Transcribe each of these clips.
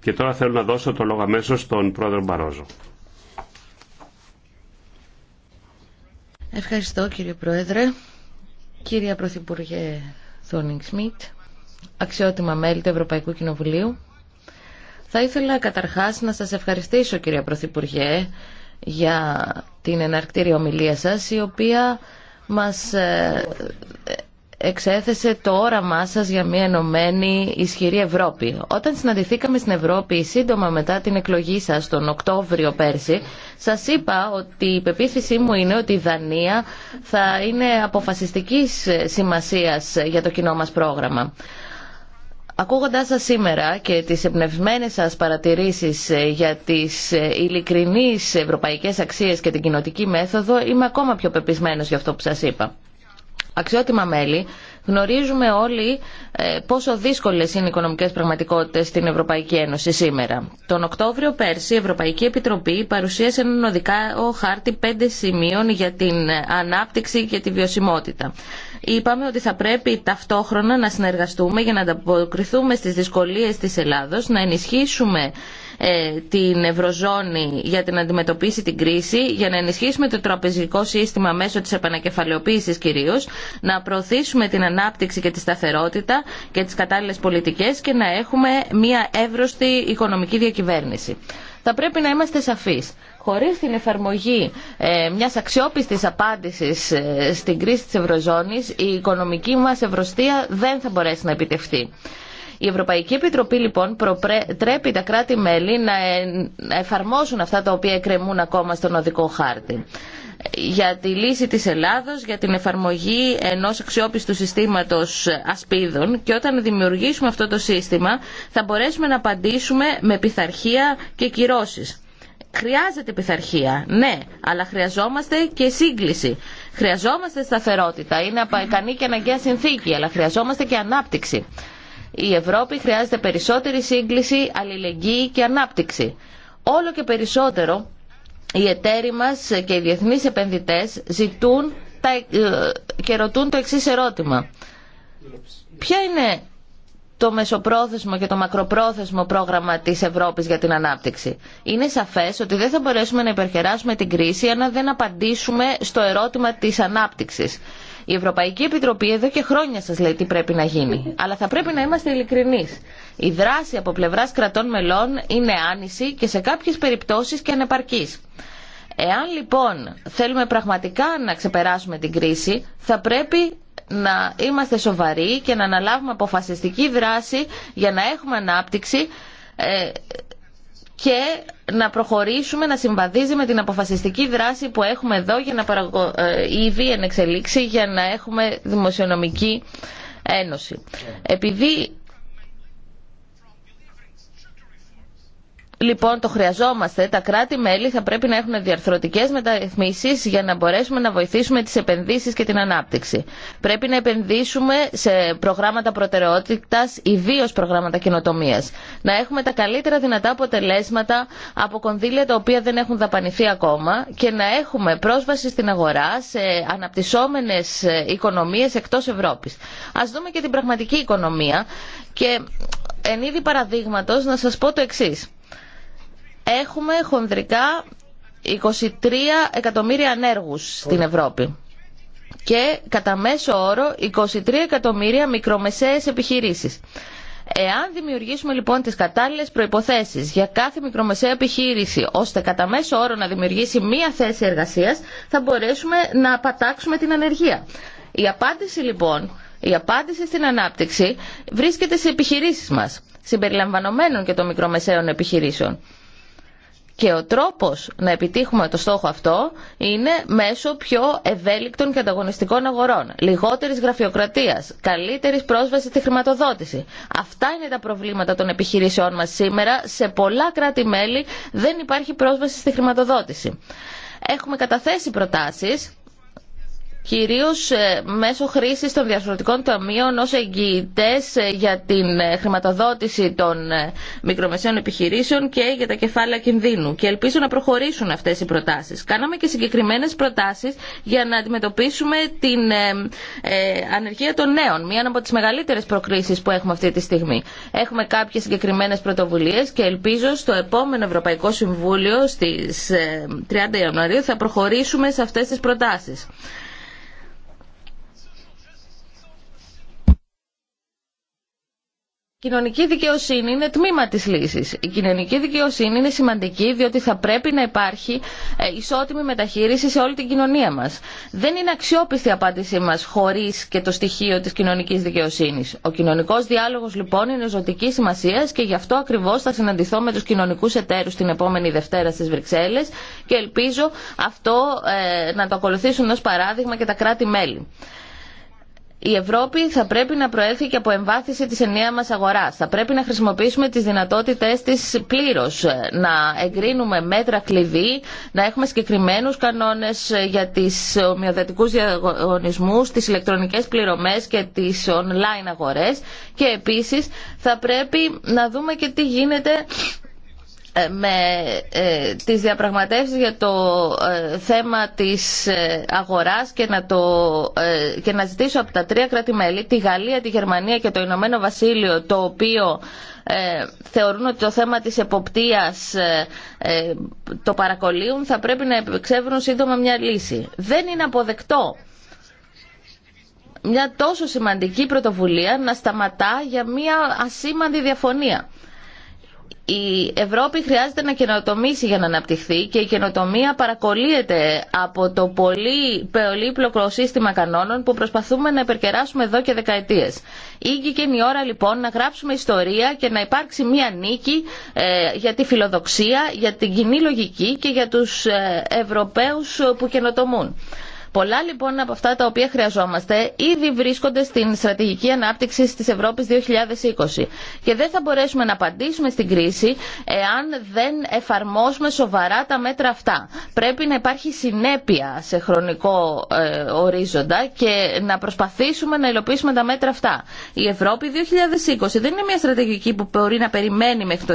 και τώρα θέλω να δώσω το λόγο αμέσως στον πρόεδρο Μπαρόζο. Ευχαριστώ κύριε Πρόεδρε, κύρια Πρωθυπουργέ Θόνινγκ Σμιτ, αξιότιμα μέλη του Ευρωπαϊκού Κοινοβουλίου. Θα ήθελα καταρχάς να σας ευχαριστήσω κύριε Πρωθυπουργέ για την εναρκτήρια ομιλία σας η οποία μας ε, εξέθεσε το όραμά σας για μια ενωμένη ισχυρή Ευρώπη. Όταν συναντηθήκαμε στην Ευρώπη σύντομα μετά την εκλογή σας τον Οκτώβριο πέρσι, σας είπα ότι η πεποίθησή μου είναι ότι η Δανία θα είναι αποφασιστικής σημασίας για το κοινό μας πρόγραμμα. Ακούγοντάς σας σήμερα και τις εμπνευσμένες σας παρατηρήσεις για τις ειλικρινείς ευρωπαϊκές αξίες και την κοινοτική μέθοδο, είμαι ακόμα πιο πεπισμένος για αυτό που σας είπα. Αξιότιμα μέλη, γνωρίζουμε όλοι ε, πόσο δύσκολε είναι οι οικονομικέ πραγματικότητε στην Ευρωπαϊκή Ένωση σήμερα. Τον Οκτώβριο πέρσι η Ευρωπαϊκή Επιτροπή παρουσίασε έναν ο χάρτη πέντε σημείων για την ε, ανάπτυξη και τη βιωσιμότητα. Είπαμε ότι θα πρέπει ταυτόχρονα να συνεργαστούμε για να ανταποκριθούμε στι δυσκολίε τη Ελλάδο, να ενισχύσουμε ε, την Ευρωζώνη για την αντιμετωπίση την κρίση, για να ενισχύσουμε το τραπεζικό σύστημα μέσω της επανακεφαλαιοποίησης κυρίως, να προωθήσουμε την ανάπτυξη και τη σταθερότητα και τις κατάλληλες πολιτικές και να έχουμε μια εύρωστη οικονομική διακυβέρνηση. Θα πρέπει να είμαστε σαφείς. Χωρίς την εφαρμογή ε, μιας αξιόπιστης απάντησης ε, στην κρίση της Ευρωζώνης, η οικονομική μας ευρωστία δεν θα μπορέσει να επιτευχθεί. Η Ευρωπαϊκή Επιτροπή λοιπόν προτρέπει τα κράτη-μέλη ε- να εφαρμόσουν αυτά τα οποία εκκρεμούν ακόμα στον οδικό χάρτη για τη λύση της Ελλάδος, για την εφαρμογή ενός αξιόπιστου συστήματος ασπίδων και όταν δημιουργήσουμε αυτό το σύστημα θα μπορέσουμε να απαντήσουμε με πειθαρχία και κυρώσεις. Χρειάζεται πειθαρχία, ναι, αλλά χρειαζόμαστε και σύγκληση. Χρειαζόμαστε σταθερότητα, είναι απαϊκανή και αναγκαία συνθήκη, αλλά χρειαζόμαστε και ανάπτυξη. Η Ευρώπη χρειάζεται περισσότερη σύγκληση, αλληλεγγύη και ανάπτυξη. Όλο και περισσότερο οι εταίροι μας και οι διεθνείς επενδυτές ζητούν ε, και ρωτούν το εξής ερώτημα. Ποια είναι το μεσοπρόθεσμο και το μακροπρόθεσμο πρόγραμμα της Ευρώπης για την ανάπτυξη. Είναι σαφές ότι δεν θα μπορέσουμε να υπερχεράσουμε την κρίση αν δεν απαντήσουμε στο ερώτημα της ανάπτυξης. Η Ευρωπαϊκή Επιτροπή εδώ και χρόνια σας λέει τι πρέπει να γίνει. Αλλά θα πρέπει να είμαστε ειλικρινεί. Η δράση από πλευρά κρατών μελών είναι άνηση και σε κάποιες περιπτώσεις και ανεπαρκής. Εάν λοιπόν θέλουμε πραγματικά να ξεπεράσουμε την κρίση, θα πρέπει να είμαστε σοβαροί και να αναλάβουμε αποφασιστική δράση για να έχουμε ανάπτυξη ε, και να προχωρήσουμε να συμβαδίζει με την αποφασιστική δράση που έχουμε εδώ για να παραγω... Ε, ήδη εν εξελίξει για να έχουμε δημοσιονομική ένωση. Επειδή Λοιπόν, το χρειαζόμαστε. Τα κράτη-μέλη θα πρέπει να έχουν διαρθρωτικές μεταρρυθμίσεις για να μπορέσουμε να βοηθήσουμε τι επενδύσει και την ανάπτυξη. Πρέπει να επενδύσουμε σε προγράμματα προτεραιότητα, ιδίω προγράμματα καινοτομία. Να έχουμε τα καλύτερα δυνατά αποτελέσματα από κονδύλια τα οποία δεν έχουν δαπανηθεί ακόμα και να έχουμε πρόσβαση στην αγορά σε αναπτυσσόμενες οικονομίε εκτό Ευρώπη. Α δούμε και την πραγματική οικονομία και εν είδη παραδείγματος να σας πω το εξή έχουμε χονδρικά 23 εκατομμύρια ανέργους στην Ευρώπη και κατά μέσο όρο 23 εκατομμύρια μικρομεσαίες επιχειρήσεις. Εάν δημιουργήσουμε λοιπόν τις κατάλληλες προϋποθέσεις για κάθε μικρομεσαία επιχείρηση ώστε κατά μέσο όρο να δημιουργήσει μία θέση εργασίας θα μπορέσουμε να πατάξουμε την ανεργία. Η απάντηση λοιπόν, η απάντηση στην ανάπτυξη βρίσκεται σε επιχειρήσεις μας, συμπεριλαμβανομένων και των μικρομεσαίων επιχειρήσεων. Και ο τρόπος να επιτύχουμε το στόχο αυτό είναι μέσω πιο ευέλικτων και ανταγωνιστικών αγορών, λιγότερης γραφειοκρατίας, καλύτερης πρόσβαση στη χρηματοδότηση. Αυτά είναι τα προβλήματα των επιχειρήσεών μας σήμερα. Σε πολλά κράτη-μέλη δεν υπάρχει πρόσβαση στη χρηματοδότηση. Έχουμε καταθέσει προτάσεις κυρίως ε, μέσω χρήσης των διαφορετικών ταμείων ως εγγυητές ε, για την ε, χρηματοδότηση των μικρομεσαίων επιχειρήσεων και για τα κεφάλαια κινδύνου. Και ελπίζω να προχωρήσουν αυτές οι προτάσεις. Κάναμε και συγκεκριμένες προτάσεις για να αντιμετωπίσουμε την ανεργία των νέων, μία από τις μεγαλύτερες προκρίσει που έχουμε αυτή τη στιγμή. Έχουμε κάποιες συγκεκριμένες πρωτοβουλίες και ελπίζω στο επόμενο Ευρωπαϊκό Συμβούλιο στις 30 Ιανουαρίου θα προχωρήσουμε σε αυτές τις προτάσεις. κοινωνική δικαιοσύνη είναι τμήμα της λύσης. Η κοινωνική δικαιοσύνη είναι σημαντική διότι θα πρέπει να υπάρχει ε, ισότιμη μεταχείριση σε όλη την κοινωνία μας. Δεν είναι αξιόπιστη η απάντησή μας χωρίς και το στοιχείο της κοινωνικής δικαιοσύνης. Ο κοινωνικός διάλογος λοιπόν είναι ζωτική σημασία και γι' αυτό ακριβώς θα συναντηθώ με τους κοινωνικούς εταίρους την επόμενη Δευτέρα στις Βρυξέλλες και ελπίζω αυτό ε, να το ακολουθήσουν ως παράδειγμα και τα κράτη-μέλη η Ευρώπη θα πρέπει να προέλθει και από εμβάθυνση της ενιαία μα αγοράς. Θα πρέπει να χρησιμοποιήσουμε τις δυνατότητες της πλήρω. να εγκρίνουμε μέτρα κλειδί, να έχουμε συγκεκριμένους κανόνες για τις ομοιοδετικούς διαγωνισμού, τις ηλεκτρονικές πληρωμές και τις online αγορές και επίσης θα πρέπει να δούμε και τι γίνεται ε, με ε, τις διαπραγματεύσεις για το ε, θέμα της ε, αγοράς και να, το, και να ζητήσω από τα τρία κράτη-μέλη, τη Γαλλία, τη Γερμανία και το Ηνωμένο Βασίλειο, το οποίο θεωρούν ότι το θέμα της εποπτείας το παρακολύουν, θα πρέπει να εξεύρουν σύντομα μια λύση. Δεν είναι αποδεκτό μια τόσο σημαντική πρωτοβουλία να σταματά για μια ασήμαντη διαφωνία η Ευρώπη χρειάζεται να καινοτομήσει για να αναπτυχθεί και η καινοτομία παρακολύεται από το πολύ πολύπλοκο σύστημα κανόνων που προσπαθούμε να υπερκεράσουμε εδώ και δεκαετίες. Ήγηκε η ώρα λοιπόν να γράψουμε ιστορία και να υπάρξει μία νίκη ε, για τη φιλοδοξία, για την κοινή λογική και για τους ε, Ευρωπαίους που καινοτομούν. Πολλά λοιπόν από αυτά τα οποία χρειαζόμαστε ήδη βρίσκονται στην στρατηγική ανάπτυξη τη Ευρώπη 2020. Και δεν θα μπορέσουμε να απαντήσουμε στην κρίση εάν δεν εφαρμόσουμε σοβαρά τα μέτρα αυτά. Πρέπει να υπάρχει συνέπεια σε χρονικό ε, ορίζοντα και να προσπαθήσουμε να υλοποιήσουμε τα μέτρα αυτά. Η Ευρώπη 2020 δεν είναι μια στρατηγική που μπορεί να περιμένει μέχρι το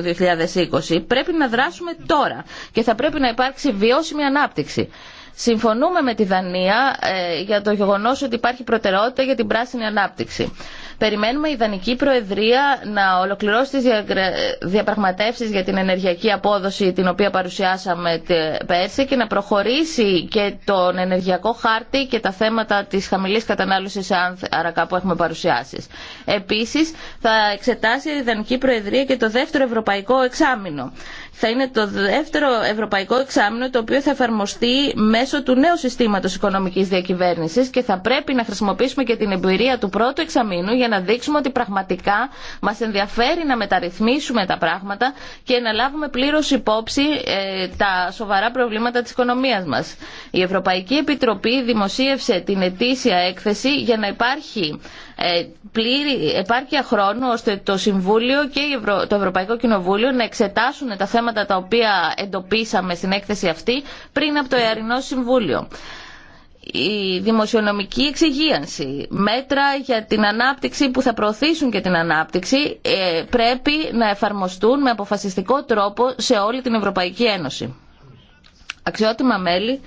2020. Πρέπει να δράσουμε τώρα και θα πρέπει να υπάρξει βιώσιμη ανάπτυξη. Συμφωνούμε με τη Δανία ε, για το γεγονός ότι υπάρχει προτεραιότητα για την πράσινη ανάπτυξη. Περιμένουμε η Δανική Προεδρία να ολοκληρώσει τις διαπραγματεύσεις για την ενεργειακή απόδοση την οποία παρουσιάσαμε πέρσι και να προχωρήσει και τον ενεργειακό χάρτη και τα θέματα της χαμηλής κατανάλωσης αρακά που έχουμε παρουσιάσει. Επίσης θα εξετάσει η Δανική Προεδρία και το δεύτερο ευρωπαϊκό εξάμεινο θα είναι το δεύτερο ευρωπαϊκό εξάμεινο το οποίο θα εφαρμοστεί μέσω του νέου συστήματος οικονομικής διακυβέρνησης και θα πρέπει να χρησιμοποιήσουμε και την εμπειρία του πρώτου εξαμήνου για να δείξουμε ότι πραγματικά μας ενδιαφέρει να μεταρρυθμίσουμε τα πράγματα και να λάβουμε πλήρως υπόψη ε, τα σοβαρά προβλήματα της οικονομίας μας. Η Ευρωπαϊκή Επιτροπή δημοσίευσε την ετήσια έκθεση για να υπάρχει ε, πλήρη επάρκεια χρόνου ώστε το Συμβούλιο και το Ευρωπαϊκό Κοινοβούλιο να εξετάσουν τα θέματα τα οποία εντοπίσαμε στην έκθεση αυτή πριν από το Εαρινό Συμβούλιο η δημοσιονομική εξυγίανση, μέτρα για την ανάπτυξη που θα προωθήσουν και την ανάπτυξη ε, πρέπει να εφαρμοστούν με αποφασιστικό τρόπο σε όλη την Ευρωπαϊκή Ένωση. Αξιότιμα μέλη,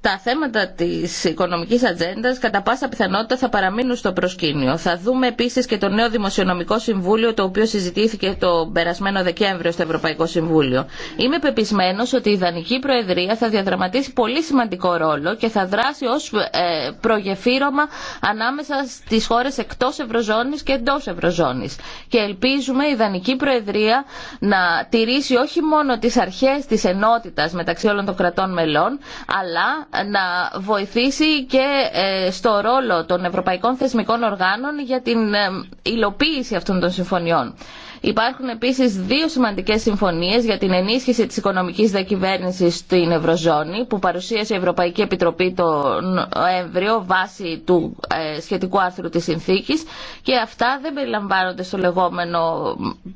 τα θέματα της οικονομικής ατζέντα κατά πάσα πιθανότητα θα παραμείνουν στο προσκήνιο. Θα δούμε επίσης και το νέο Δημοσιονομικό Συμβούλιο το οποίο συζητήθηκε το περασμένο Δεκέμβριο στο Ευρωπαϊκό Συμβούλιο. Είμαι πεπισμένος ότι η Ιδανική Προεδρία θα διαδραματίσει πολύ σημαντικό ρόλο και θα δράσει ως ε, προγεφύρωμα ανάμεσα στις χώρες εκτός Ευρωζώνης και εντός Ευρωζώνης. Και ελπίζουμε η Ιδανική Προεδρία να τηρήσει όχι μόνο τις αρχές της ενότητας μεταξύ όλων των κρατών μελών, αλλά να βοηθήσει και ε, στο ρόλο των ευρωπαϊκών θεσμικών οργάνων για την ε, υλοποίηση αυτών των συμφωνιών. Υπάρχουν επίση δύο σημαντικέ συμφωνίε για την ενίσχυση τη οικονομική διακυβέρνηση στην Ευρωζώνη που παρουσίασε η Ευρωπαϊκή Επιτροπή τον Νοέμβριο βάσει του ε, σχετικού άρθρου τη συνθήκη και αυτά δεν περιλαμβάνονται στο λεγόμενο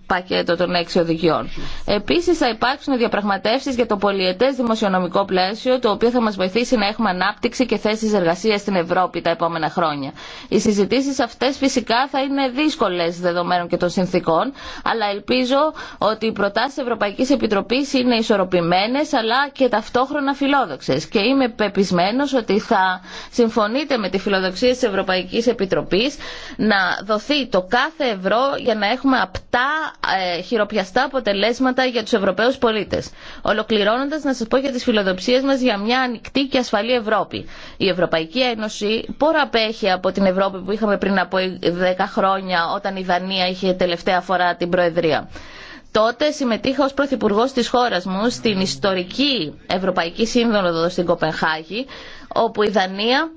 πακέτο των έξι οδηγιών. Επίση, θα υπάρξουν διαπραγματεύσει για το πολιετέ δημοσιονομικό πλαίσιο το οποίο θα μα βοηθήσει να έχουμε ανάπτυξη και θέσεις εργασία στην Ευρώπη τα επόμενα χρόνια. Οι συζητήσει αυτέ φυσικά θα είναι δύσκολε δεδομένων και των συνθήκων αλλά ελπίζω ότι οι προτάσει Ευρωπαϊκή Επιτροπή είναι ισορροπημένε αλλά και ταυτόχρονα φιλόδοξε. Και είμαι πεπισμένο ότι θα συμφωνείτε με τη φιλοδοξία τη Ευρωπαϊκή Επιτροπή να δοθεί το κάθε ευρώ για να έχουμε απτά ε, χειροπιαστά αποτελέσματα για του Ευρωπαίου πολίτε. Ολοκληρώνοντα, να σα πω για τι φιλοδοξίε μα για μια ανοιχτή και ασφαλή Ευρώπη. Η Ευρωπαϊκή Ένωση πόρα απέχει από την Ευρώπη που είχαμε πριν από 10 χρόνια όταν η Δανία είχε τελευταία φορά Τότε συμμετείχα ως Πρωθυπουργός της χώρας μου στην ιστορική Ευρωπαϊκή εδώ στην Κοπενχάγη, όπου η Δανία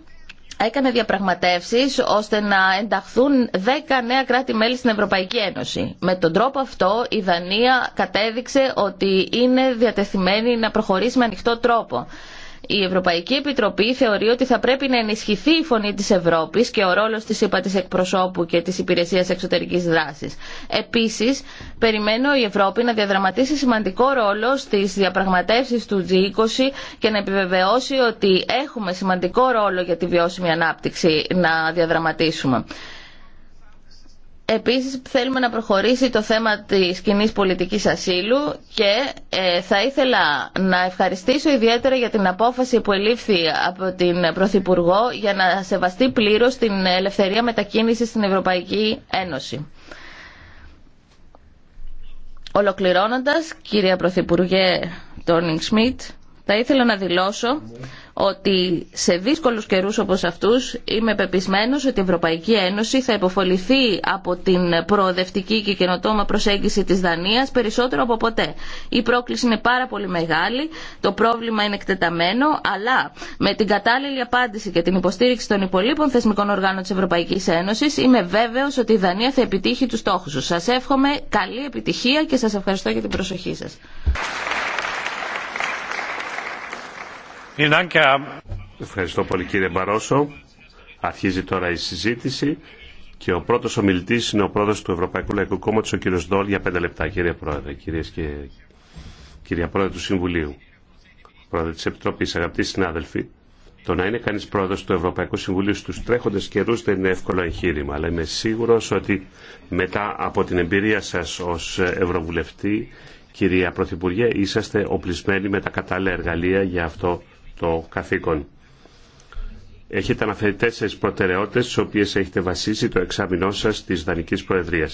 έκανε διαπραγματεύσεις ώστε να ενταχθούν 10 νέα κράτη-μέλη στην Ευρωπαϊκή Ένωση. Με τον τρόπο αυτό η Δανία κατέδειξε ότι είναι διατεθειμένη να προχωρήσει με ανοιχτό τρόπο η Ευρωπαϊκή Επιτροπή θεωρεί ότι θα πρέπει να ενισχυθεί η φωνή της Ευρώπης και ο ρόλος της ΥΠΑ εκπροσώπου και της υπηρεσίας εξωτερικής δράσης. Επίσης, περιμένω η Ευρώπη να διαδραματίσει σημαντικό ρόλο στις διαπραγματεύσεις του G20 και να επιβεβαιώσει ότι έχουμε σημαντικό ρόλο για τη βιώσιμη ανάπτυξη να διαδραματίσουμε. Επίσης θέλουμε να προχωρήσει το θέμα της κοινή πολιτικής ασύλου και ε, θα ήθελα να ευχαριστήσω ιδιαίτερα για την απόφαση που ελήφθη από την Πρωθυπουργό για να σεβαστεί πλήρως την ελευθερία μετακίνησης στην Ευρωπαϊκή Ένωση. Ολοκληρώνοντας, κυρία Πρωθυπουργέ Τόνινγκ Σμιτ, θα ήθελα να δηλώσω ότι σε δύσκολους καιρούς όπως αυτούς είμαι πεπισμένος ότι η Ευρωπαϊκή Ένωση θα υποφοληθεί από την προοδευτική και καινοτόμα προσέγγιση της Δανίας περισσότερο από ποτέ. Η πρόκληση είναι πάρα πολύ μεγάλη, το πρόβλημα είναι εκτεταμένο, αλλά με την κατάλληλη απάντηση και την υποστήριξη των υπολείπων θεσμικών οργάνων της Ευρωπαϊκής Ένωσης είμαι βέβαιος ότι η Δανία θα επιτύχει τους στόχους σου. Σας εύχομαι καλή επιτυχία και σας ευχαριστώ για την προσοχή σας. Ευχαριστώ πολύ κύριε Μπαρόσο. Αρχίζει τώρα η συζήτηση και ο πρώτος ομιλητής είναι ο πρόεδρος του Ευρωπαϊκού Λαϊκού Κόμματος, ο κύριος Δόλ, για πέντε λεπτά. Κύριε Πρόεδρε, κυρίες και κυρία Πρόεδρε του Συμβουλίου, Πρόεδρε της Επιτροπής, αγαπητοί συνάδελφοι, το να είναι κανείς πρόεδρος του Ευρωπαϊκού Συμβουλίου στους τρέχοντες καιρούς δεν είναι εύκολο εγχείρημα, αλλά είμαι σίγουρος ότι μετά από την εμπειρία σας ως Ευρωβουλευτή, κυρία Πρωθυπουργέ, είσαστε οπλισμένοι με τα κατάλληλα εργαλεία για αυτό το καθήκον. Έχετε αναφέρει τέσσερι προτεραιότητε, στι οποίε έχετε βασίσει το εξάμεινό σα τη Δανική Προεδρία.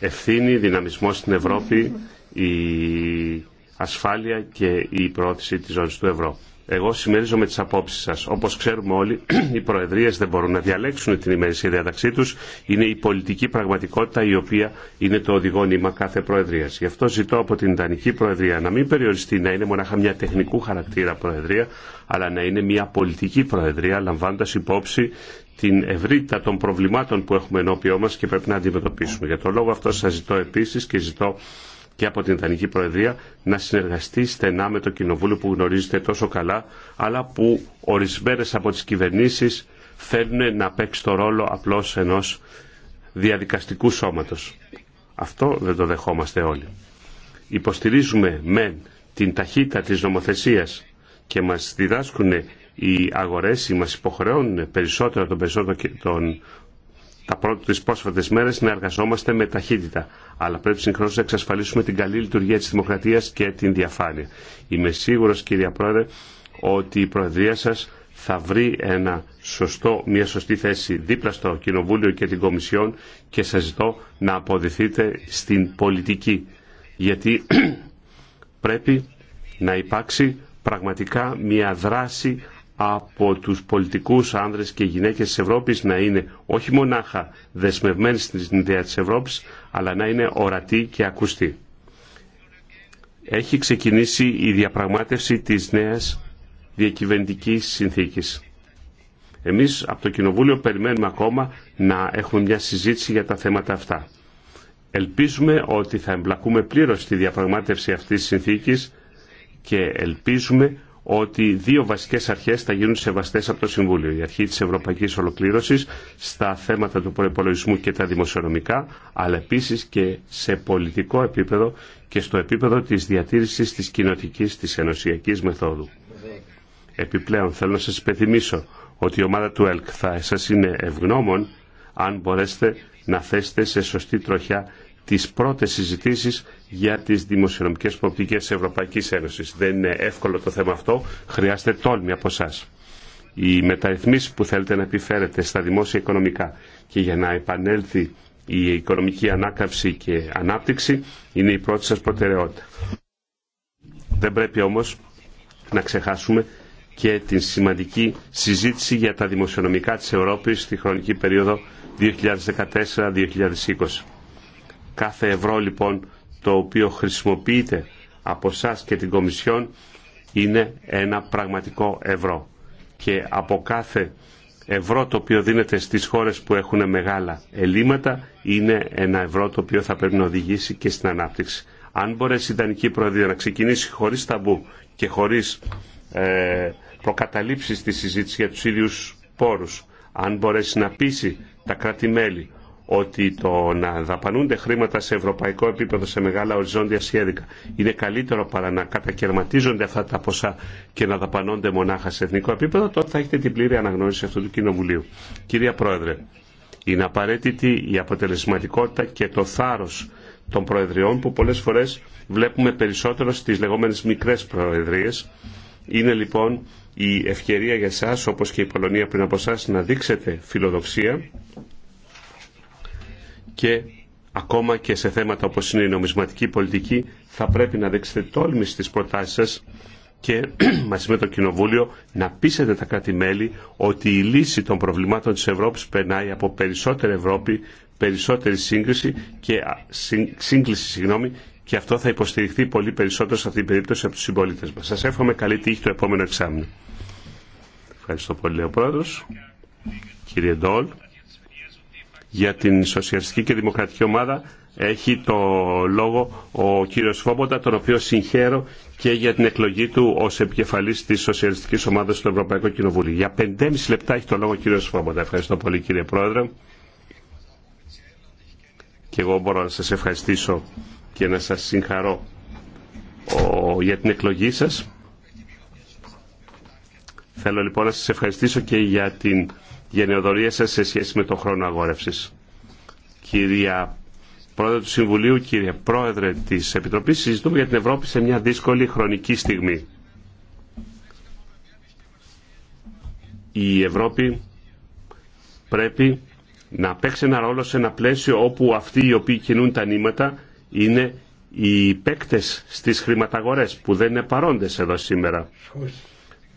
Ευθύνη, δυναμισμό στην Ευρώπη, η ασφάλεια και η πρόθεση τη ζώνη του ευρώ. Εγώ με τι απόψει σα. Όπω ξέρουμε όλοι, οι προεδρίε δεν μπορούν να διαλέξουν την ημερησία διάταξή του. Είναι η πολιτική πραγματικότητα η οποία είναι το οδηγό νήμα κάθε προεδρία. Γι' αυτό ζητώ από την ιδανική Προεδρία να μην περιοριστεί να είναι μονάχα μια τεχνικού χαρακτήρα προεδρία, αλλά να είναι μια πολιτική προεδρία, λαμβάνοντα υπόψη την ευρύτητα των προβλημάτων που έχουμε ενώπιό μα και πρέπει να αντιμετωπίσουμε. Για τον λόγο αυτό σα ζητώ επίση και ζητώ και από την ιδανική Προεδρία να συνεργαστεί στενά με το Κοινοβούλιο που γνωρίζετε τόσο καλά, αλλά που ορισμένες από τις κυβερνήσει θέλουν να παίξει το ρόλο απλώς ενός διαδικαστικού σώματος. Αυτό δεν το δεχόμαστε όλοι. Υποστηρίζουμε με την ταχύτητα της νομοθεσίας και μας διδάσκουν οι αγορές ή μας υποχρεώνουν περισσότερο τον, περισσότερο των τα πρώτα τις πρόσφατες μέρες να εργαζόμαστε με ταχύτητα. Αλλά πρέπει συγχρόνως να εξασφαλίσουμε την καλή λειτουργία της δημοκρατίας και την διαφάνεια. Είμαι σίγουρος κύριε Πρόεδρε ότι η Προεδρία σας θα βρει ένα σωστό, μια σωστή θέση δίπλα στο Κοινοβούλιο και την Κομισιόν και σας ζητώ να αποδεθείτε στην πολιτική. Γιατί πρέπει να υπάρξει πραγματικά μια δράση από τους πολιτικούς άνδρες και γυναίκες της Ευρώπης να είναι όχι μονάχα δεσμευμένοι στην ιδέα της Ευρώπης, αλλά να είναι ορατοί και ακουστοί. Έχει ξεκινήσει η διαπραγμάτευση της νέας διακυβερνητικής συνθήκης. Εμείς από το Κοινοβούλιο περιμένουμε ακόμα να έχουμε μια συζήτηση για τα θέματα αυτά. Ελπίζουμε ότι θα εμπλακούμε πλήρως στη διαπραγμάτευση αυτής της συνθήκης και ελπίζουμε ότι δύο βασικές αρχές θα γίνουν σεβαστές από το Συμβούλιο. Η αρχή τη ευρωπαϊκής ολοκλήρωσης στα θέματα του προπολογισμού και τα δημοσιονομικά, αλλά επίσης και σε πολιτικό επίπεδο και στο επίπεδο της διατήρησης της κοινοτική της ενωσιακή μεθόδου. Επιπλέον θέλω να σα υπενθυμίσω ότι η ομάδα του ΕΛΚ θα σα είναι ευγνώμων αν μπορέσετε να θέσετε σε σωστή τροχιά τις πρώτες συζητήσεις για τι δημοσιονομικέ προοπτικές τη Ευρωπαϊκής Ένωσης. Δεν είναι εύκολο το θέμα αυτό, χρειάζεται τόλμη από εσά. Οι μεταρρυθμίσει που θέλετε να επιφέρετε στα δημόσια οικονομικά και για να επανέλθει η οικονομική ανάκαμψη και ανάπτυξη είναι η πρώτη σα προτεραιότητα. Δεν πρέπει όμω να ξεχάσουμε και την σημαντική συζήτηση για τα δημοσιονομικά της Ευρώπης στη χρονική περίοδο 2014-2020. Κάθε ευρώ λοιπόν το οποίο χρησιμοποιείται από εσά και την Κομισιόν είναι ένα πραγματικό ευρώ. Και από κάθε ευρώ το οποίο δίνεται στις χώρες που έχουν μεγάλα ελλείμματα είναι ένα ευρώ το οποίο θα πρέπει να οδηγήσει και στην ανάπτυξη. Αν μπορέσει η Ιδανική Προεδρία να ξεκινήσει χωρίς ταμπού και χωρίς ε, προκαταλήψεις στη συζήτηση για τους ίδιους πόρους, αν μπορέσει να πείσει τα κράτη-μέλη ότι το να δαπανούνται χρήματα σε ευρωπαϊκό επίπεδο σε μεγάλα οριζόντια σχέδικα είναι καλύτερο παρά να κατακαιρματίζονται αυτά τα ποσά και να δαπανώνται μονάχα σε εθνικό επίπεδο, τότε θα έχετε την πλήρη αναγνώριση αυτού του Κοινοβουλίου. Κυρία Πρόεδρε, είναι απαραίτητη η αποτελεσματικότητα και το θάρρο των Προεδριών που πολλές φορές βλέπουμε περισσότερο στις λεγόμενες μικρές Προεδρίες. Είναι λοιπόν η ευκαιρία για εσά, όπως και η Πολωνία πριν από εσά, να δείξετε φιλοδοξία και ακόμα και σε θέματα όπως είναι η νομισματική πολιτική θα πρέπει να δείξετε τόλμη στις προτάσεις σας και μαζί με το Κοινοβούλιο να πείσετε τα κράτη-μέλη ότι η λύση των προβλημάτων της Ευρώπης περνάει από περισσότερη Ευρώπη, περισσότερη σύγκριση και, σύγκληση συγγνώμη, και αυτό θα υποστηριχθεί πολύ περισσότερο σε αυτή την περίπτωση από τους συμπολίτε μας. Σας εύχομαι καλή τύχη το επόμενο εξάμεινο. Ευχαριστώ πολύ, ο Πρόεδρος. Κύριε Ντόλ για την Σοσιαλιστική και Δημοκρατική Ομάδα έχει το λόγο ο κύριος Φόμποντα, τον οποίο συγχαίρω και για την εκλογή του ως επικεφαλής της Σοσιαλιστικής Ομάδας του Ευρωπαϊκό κοινοβουλίου. Για 5,5 λεπτά έχει το λόγο ο κύριος Φόμποντα. Ευχαριστώ πολύ κύριε Πρόεδρε. Και εγώ μπορώ να σας ευχαριστήσω και να σας συγχαρώ για την εκλογή σας. Θέλω λοιπόν να σας ευχαριστήσω και για την γενεοδορία σας σε σχέση με τον χρόνο αγόρευσης. Κυρία Πρόεδρε του Συμβουλίου, κύριε Πρόεδρε της Επιτροπής, συζητούμε για την Ευρώπη σε μια δύσκολη χρονική στιγμή. Η Ευρώπη πρέπει να παίξει ένα ρόλο σε ένα πλαίσιο όπου αυτοί οι οποίοι κινούν τα νήματα είναι οι παίκτες στις χρηματαγορές που δεν είναι παρόντες εδώ σήμερα.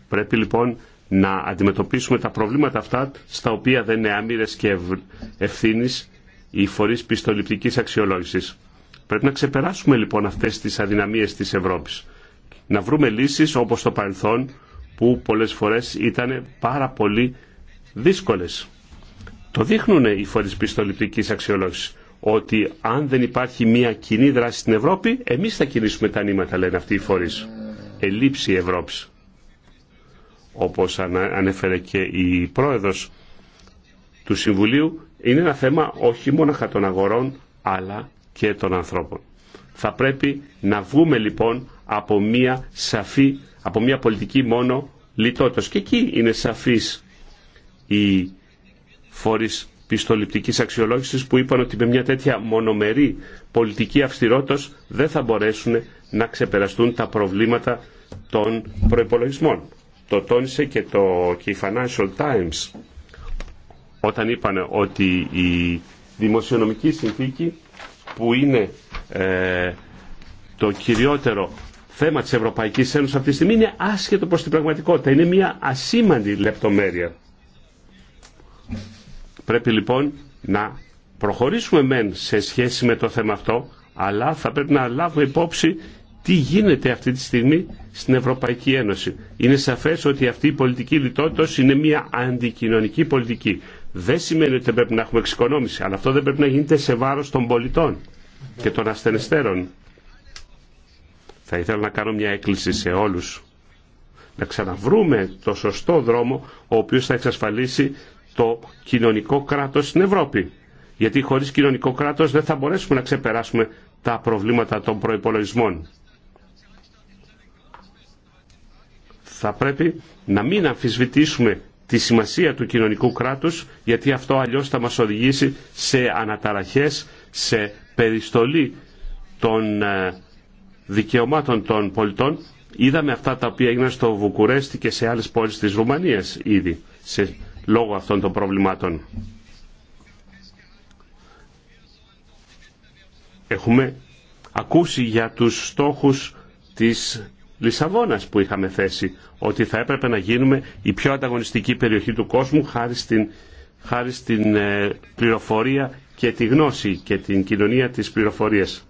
Πρέπει λοιπόν να αντιμετωπίσουμε τα προβλήματα αυτά στα οποία δεν είναι άμυρες και ευθύνη οι φορείς πιστοληπτικής αξιολόγησης. Πρέπει να ξεπεράσουμε λοιπόν αυτές τις αδυναμίες της Ευρώπης. Να βρούμε λύσεις όπως το παρελθόν που πολλές φορές ήταν πάρα πολύ δύσκολες. Το δείχνουν οι φορείς πιστοληπτικής αξιολόγησης ότι αν δεν υπάρχει μια κοινή δράση στην Ευρώπη, εμείς θα κινήσουμε τα νήματα, λένε αυτοί οι φορείς. Ελήψη Ευρώπης όπως ανέφερε και η πρόεδρος του Συμβουλίου, είναι ένα θέμα όχι μόνο των αγορών, αλλά και των ανθρώπων. Θα πρέπει να βγούμε λοιπόν από μια σαφή, από μια πολιτική μόνο λιτότητας. Και εκεί είναι σαφής οι φορείς πιστοληπτικής αξιολόγησης που είπαν ότι με μια τέτοια μονομερή πολιτική αυστηρότητας δεν θα μπορέσουν να ξεπεραστούν τα προβλήματα των προϋπολογισμών. Το τόνισε και, το, και η Financial Times όταν είπαν ότι η δημοσιονομική συνθήκη που είναι ε, το κυριότερο θέμα της Ευρωπαϊκής Ένωσης αυτή τη στιγμή είναι άσχετο προς την πραγματικότητα. Είναι μια ασήμαντη λεπτομέρεια. Πρέπει λοιπόν να προχωρήσουμε μεν σε σχέση με το θέμα αυτό, αλλά θα πρέπει να λάβουμε υπόψη τι γίνεται αυτή τη στιγμή στην Ευρωπαϊκή Ένωση. Είναι σαφές ότι αυτή η πολιτική λιτότητα είναι μια αντικοινωνική πολιτική. Δεν σημαίνει ότι δεν πρέπει να έχουμε εξοικονόμηση, αλλά αυτό δεν πρέπει να γίνεται σε βάρος των πολιτών και των ασθενεστέρων. Θα ήθελα να κάνω μια έκκληση σε όλους. Να ξαναβρούμε το σωστό δρόμο, ο οποίος θα εξασφαλίσει το κοινωνικό κράτος στην Ευρώπη. Γιατί χωρίς κοινωνικό κράτος δεν θα μπορέσουμε να ξεπεράσουμε τα προβλήματα των προϋπολογισμών. θα πρέπει να μην αμφισβητήσουμε τη σημασία του κοινωνικού κράτους γιατί αυτό αλλιώς θα μας οδηγήσει σε αναταραχές, σε περιστολή των ε, δικαιωμάτων των πολιτών. Είδαμε αυτά τα οποία έγιναν στο Βουκουρέστι και σε άλλες πόλεις της Ρουμανίας ήδη σε, λόγω αυτών των προβλημάτων. Έχουμε ακούσει για τους στόχους της Λισαβόνας που είχαμε θέσει ότι θα έπρεπε να γίνουμε η πιο ανταγωνιστική περιοχή του κόσμου χάρη στην, χάρη στην ε, πληροφορία και τη γνώση και την κοινωνία της πληροφορίας.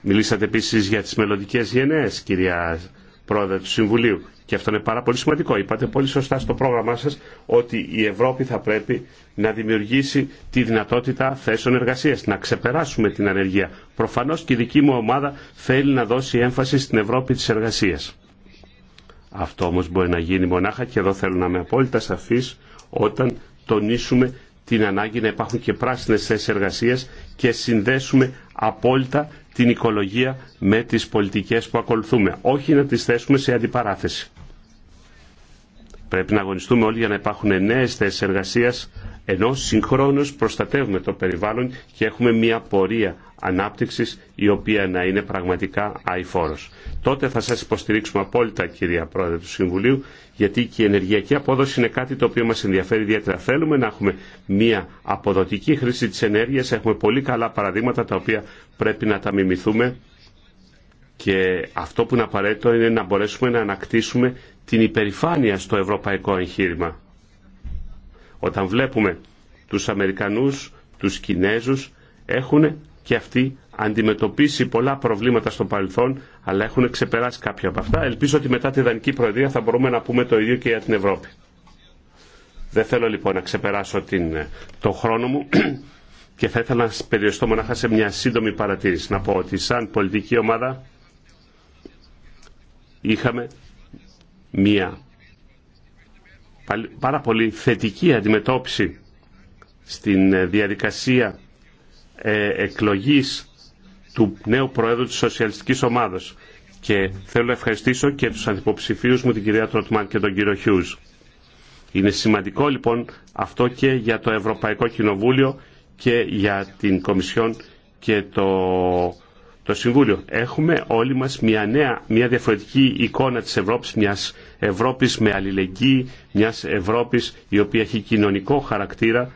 Μιλήσατε επίσης για τις μελλοντικέ γενναίες, κυρία Πρόεδρε του Συμβουλίου. Και αυτό είναι πάρα πολύ σημαντικό. Είπατε πολύ σωστά στο πρόγραμμά σας ότι η Ευρώπη θα πρέπει να δημιουργήσει τη δυνατότητα θέσεων εργασίας, να ξεπεράσουμε την ανεργία. Προφανώς και η δική μου ομάδα θέλει να δώσει έμφαση στην Ευρώπη της εργασίας. Αυτό όμως μπορεί να γίνει μονάχα και εδώ θέλω να είμαι απόλυτα σαφής όταν τονίσουμε την ανάγκη να υπάρχουν και πράσινες θέσει εργασία και συνδέσουμε απόλυτα την οικολογία με τις πολιτικές που ακολουθούμε. Όχι να τις θέσουμε σε αντιπαράθεση. Πρέπει να αγωνιστούμε όλοι για να υπάρχουν νέε θέσει εργασία, ενώ συγχρόνω προστατεύουμε το περιβάλλον και έχουμε μια πορεία ανάπτυξη η οποία να είναι πραγματικά αηφόρο. Τότε θα σα υποστηρίξουμε απόλυτα, κυρία Πρόεδρε του Συμβουλίου, γιατί και η ενεργειακή απόδοση είναι κάτι το οποίο μα ενδιαφέρει ιδιαίτερα. Θέλουμε να έχουμε μια αποδοτική χρήση τη ενέργεια. Έχουμε πολύ καλά παραδείγματα τα οποία πρέπει να τα μιμηθούμε. Και αυτό που είναι απαραίτητο είναι να μπορέσουμε να ανακτήσουμε την υπερηφάνεια στο ευρωπαϊκό εγχείρημα. Όταν βλέπουμε τους Αμερικανούς, τους Κινέζους, έχουν και αυτοί αντιμετωπίσει πολλά προβλήματα στο παρελθόν, αλλά έχουν ξεπεράσει κάποια από αυτά. Ελπίζω ότι μετά τη Δανική Προεδρία θα μπορούμε να πούμε το ίδιο και για την Ευρώπη. Δεν θέλω λοιπόν να ξεπεράσω την, ε, το χρόνο μου και θα ήθελα να περιοριστώ μονάχα σε μια σύντομη παρατήρηση. Να πω ότι σαν πολιτική ομάδα είχαμε μια πάρα πολύ θετική αντιμετώπιση στην ε, διαδικασία ε, εκλογής του νέου Προέδρου της Σοσιαλιστικής Ομάδος. Και θέλω να ευχαριστήσω και τους αντιποψηφίους μου, την κυρία Τροτμάν και τον κύριο Χιούς. Είναι σημαντικό λοιπόν αυτό και για το Ευρωπαϊκό Κοινοβούλιο και για την Κομισιόν και το το Συμβούλιο. Έχουμε όλοι μας μια νέα, μια διαφορετική εικόνα της Ευρώπης, μιας Ευρώπης με αλληλεγγύη, μιας Ευρώπης η οποία έχει κοινωνικό χαρακτήρα.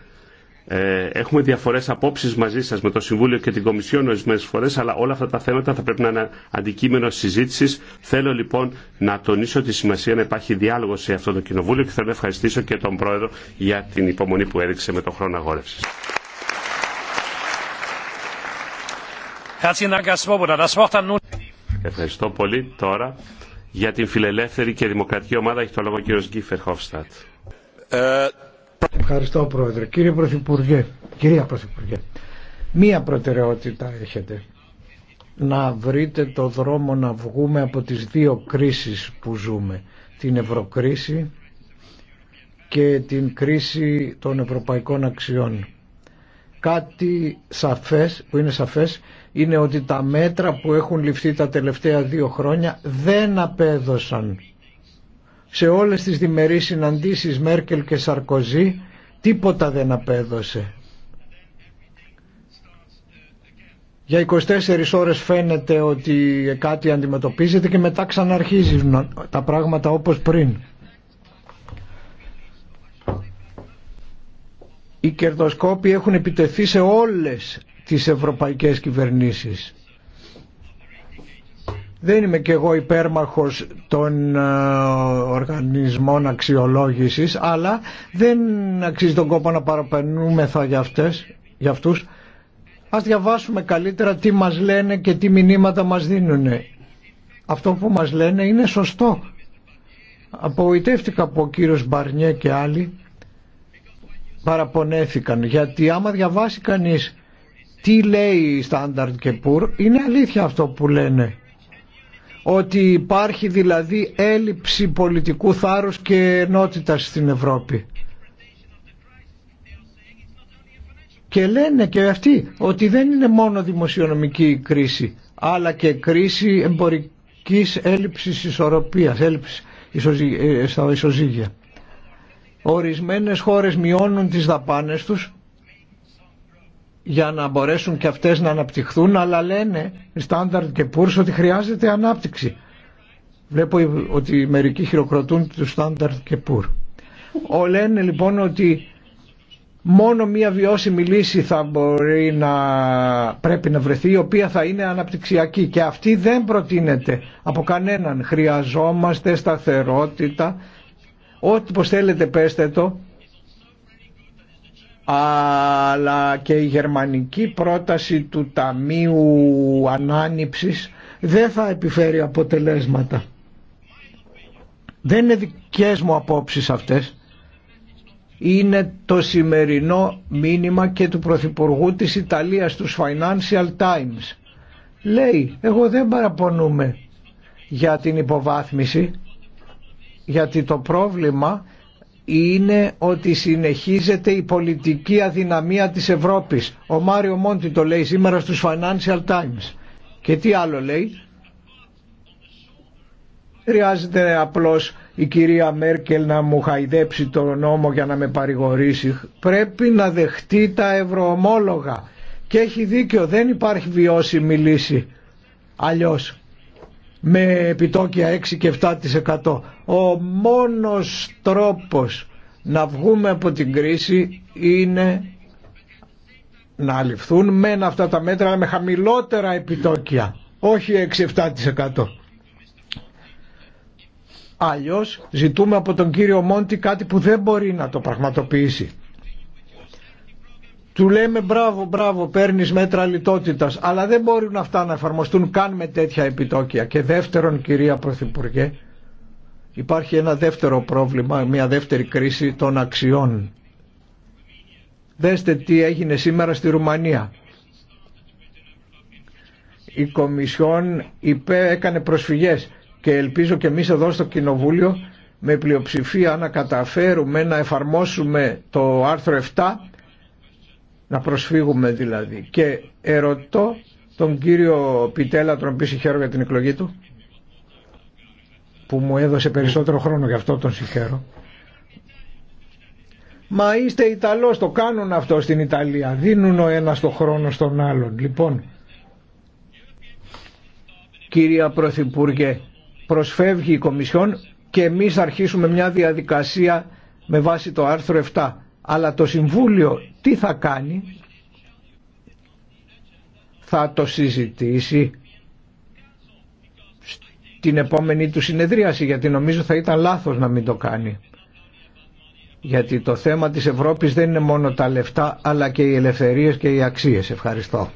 Ε, έχουμε διαφορές απόψεις μαζί σας με το Συμβούλιο και την Κομισιόν ορισμένε φορές, αλλά όλα αυτά τα θέματα θα πρέπει να είναι αντικείμενο συζήτησης. Θέλω λοιπόν να τονίσω τη σημασία να υπάρχει διάλογο σε αυτό το Κοινοβούλιο και θέλω να ευχαριστήσω και τον Πρόεδρο για την υπομονή που έδειξε με τον χρόνο αγόρευσης. Ευχαριστώ πολύ. Τώρα για την φιλελεύθερη και δημοκρατική ομάδα έχει το λόγο ο κύριο Γκίφερ Χόφστατ. Ε, ευχαριστώ πρόεδρε. Κύριε Πρωθυπουργέ, κυρία Πρωθυπουργέ, μία προτεραιότητα έχετε. Να βρείτε το δρόμο να βγούμε από τις δύο κρίσεις που ζούμε. Την ευρωκρίση και την κρίση των ευρωπαϊκών αξιών. Κάτι σαφές, που είναι σαφές είναι ότι τα μέτρα που έχουν ληφθεί τα τελευταία δύο χρόνια δεν απέδωσαν. Σε όλες τις διμερείς συναντήσεις Μέρκελ και Σαρκοζή τίποτα δεν απέδωσε. Για 24 ώρες φαίνεται ότι κάτι αντιμετωπίζεται και μετά ξαναρχίζουν τα πράγματα όπως πριν. Οι κερδοσκόποι έχουν επιτεθεί σε όλες τις ευρωπαϊκές κυβερνήσεις. Δεν είμαι και εγώ υπέρμαχος των ε, οργανισμών αξιολόγησης, αλλά δεν αξίζει τον κόπο να παραπενούμεθα για, αυτές, για αυτούς. Ας διαβάσουμε καλύτερα τι μας λένε και τι μηνύματα μας δίνουν. Αυτό που μας λένε είναι σωστό. Απογοητεύτηκα από ο κύριος Μπαρνιέ και άλλοι παραπονέθηκαν, γιατί άμα διαβάσει κανείς τι λέει η Standard και Πούρ είναι αλήθεια αυτό που λένε ότι υπάρχει δηλαδή έλλειψη πολιτικού θάρρους και ενότητας στην Ευρώπη και λένε και αυτοί ότι δεν είναι μόνο δημοσιονομική κρίση αλλά και κρίση εμπορικής έλλειψης ισορροπίας έλλειψης ε, στα ισοζύγια ορισμένες χώρες μειώνουν τις δαπάνες τους για να μπορέσουν και αυτές να αναπτυχθούν αλλά λένε στάνταρτ και πούρς ότι χρειάζεται ανάπτυξη. Βλέπω ότι μερικοί χειροκροτούν του στάνταρτ και πούρ. Ο λένε λοιπόν ότι μόνο μία βιώσιμη λύση θα μπορεί να πρέπει να βρεθεί η οποία θα είναι αναπτυξιακή και αυτή δεν προτείνεται από κανέναν. Χρειαζόμαστε σταθερότητα, ό,τι πως θέλετε πέστε το, αλλά και η γερμανική πρόταση του Ταμείου Ανάνυψης δεν θα επιφέρει αποτελέσματα. Δεν είναι δικές μου απόψεις αυτές. Είναι το σημερινό μήνυμα και του Πρωθυπουργού της Ιταλίας, του Financial Times. Λέει, εγώ δεν παραπονούμε για την υποβάθμιση, γιατί το πρόβλημα είναι ότι συνεχίζεται η πολιτική αδυναμία της Ευρώπης. Ο Μάριο Μόντι το λέει σήμερα στους Financial Times. Και τι άλλο λέει. Χρειάζεται απλώς η κυρία Μέρκελ να μου χαϊδέψει τον νόμο για να με παρηγορήσει. Πρέπει να δεχτεί τα ευρωομόλογα. Και έχει δίκιο, δεν υπάρχει βιώσιμη λύση. Αλλιώς με επιτόκια 6 και 7%. Ο μόνος τρόπος να βγούμε από την κρίση είναι να ληφθούν μεν αυτά τα μέτρα με χαμηλότερα επιτόκια, όχι 6-7%. Αλλιώς ζητούμε από τον κύριο Μόντι κάτι που δεν μπορεί να το πραγματοποιήσει του λέμε μπράβο μπράβο παίρνεις μέτρα λιτότητας αλλά δεν μπορούν αυτά να εφαρμοστούν καν με τέτοια επιτόκια και δεύτερον κυρία Πρωθυπουργέ υπάρχει ένα δεύτερο πρόβλημα μια δεύτερη κρίση των αξιών δέστε τι έγινε σήμερα στη Ρουμανία η Κομισιόν είπε, έκανε προσφυγές και ελπίζω και εμείς εδώ στο Κοινοβούλιο με πλειοψηφία να καταφέρουμε να εφαρμόσουμε το άρθρο 7 να προσφύγουμε δηλαδή. Και ερωτώ τον κύριο Πιτέλα, τον οποίο συγχαίρω για την εκλογή του, που μου έδωσε περισσότερο χρόνο γι' αυτό τον συγχαίρω. Μα είστε Ιταλός, το κάνουν αυτό στην Ιταλία. Δίνουν ο ένας το χρόνο στον άλλον. Λοιπόν, κυρία Πρωθυπουργέ, προσφεύγει η Κομισιόν και εμείς αρχίσουμε μια διαδικασία με βάση το άρθρο 7 αλλά το Συμβούλιο τι θα κάνει, θα το συζητήσει την επόμενη του συνεδρίαση γιατί νομίζω θα ήταν λάθος να μην το κάνει. Γιατί το θέμα της Ευρώπης δεν είναι μόνο τα λεφτά αλλά και οι ελευθερίες και οι αξίες. Ευχαριστώ.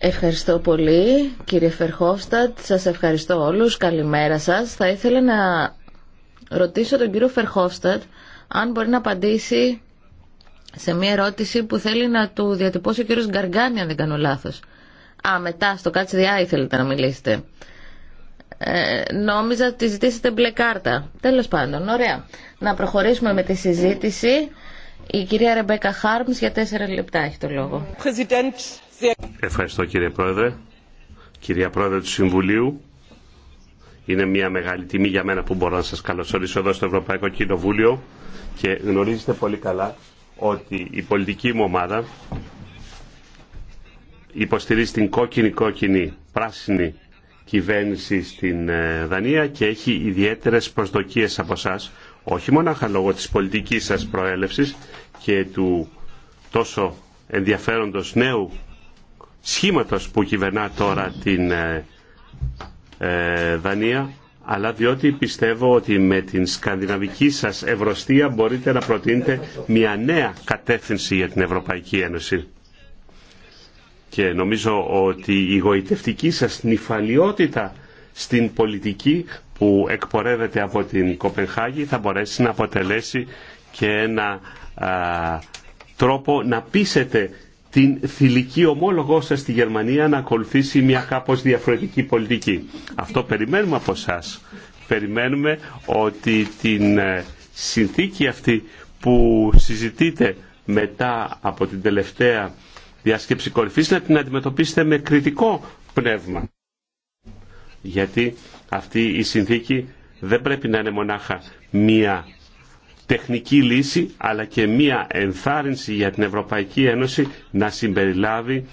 Ευχαριστώ πολύ κύριε Φερχόφστατ. Σας ευχαριστώ όλους. Καλημέρα σας. Θα ήθελα να ρωτήσω τον κύριο Φερχόφστατ αν μπορεί να απαντήσει σε μια ερώτηση που θέλει να του διατυπώσει ο κύριος Γκαργκάνη, αν δεν κάνω λάθο. Α, μετά, στο κάτσε διά, να μιλήσετε. Ε, νόμιζα ότι ζητήσετε μπλε κάρτα. Τέλος πάντων, ωραία. Να προχωρήσουμε με τη συζήτηση. Η κυρία Ρεμπέκα Χάρμ για τέσσερα λεπτά έχει το λόγο. Ευχαριστώ κύριε Πρόεδρε. Κυρία Πρόεδρε του Συμβουλίου, είναι μια μεγάλη τιμή για μένα που μπορώ να σας καλωσορίσω εδώ στο Ευρωπαϊκό Κοινοβούλιο και γνωρίζετε πολύ καλά ότι η πολιτική μου ομάδα υποστηρίζει την κόκκινη-κόκκινη πράσινη κυβέρνηση στην ε, Δανία και έχει ιδιαίτερες προσδοκίες από εσά, όχι μόνο λόγω της πολιτικής σας προέλευσης και του τόσο ενδιαφέροντος νέου σχήματος που κυβερνά τώρα την ε, ε, Δανία, αλλά διότι πιστεύω ότι με την σκανδιναβική σας ευρωστία μπορείτε να προτείνετε μια νέα κατεύθυνση για την Ευρωπαϊκή Ένωση. Και νομίζω ότι η γοητευτική σας νυφαλιότητα στην πολιτική που εκπορεύεται από την Κοπενχάγη θα μπορέσει να αποτελέσει και ένα τρόπο να πείσετε την θηλυκή ομόλογό σας στη Γερμανία να ακολουθήσει μια κάπως διαφορετική πολιτική. Αυτό περιμένουμε από εσά. Περιμένουμε ότι την ε, συνθήκη αυτή που συζητείτε μετά από την τελευταία διάσκεψη κορυφής να την αντιμετωπίσετε με κριτικό πνεύμα. Γιατί αυτή η συνθήκη δεν πρέπει να είναι μονάχα μία τεχνική λύση αλλά και μία ενθάρρυνση για την Ευρωπαϊκή Ένωση να συμπεριλάβει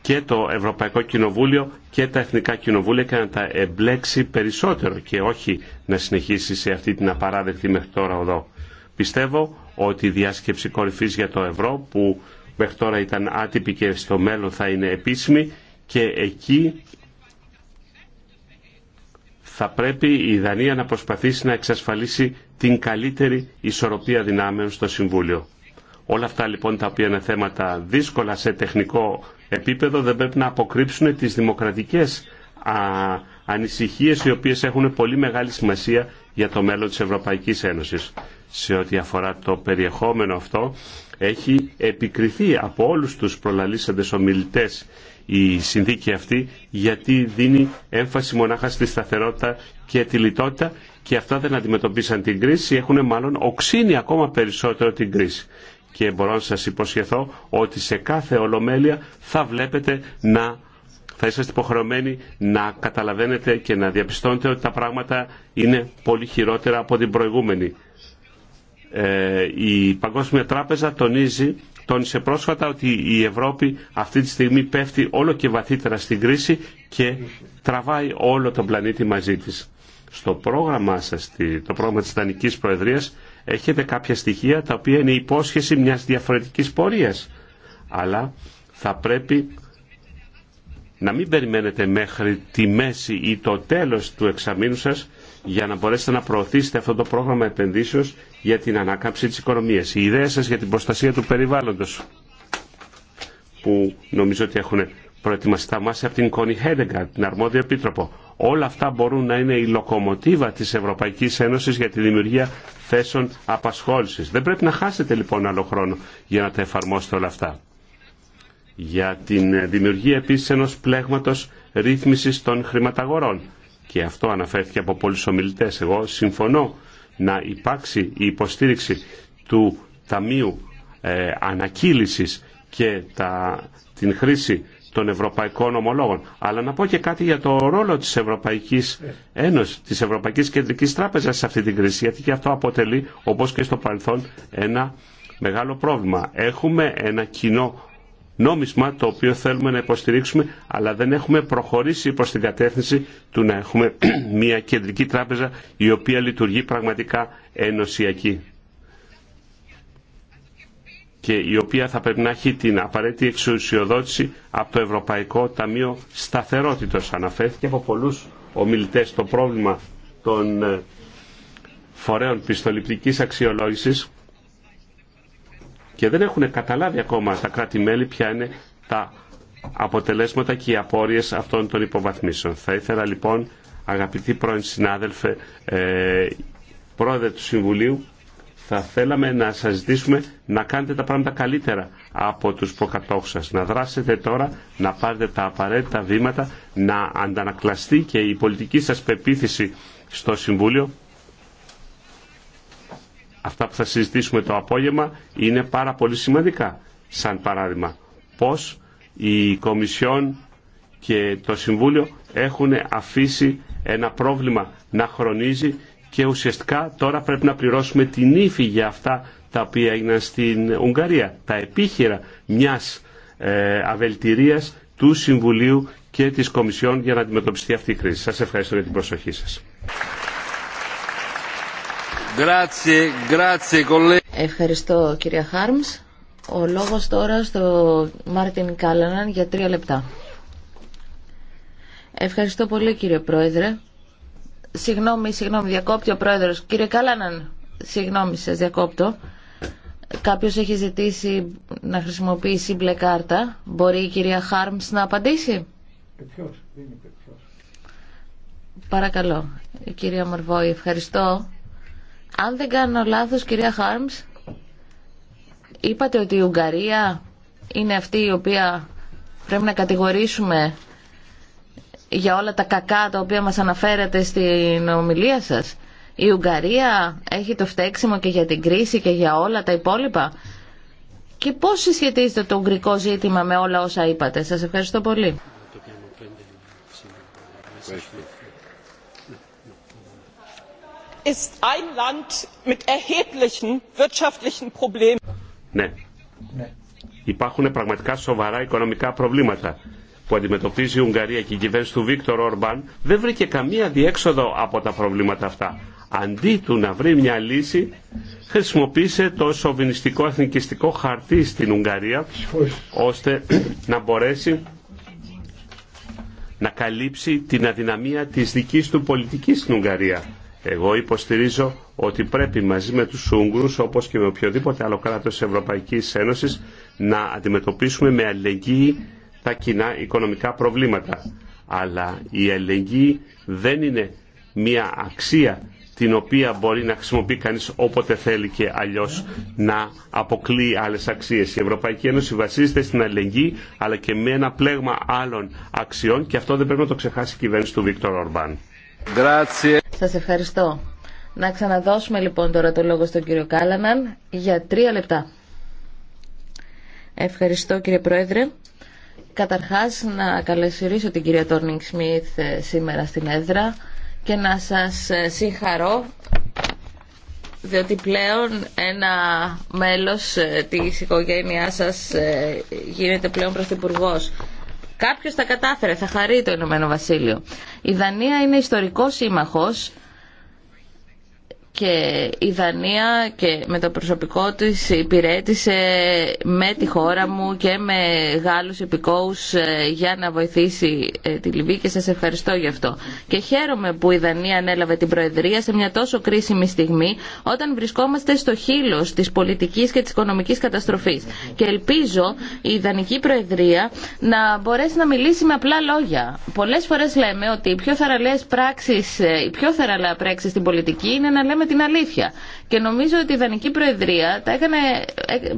και το Ευρωπαϊκό Κοινοβούλιο και τα Εθνικά Κοινοβούλια και να τα εμπλέξει περισσότερο και όχι να συνεχίσει σε αυτή την απαράδεκτη μέχρι τώρα οδό. Πιστεύω ότι η διάσκεψη κορυφής για το ευρώ που μέχρι τώρα ήταν άτυπη και στο μέλλον θα είναι επίσημη και εκεί θα πρέπει η Δανία να προσπαθήσει να εξασφαλίσει την καλύτερη ισορροπία δυνάμεων στο Συμβούλιο. Όλα αυτά λοιπόν τα οποία είναι θέματα δύσκολα σε τεχνικό επίπεδο δεν πρέπει να αποκρύψουν τις δημοκρατικές α, ανησυχίες οι οποίες έχουν πολύ μεγάλη σημασία για το μέλλον της Ευρωπαϊκής Ένωσης. Σε ό,τι αφορά το περιεχόμενο αυτό έχει επικριθεί από όλους τους προλαλήσαντες ομιλητές η συνθήκη αυτή γιατί δίνει έμφαση μονάχα στη σταθερότητα και τη λιτότητα και αυτά δεν αντιμετωπίσαν την κρίση, έχουν μάλλον οξύνει ακόμα περισσότερο την κρίση. Και μπορώ να σας υποσχεθώ ότι σε κάθε ολομέλεια θα βλέπετε να θα είστε υποχρεωμένοι να καταλαβαίνετε και να διαπιστώνετε ότι τα πράγματα είναι πολύ χειρότερα από την προηγούμενη. Ε, η Παγκόσμια Τράπεζα τονίζει τόνισε πρόσφατα ότι η Ευρώπη αυτή τη στιγμή πέφτει όλο και βαθύτερα στην κρίση και τραβάει όλο τον πλανήτη μαζί της. Στο πρόγραμμά σας, το πρόγραμμα της Ιτανικής Προεδρίας, έχετε κάποια στοιχεία τα οποία είναι υπόσχεση μιας διαφορετικής πορείας. Αλλά θα πρέπει να μην περιμένετε μέχρι τη μέση ή το τέλος του εξαμήνου σας για να μπορέσετε να προωθήσετε αυτό το πρόγραμμα επενδύσεως για την ανάκαμψη της οικονομίας. Οι ιδέες σας για την προστασία του περιβάλλοντος που νομίζω ότι έχουν προετοιμαστεί τα μάση από την Κόνι Χέντεγκα, την αρμόδια επίτροπο. Όλα αυτά μπορούν να είναι η λοκομοτίβα της Ευρωπαϊκής Ένωσης για τη δημιουργία θέσεων απασχόλησης. Δεν πρέπει να χάσετε λοιπόν άλλο χρόνο για να τα εφαρμόσετε όλα αυτά. Για την δημιουργία επίσης ενός πλέγματος ρύθμισης των χρηματαγορών. Και αυτό αναφέρθηκε από πολλούς ομιλητές. Εγώ συμφωνώ να υπάρξει η υποστήριξη του Ταμείου ε, Ανακύλησης και τα, την χρήση των ευρωπαϊκών ομολόγων. Αλλά να πω και κάτι για το ρόλο της Ευρωπαϊκής Ένωσης, της Ευρωπαϊκής Κεντρικής Τράπεζας σε αυτή την κρίση, γιατί και αυτό αποτελεί, όπως και στο παρελθόν, ένα μεγάλο πρόβλημα. Έχουμε ένα κοινό νόμισμα το οποίο θέλουμε να υποστηρίξουμε, αλλά δεν έχουμε προχωρήσει προς την κατεύθυνση του να έχουμε μια κεντρική τράπεζα η οποία λειτουργεί πραγματικά ενωσιακή και η οποία θα πρέπει να έχει την απαραίτητη εξουσιοδότηση από το Ευρωπαϊκό Ταμείο Σταθερότητος. Αναφέρθηκε από πολλούς ομιλητές το πρόβλημα των ε, φορέων πιστοληπτικής αξιολόγησης και δεν έχουν καταλάβει ακόμα τα κράτη-μέλη ποια είναι τα αποτελέσματα και οι απόρριες αυτών των υποβαθμίσεων. Θα ήθελα λοιπόν αγαπητοί πρώην συνάδελφε, ε, πρόεδρε του Συμβουλίου, θα θέλαμε να σας ζητήσουμε να κάνετε τα πράγματα καλύτερα από τους προκατόχους σας. Να δράσετε τώρα, να πάρετε τα απαραίτητα βήματα, να αντανακλαστεί και η πολιτική σας πεποίθηση στο Συμβούλιο αυτά που θα συζητήσουμε το απόγευμα είναι πάρα πολύ σημαντικά. Σαν παράδειγμα, πώς η Κομισιόν και το Συμβούλιο έχουν αφήσει ένα πρόβλημα να χρονίζει και ουσιαστικά τώρα πρέπει να πληρώσουμε την ύφη για αυτά τα οποία έγιναν στην Ουγγαρία. Τα επίχειρα μιας ε, αβελτηρίας του Συμβουλίου και της Κομισιόν για να αντιμετωπιστεί αυτή η κρίση. Σας ευχαριστώ για την προσοχή σας. Ευχαριστώ κυρία Χάρμς. Ο λόγος τώρα στο Μάρτιν Κάλαναν για τρία λεπτά. Ευχαριστώ πολύ κύριε Πρόεδρε. Συγγνώμη, συγγνώμη, διακόπτει ο Πρόεδρος. Κύριε Κάλαναν, συγγνώμη σας διακόπτω. Κάποιος έχει ζητήσει να χρησιμοποιήσει μπλε κάρτα. Μπορεί η κυρία Χάρμς να απαντήσει. Παρακαλώ, κυρία Μορβόη, ευχαριστώ. Αν δεν κάνω λάθος, κυρία Χάρμς, είπατε ότι η Ουγγαρία είναι αυτή η οποία πρέπει να κατηγορήσουμε για όλα τα κακά τα οποία μας αναφέρατε στην ομιλία σας. Η Ουγγαρία έχει το φταίξιμο και για την κρίση και για όλα τα υπόλοιπα. Και πώς συσχετίζεται το ουγγρικό ζήτημα με όλα όσα είπατε. Σας ευχαριστώ πολύ ist ein Land mit erheblichen wirtschaftlichen Problemen. Ναι. Ναι. Υπάρχουν πραγματικά σοβαρά οικονομικά προβλήματα που αντιμετωπίζει η Ουγγαρία και η κυβέρνηση του Βίκτορ Ορμπάν δεν βρήκε καμία διέξοδο από τα προβλήματα αυτά. Αντί του να βρει μια λύση, χρησιμοποίησε το σοβινιστικό εθνικιστικό χαρτί στην Ουγγαρία, ώστε να μπορέσει να καλύψει την αδυναμία της δικής του πολιτικής στην Ουγγαρία. Εγώ υποστηρίζω ότι πρέπει μαζί με τους Ούγγρους, όπως και με οποιοδήποτε άλλο κράτος της Ευρωπαϊκής Ένωσης, να αντιμετωπίσουμε με αλληλεγγύη τα κοινά οικονομικά προβλήματα. Αλλά η αλληλεγγύη δεν είναι μια αξία την οποία μπορεί να χρησιμοποιεί κανείς όποτε θέλει και αλλιώς να αποκλείει άλλες αξίες. Η Ευρωπαϊκή Ένωση βασίζεται στην αλληλεγγύη αλλά και με ένα πλέγμα άλλων αξιών και αυτό δεν πρέπει να το ξεχάσει η κυβέρνηση του Βίκτορ Ορμπάν. Σας ευχαριστώ. Να ξαναδώσουμε λοιπόν τώρα το λόγο στον κύριο Κάλαναν για τρία λεπτά. Ευχαριστώ κύριε Πρόεδρε. Καταρχάς να καλωσορίσω την κυρία Τόρνινγκ Σμιθ ε, σήμερα στην έδρα και να σας ε, συγχαρώ διότι πλέον ένα μέλος ε, της οικογένειάς σας γίνεται πλέον πρωθυπουργός. Κάποιο τα κατάφερε, θα χαρεί το Ηνωμένο Βασίλειο. Η Δανία είναι ιστορικό σύμμαχο και η Δανία και με το προσωπικό της υπηρέτησε με τη χώρα μου και με Γάλλους επικόους ε, για να βοηθήσει ε, τη Λιβύη και σας ευχαριστώ γι' αυτό. Και χαίρομαι που η Δανία ανέλαβε την Προεδρία σε μια τόσο κρίσιμη στιγμή όταν βρισκόμαστε στο χείλος της πολιτικής και της οικονομικής καταστροφής. Και ελπίζω η Δανική Προεδρία να μπορέσει να μιλήσει με απλά λόγια. Πολλές φορές λέμε ότι οι πιο θεραλές πράξεις, ε, οι πιο πράξεις στην πολιτική είναι να λέμε με την αλήθεια. Και νομίζω ότι η Δανική Προεδρία τα, έκανε,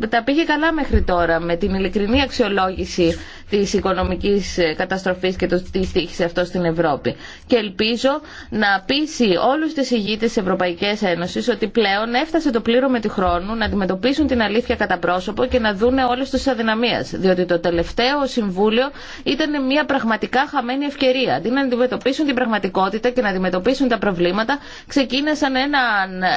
ε, τα πήγε καλά μέχρι τώρα με την ειλικρινή αξιολόγηση τη οικονομική ε, καταστροφή και το τι στήχησε αυτό στην Ευρώπη. Και ελπίζω να πείσει όλου του ηγείτε τη Ευρωπαϊκή Ένωση ότι πλέον έφτασε το πλήρωμα του χρόνου να αντιμετωπίσουν την αλήθεια κατά πρόσωπο και να δούνε όλε τις αδυναμίε. Διότι το τελευταίο Συμβούλιο ήταν μια πραγματικά χαμένη ευκαιρία. Αντί να αντιμετωπίσουν την πραγματικότητα και να αντιμετωπίσουν τα προβλήματα, ξεκίνησαν ένα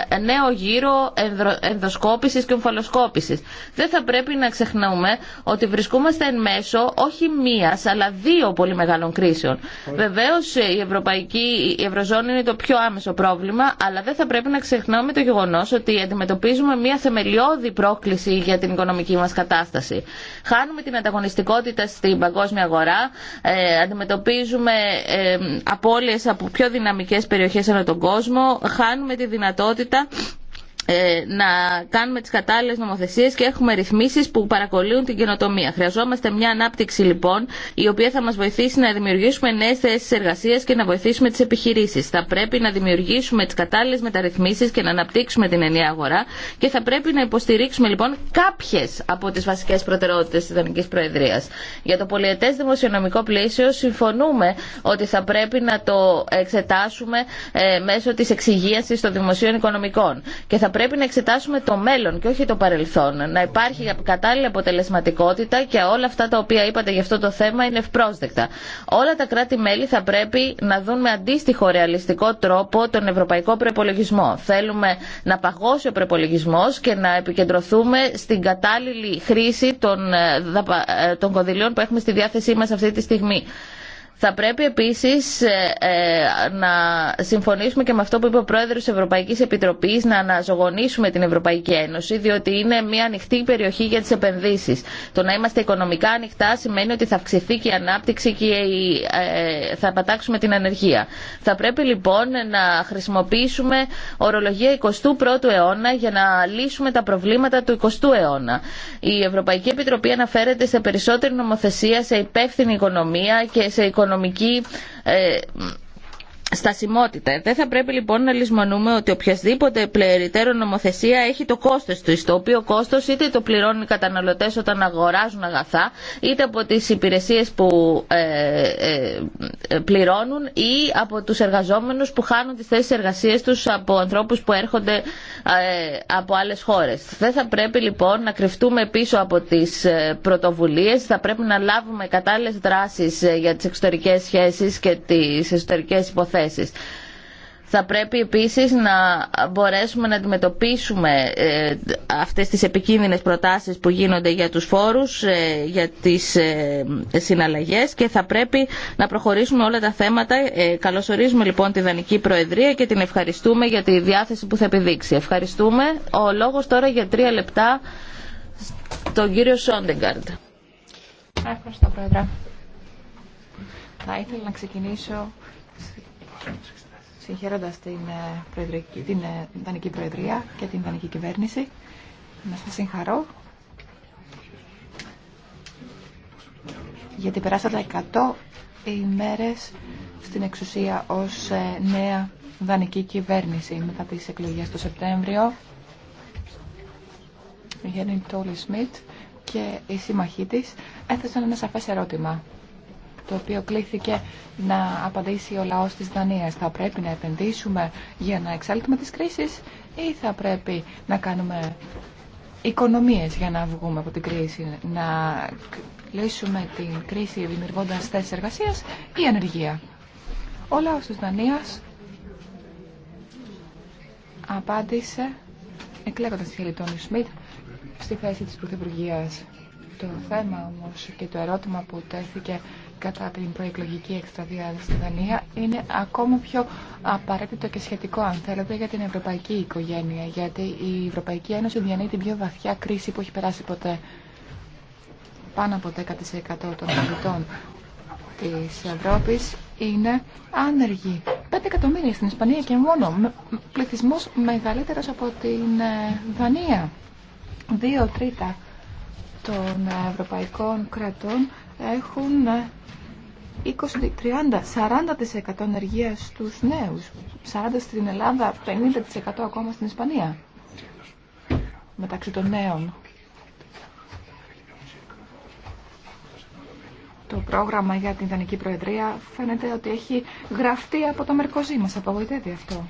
έναν νέο γύρο ενδοσκόπησης και ομφαλοσκόπησης. Δεν θα πρέπει να ξεχνούμε ότι βρισκόμαστε εν μέσω όχι μίας αλλά δύο πολύ μεγάλων κρίσεων. Βεβαίως η, Ευρωπαϊκή, η Ευρωζώνη είναι το πιο άμεσο πρόβλημα αλλά δεν θα πρέπει να ξεχνάμε το γεγονός ότι αντιμετωπίζουμε μια θεμελιώδη πρόκληση για την οικονομική μας κατάσταση. Χάνουμε την ανταγωνιστικότητα στην παγκόσμια αγορά, ε, αντιμετωπίζουμε ε, απώλειες από πιο δυναμικές περιοχές ανά τον κόσμο, χάνουμε τη δυνατότητα δυνατότητα ε, να κάνουμε τις κατάλληλες νομοθεσίες και έχουμε ρυθμίσεις που παρακολύουν την καινοτομία. Χρειαζόμαστε μια ανάπτυξη λοιπόν η οποία θα μας βοηθήσει να δημιουργήσουμε νέες θέσεις εργασίας και να βοηθήσουμε τις επιχειρήσεις. Θα πρέπει να δημιουργήσουμε τις κατάλληλες μεταρρυθμίσεις και να αναπτύξουμε την ενιαία αγορά και θα πρέπει να υποστηρίξουμε λοιπόν κάποιες από τις βασικές προτεραιότητες της Ιδανικής Προεδρίας. Για το πολιετές δημοσιονομικό πλαίσιο συμφωνούμε ότι θα πρέπει να το εξετάσουμε ε, μέσω της εξυγίασης των δημοσίων οικονομικών και θα πρέπει να εξετάσουμε το μέλλον και όχι το παρελθόν. Να υπάρχει κατάλληλη αποτελεσματικότητα και όλα αυτά τα οποία είπατε για αυτό το θέμα είναι ευπρόσδεκτα. Όλα τα κράτη-μέλη θα πρέπει να δουν με αντίστοιχο ρεαλιστικό τρόπο τον ευρωπαϊκό προπολογισμό. Θέλουμε να παγώσει ο προπολογισμό και να επικεντρωθούμε στην κατάλληλη χρήση των, ε, ε, των κονδυλίων που έχουμε στη διάθεσή μα αυτή τη στιγμή. Θα πρέπει επίσης ε, ε, να συμφωνήσουμε και με αυτό που είπε ο Πρόεδρος της Ευρωπαϊκής Επιτροπής να αναζωογονήσουμε την Ευρωπαϊκή Ένωση διότι είναι μια ανοιχτή περιοχή για τις επενδύσεις. Το να είμαστε οικονομικά ανοιχτά σημαίνει ότι θα αυξηθεί και η ανάπτυξη και η, ε, θα πατάξουμε την ανεργία. Θα πρέπει λοιπόν να χρησιμοποιήσουμε ορολογία 21ου αιώνα για να λύσουμε τα προβλήματα του 20ου αιώνα. Η Ευρωπαϊκή Επιτροπή αναφέρεται σε περισσότερη νομοθεσία, σε υπεύθυνη οικονομία και σε οικονομία οικονομική ε, στασιμότητα. Δεν θα πρέπει λοιπόν να λησμονούμε ότι οποιασδήποτε πλεερητέρω νομοθεσία έχει το κόστος του, το οποίο κόστο είτε το πληρώνουν οι καταναλωτέ όταν αγοράζουν αγαθά, είτε από τι υπηρεσίε που ε, ε, πληρώνουν ή από του εργαζόμενου που χάνουν τις θέσει εργασία του από ανθρώπου που έρχονται ε, από άλλε χώρε. Δεν θα πρέπει λοιπόν να κρυφτούμε πίσω από τις ε, πρωτοβουλίε, θα πρέπει να λάβουμε κατάλληλες δράσεις για τι εξωτερικέ σχέσει και τι εσωτερικέ υποθέσει. Θα πρέπει επίσης να μπορέσουμε να αντιμετωπίσουμε ε, αυτές τις επικίνδυνες προτάσεις που γίνονται για τους φόρους, ε, για τις ε, συναλλαγές και θα πρέπει να προχωρήσουμε όλα τα θέματα. Καλωσορίζουμε λοιπόν τη Δανική Προεδρία και την ευχαριστούμε για τη διάθεση που θα επιδείξει. Ευχαριστούμε. Ο λόγος τώρα για τρία λεπτά στον κύριο Σόντεγκαρντ. Ευχαριστώ Πρόεδρε. Θα ήθελα να ξεκινήσω συγχαίροντας την, ε, την ε, Δανική Προεδρία και την Δανική Κυβέρνηση. Να σας συγχαρώ γιατί περάσατε 100 ημέρες στην εξουσία ως ε, νέα δανική κυβέρνηση μετά τις εκλογές του Σεπτέμβριο. Η Γέννη Τόλι Σμιτ και η συμμαχοί της έθεσαν ένα σαφές ερώτημα το οποίο κλήθηκε να απαντήσει ο λαός της Δανίας. Θα πρέπει να επενδύσουμε για να εξάλλουμε τις κρίσεις ή θα πρέπει να κάνουμε οικονομίες για να βγούμε από την κρίση, να λύσουμε την κρίση δημιουργώντας θέσεις εργασίας ή ανεργία. Ο λαός της Δανίας απάντησε εκλέγοντας τη χέρι Σμιτ στη θέση της Πρωθυπουργίας. Το θέμα όμως και το ερώτημα που τέθηκε κατά την προεκλογική εκστρατεία στη Δανία είναι ακόμα πιο απαραίτητο και σχετικό, αν θέλετε, για την ευρωπαϊκή οικογένεια. Γιατί η Ευρωπαϊκή Ένωση διανύει την πιο βαθιά κρίση που έχει περάσει ποτέ. Πάνω από 10% των πολιτών της Ευρώπης είναι άνεργοι. 5 εκατομμύρια στην Ισπανία και μόνο. πληθυσμό μεγαλύτερο από την ε, Δανία. Δύο τρίτα των ευρωπαϊκών κρατών έχουν 30, 40% ενεργεία στους νέους, 40% στην Ελλάδα, 50% ακόμα στην Ισπανία μεταξύ των νέων. Το πρόγραμμα για την Ιδανική Προεδρία φαίνεται ότι έχει γραφτεί από το Μερκοζή. Μας απογοητεύει αυτό.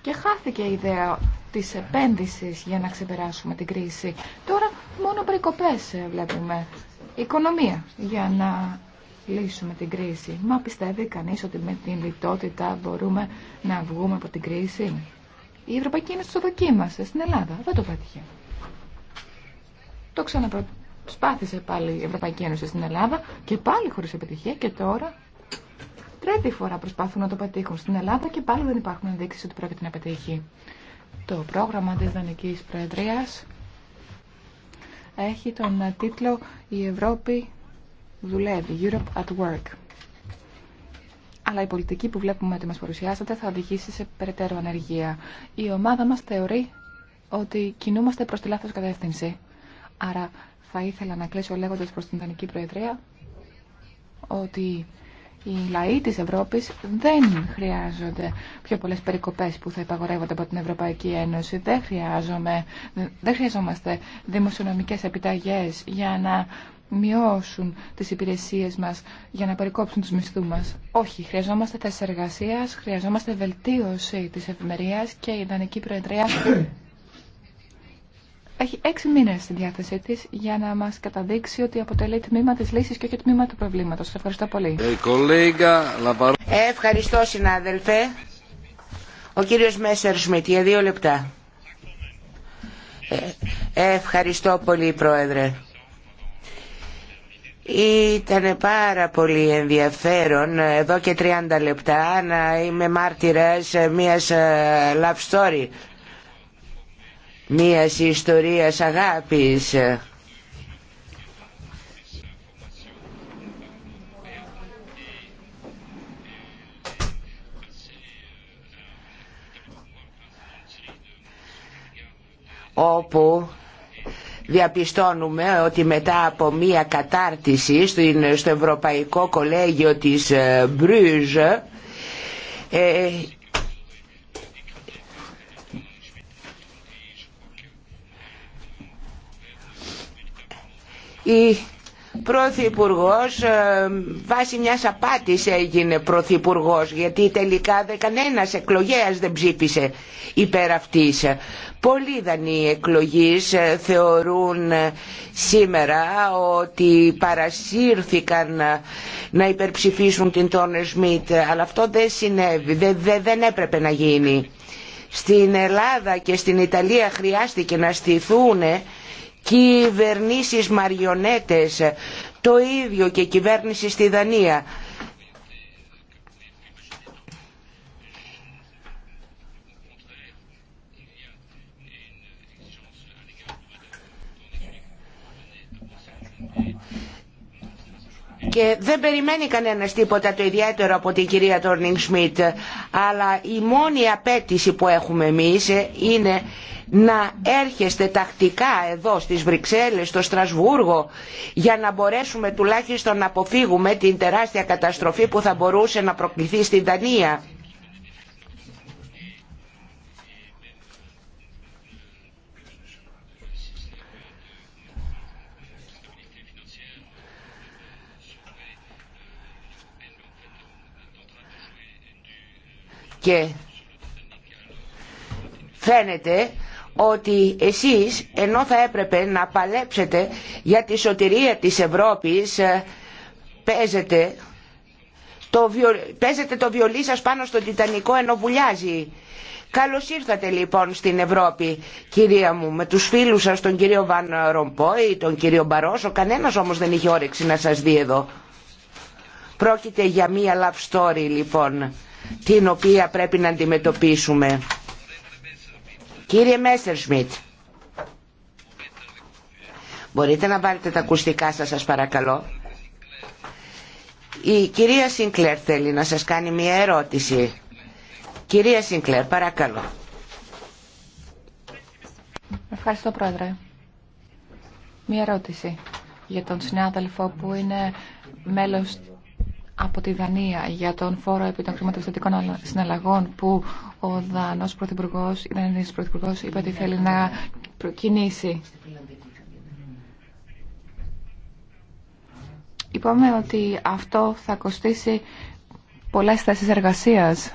Και χάθηκε η ιδέα της επένδυσης για να ξεπεράσουμε την κρίση. Τώρα μόνο περικοπές ε, βλέπουμε. Οικονομία για να λύσουμε την κρίση. Μα πιστεύει κανείς ότι με την λιτότητα μπορούμε να βγούμε από την κρίση. Η Ευρωπαϊκή Ένωση το δοκίμασε στην Ελλάδα. Δεν το πέτυχε. Το ξαναπροσπάθησε πάλι η Ευρωπαϊκή Ένωση στην Ελλάδα και πάλι χωρίς επιτυχία και τώρα τρίτη φορά προσπαθούν να το πετύχουν στην Ελλάδα και πάλι δεν υπάρχουν ενδείξεις ότι πρόκειται να πετύχει. Το πρόγραμμα της Δανικής Προεδρίας έχει τον τίτλο «Η Ευρώπη δουλεύει, Europe at Work». Αλλά η πολιτική που βλέπουμε ότι μας παρουσιάζεται θα οδηγήσει σε περαιτέρω ανεργία. Η ομάδα μας θεωρεί ότι κινούμαστε προς τη λάθος κατεύθυνση. Άρα θα ήθελα να κλείσω λέγοντας προς την Δανική Προεδρία ότι οι λαοί της Ευρώπης δεν χρειάζονται πιο πολλές περικοπές που θα υπαγορεύονται από την Ευρωπαϊκή Ένωση. Δεν, χρειάζομαι, δεν χρειαζόμαστε δημοσιονομικές επιταγές για να μειώσουν τις υπηρεσίες μας, για να περικόψουν τους μισθού μας. Όχι, χρειαζόμαστε θέσεις εργασίας, χρειαζόμαστε βελτίωση της ευημερίας και η Ιδανική Προεδρία έχει έξι μήνε στη διάθεσή τη για να μα καταδείξει ότι αποτελεί τμήμα τη Λύση και όχι τμήμα του προβλήματο. Σα ευχαριστώ πολύ. Ε, ευχαριστώ συνάδελφε. Ο κύριο Μέσσερ Σμιτ για δύο λεπτά. Ε, ευχαριστώ πολύ πρόεδρε. Ήταν πάρα πολύ ενδιαφέρον ε, εδώ και 30 λεπτά να είμαι μάρτυρας μιας love story μίας ιστορίας αγάπης. όπου διαπιστώνουμε ότι μετά από μία κατάρτιση στο Ευρωπαϊκό Κολέγιο της Μπρούζ ε, η Πρωθυπουργό, ε, βάσει μιας απάτης έγινε Πρωθυπουργό, γιατί τελικά κανένας εκλογέας δεν ψήφισε υπέρ αυτή. Πολλοί δανείοι εκλογής ε, θεωρούν ε, σήμερα ότι παρασύρθηκαν να υπερψηφίσουν την Τόνε Σμιτ αλλά αυτό δεν συνέβη, δεν έπρεπε να γίνει. Στην Ελλάδα και στην Ιταλία χρειάστηκε να στηθούν κυβερνήσεις μαριονέτες, το ίδιο και κυβέρνηση στη Δανία και δεν περιμένει κανένας τίποτα το ιδιαίτερο από την κυρία Τόρνινγκ Σμιτ αλλά η μόνη απέτηση που έχουμε εμείς είναι να έρχεστε τακτικά εδώ στις Βρυξέλλες, στο Στρασβούργο για να μπορέσουμε τουλάχιστον να αποφύγουμε την τεράστια καταστροφή που θα μπορούσε να προκληθεί στην Δανία. και φαίνεται ότι εσείς ενώ θα έπρεπε να παλέψετε για τη σωτηρία της Ευρώπης ε, παίζετε το, παίζετε το βιολί σας πάνω στο Τιτανικό ενώ βουλιάζει. Καλώς ήρθατε λοιπόν στην Ευρώπη κυρία μου με τους φίλους σας τον κύριο Βαν Ρομπόη, τον κύριο Μπαρόσο κανένας όμως δεν είχε όρεξη να σας δει εδώ. Πρόκειται για μία love story λοιπόν την οποία πρέπει να αντιμετωπίσουμε. Κύριε Μέστερ μπορείτε να βάλετε τα ακουστικά σας, σας παρακαλώ. Η κυρία Σίνκλερ θέλει να σας κάνει μία ερώτηση. Κυρία Σίνκλερ, παρακαλώ. Ευχαριστώ, Πρόεδρε. Μία ερώτηση για τον συνάδελφο που είναι μέλος από τη Δανία για τον φόρο επί των χρηματοπιστωτικών συναλλαγών που ο Δανός Πρωθυπουργός, η Δανής Πρωθυπουργός είπε ότι θέλει να προκινήσει. Είπαμε ότι αυτό θα κοστίσει πολλές θέσεις εργασίας.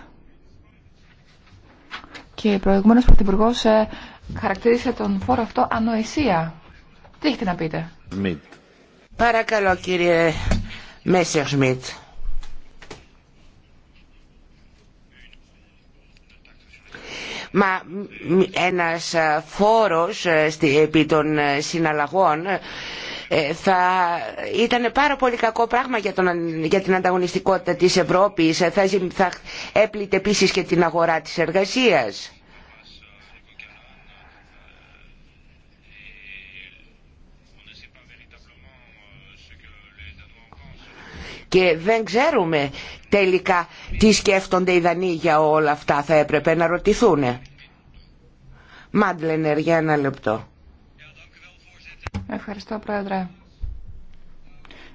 Και ο προηγούμενος Πρωθυπουργός ε, χαρακτήρισε τον φόρο αυτό ανοησία. Τι έχετε να πείτε. Παρακαλώ κύριε Μέσσερ Σμιτ. Μα ένας ε, φόρος ε, επί των ε, συναλλαγών θα ήταν πάρα πολύ κακό πράγμα για, τον, για την ανταγωνιστικότητα της Ευρώπης. Θα, θα επίση επίσης και την αγορά της εργασίας. και δεν ξέρουμε τελικά τι σκέφτονται οι Δανείοι για όλα αυτά θα έπρεπε να ρωτηθούν. Μάντλενερ για ένα λεπτό. Ευχαριστώ πρόεδρε.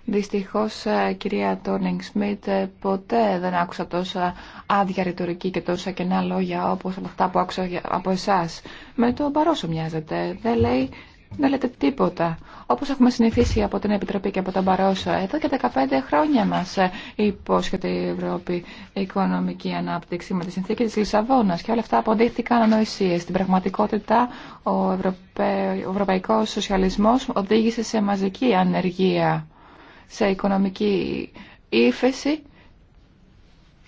Δυστυχώς ε, κυρία Τόνινγκ Σμιτ ε, ποτέ δεν άκουσα τόσα άδεια ρητορική και τόσα κενά λόγια όπως αυτά που άκουσα από εσάς. Με το παρόσο μοιάζεται. Δεν λέει δεν λέτε τίποτα. Όπως έχουμε συνηθίσει από την Επιτροπή και από τον Παρόσο, εδώ και 15 χρόνια μας ε, υπόσχεται η Ευρώπη η οικονομική ανάπτυξη με τη συνθήκη της Λισαβόνας και όλα αυτά αποδείχθηκαν ανοησίες. Στην πραγματικότητα ο, Ευρωπαϊ... ο ευρωπαϊκός σοσιαλισμός οδήγησε σε μαζική ανεργία, σε οικονομική ύφεση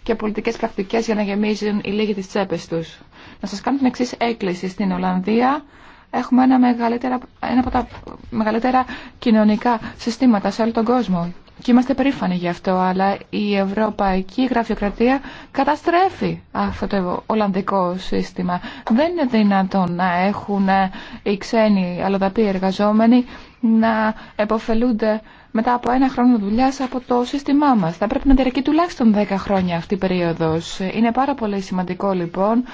και πολιτικές πρακτικές για να γεμίζουν οι λίγοι τις τσέπες τους. Να σας κάνω την εξή έκκληση στην Ολλανδία έχουμε ένα, μεγαλύτερα, ένα από τα μεγαλύτερα κοινωνικά συστήματα σε όλο τον κόσμο. Και είμαστε περήφανοι γι' αυτό, αλλά η ευρωπαϊκή γραφειοκρατία καταστρέφει αυτό το ολλανδικό σύστημα. Δεν είναι δυνατόν να έχουν οι ξένοι αλλοδαποί εργαζόμενοι να επωφελούνται μετά από ένα χρόνο δουλειά από το σύστημά μα. Θα πρέπει να διαρκεί τουλάχιστον 10 χρόνια αυτή η περίοδο. Είναι πάρα πολύ σημαντικό λοιπόν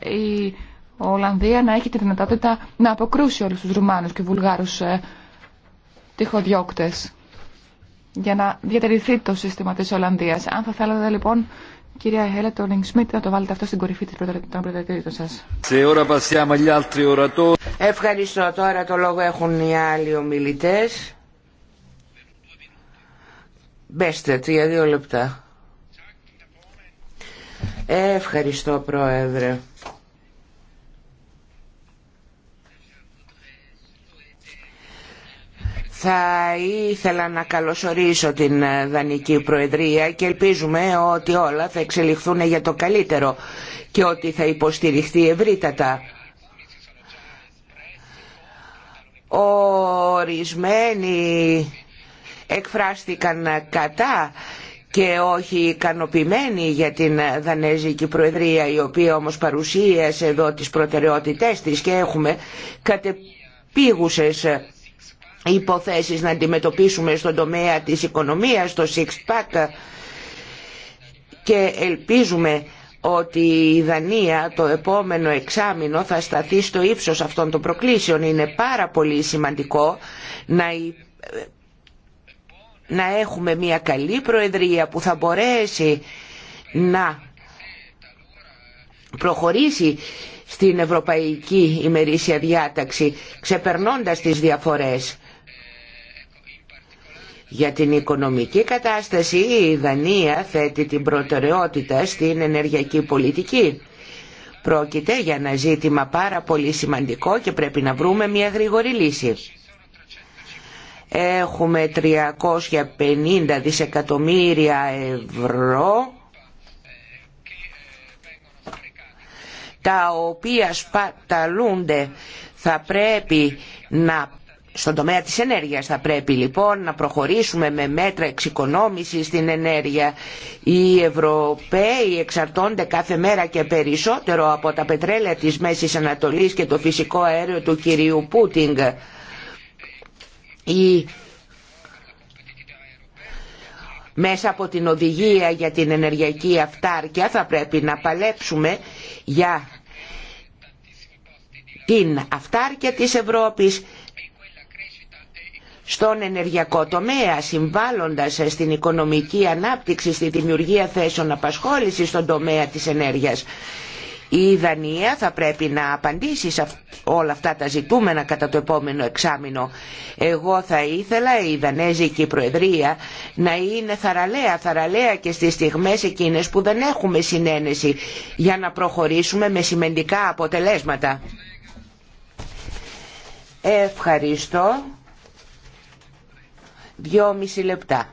ε, η Ολλανδία να έχει τη δυνατότητα να αποκρούσει όλους τους Ρουμάνους και Βουλγάρους ε, τυχοδιώκτες για να διατηρηθεί το σύστημα της Ολλανδίας. Αν θα θέλατε λοιπόν, κυρία Χέλε Σμιτ, να το βάλετε αυτό στην κορυφή των προτεραιοτήτων σας. Ευχαριστώ. Τώρα το λόγο έχουν οι άλλοι ομιλητές. Μπέστε, για δύο λεπτά. Ε, ευχαριστώ, Πρόεδρε. Θα ήθελα να καλωσορίσω την ε, Δανική Προεδρία και ελπίζουμε ότι όλα θα εξελιχθούν για το καλύτερο και ότι θα υποστηριχθεί ευρύτατα. Ορισμένοι εκφράστηκαν κατά και όχι ικανοποιημένοι για την Δανέζικη Προεδρία η οποία όμως παρουσίασε εδώ τις προτεραιότητές της και έχουμε κατεπίγουσες υποθέσεις να αντιμετωπίσουμε στον τομέα της οικονομίας, το six pack και ελπίζουμε ότι η Δανία το επόμενο εξάμεινο θα σταθεί στο ύψος αυτών των προκλήσεων. Είναι πάρα πολύ σημαντικό να, να έχουμε μια καλή προεδρία που θα μπορέσει να προχωρήσει στην ευρωπαϊκή ημερήσια διάταξη ξεπερνώντας τις διαφορές για την οικονομική κατάσταση η Δανία θέτει την προτεραιότητα στην ενεργειακή πολιτική. Πρόκειται για ένα ζήτημα πάρα πολύ σημαντικό και πρέπει να βρούμε μια γρήγορη λύση. Έχουμε 350 δισεκατομμύρια ευρώ τα οποία σπαταλούνται θα πρέπει να στον τομέα της ενέργειας θα πρέπει λοιπόν να προχωρήσουμε με μέτρα εξοικονόμησης στην ενέργεια. Οι Ευρωπαίοι εξαρτώνται κάθε μέρα και περισσότερο από τα πετρέλαια της Μέσης Ανατολής και το φυσικό αέριο του κυρίου Πούτινγκ. Μέσα από την οδηγία για την ενεργειακή αυτάρκεια θα πρέπει να παλέψουμε για την αυτάρκεια της Ευρώπης στον ενεργειακό τομέα, συμβάλλοντας στην οικονομική ανάπτυξη, στη δημιουργία θέσεων απασχόληση στον τομέα της ενέργειας. Η Δανία θα πρέπει να απαντήσει σε όλα αυτά τα ζητούμενα κατά το επόμενο εξάμεινο. Εγώ θα ήθελα η Δανέζικη Προεδρία να είναι θαραλέα, θαραλέα και στις στιγμές εκείνες που δεν έχουμε συνένεση για να προχωρήσουμε με σημαντικά αποτελέσματα. Ευχαριστώ. Δυόμιση λεπτά.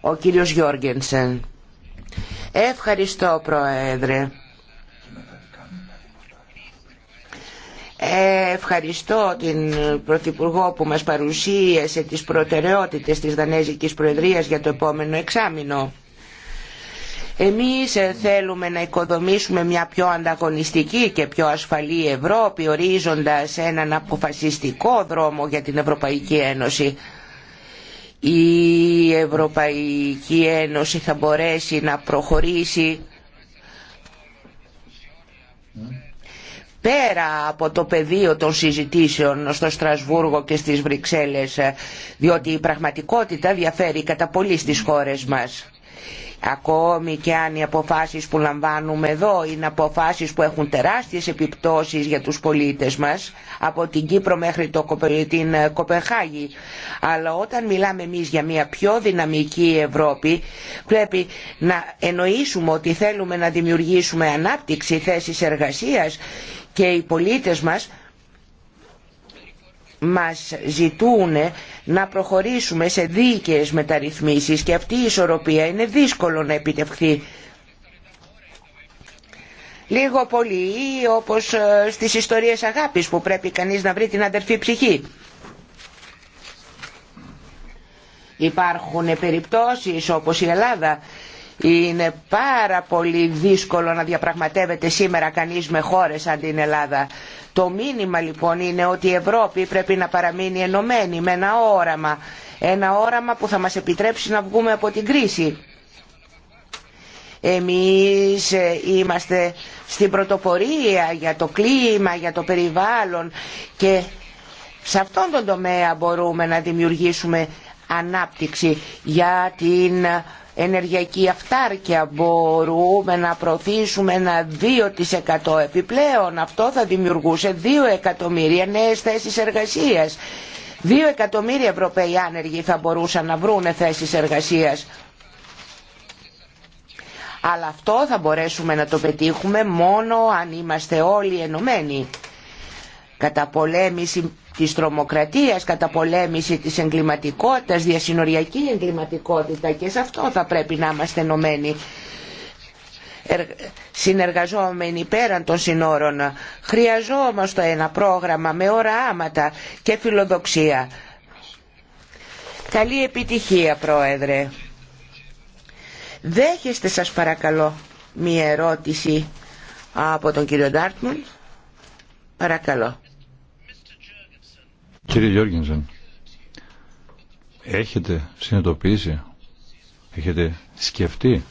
Ο κύριος Γιώργενσεν. Ευχαριστώ Πρόεδρε. Ευχαριστώ την Πρωθυπουργό που μας παρουσίασε τις προτεραιότητες της Δανέζικης Προεδρίας για το επόμενο εξάμεινο. Εμείς θέλουμε να οικοδομήσουμε μια πιο ανταγωνιστική και πιο ασφαλή Ευρώπη ορίζοντας έναν αποφασιστικό δρόμο για την Ευρωπαϊκή Ένωση η Ευρωπαϊκή Ένωση θα μπορέσει να προχωρήσει πέρα από το πεδίο των συζητήσεων στο Στρασβούργο και στις Βρυξέλλες διότι η πραγματικότητα διαφέρει κατά πολύ στις χώρες μας. Ακόμη και αν οι αποφάσεις που λαμβάνουμε εδώ είναι αποφάσεις που έχουν τεράστιες επιπτώσεις για τους πολίτες μας, από την Κύπρο μέχρι το, την ε, Κοπεχάγη. Αλλά όταν μιλάμε εμείς για μια πιο δυναμική Ευρώπη, πρέπει να εννοήσουμε ότι θέλουμε να δημιουργήσουμε ανάπτυξη θέσης εργασίας και οι πολίτες μας μας ζητούν να προχωρήσουμε σε δίκαιες μεταρρυθμίσεις και αυτή η ισορροπία είναι δύσκολο να επιτευχθεί. Λίγο πολύ όπως ε, στις ιστορίες αγάπης που πρέπει κανείς να βρει την αδερφή ψυχή. Υπάρχουν περιπτώσεις όπως η Ελλάδα. Είναι πάρα πολύ δύσκολο να διαπραγματεύεται σήμερα κανείς με χώρες σαν την Ελλάδα. Το μήνυμα λοιπόν είναι ότι η Ευρώπη πρέπει να παραμείνει ενωμένη με ένα όραμα. Ένα όραμα που θα μας επιτρέψει να βγούμε από την κρίση. Εμείς ε, είμαστε στην πρωτοπορία για το κλίμα, για το περιβάλλον και σε αυτόν τον τομέα μπορούμε να δημιουργήσουμε ανάπτυξη για την ενεργειακή αυτάρκεια. Μπορούμε να προωθήσουμε ένα 2% επιπλέον. Αυτό θα δημιουργούσε 2 εκατομμύρια νέες θέσεις εργασίας. 2 εκατομμύρια Ευρωπαίοι άνεργοι θα μπορούσαν να βρούνε θέσεις εργασίας. Αλλά αυτό θα μπορέσουμε να το πετύχουμε μόνο αν είμαστε όλοι ενωμένοι. Καταπολέμηση της τρομοκρατίας, καταπολέμηση της εγκληματικότητας, διασυνοριακή εγκληματικότητα και σε αυτό θα πρέπει να είμαστε ενωμένοι συνεργαζόμενοι πέραν των συνόρων. Χρειαζόμαστε ένα πρόγραμμα με οράματα και φιλοδοξία. Καλή επιτυχία, Πρόεδρε. Δέχεστε σας παρακαλώ μία ερώτηση από τον κύριο Ντάρτμουν. Παρακαλώ. Κύριε Γιώργινσεν, έχετε συνειδητοποιήσει, έχετε σκεφτεί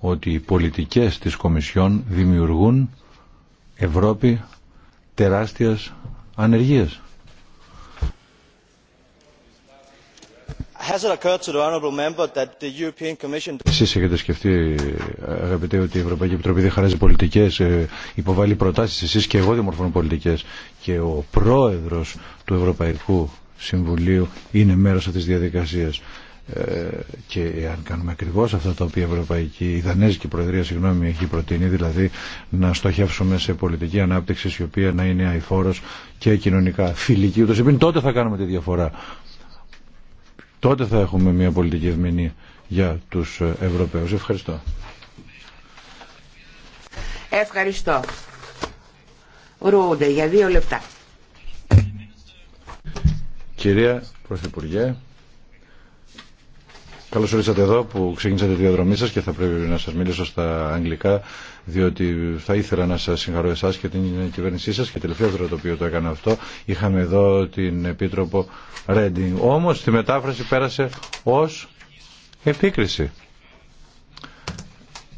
ότι οι πολιτικές της Κομισιόν δημιουργούν Ευρώπη τεράστιας ανεργίας. Εσεί έχετε σκεφτεί, αγαπητέ, ότι η Ευρωπαϊκή Επιτροπή δεν χαράζει πολιτικέ, ε, υποβάλλει προτάσει. Εσεί και εγώ δημορφώνω πολιτικέ. Και ο πρόεδρο του Ευρωπαϊκού Συμβουλίου είναι μέρο αυτή τη διαδικασία. Ε, και αν κάνουμε ακριβώ αυτά τα οποία η Ευρωπαϊκή, η Δανέζικη Προεδρία, συγγνώμη, έχει προτείνει, δηλαδή να στοχεύσουμε σε πολιτική ανάπτυξη η οποία να είναι αηφόρο και κοινωνικά φιλική, ούτω τότε θα κάνουμε τη διαφορά. Τότε θα έχουμε μια πολιτική ευμηνία για τους ε, Ευρωπαίους. Ευχαριστώ. Ευχαριστώ. Ρούντε για δύο λεπτά. Κυρία Πρωθυπουργέ, Καλώ ορίσατε εδώ που ξεκίνησατε τη διαδρομή σα και θα πρέπει να σα μιλήσω στα αγγλικά, διότι θα ήθελα να σα συγχαρώ εσά και την κυβέρνησή σα και τελευταία φορά το οποίο το έκανα αυτό. Είχαμε εδώ την Επίτροπο Ρέντινγκ. Όμω τη μετάφραση πέρασε ω επίκριση.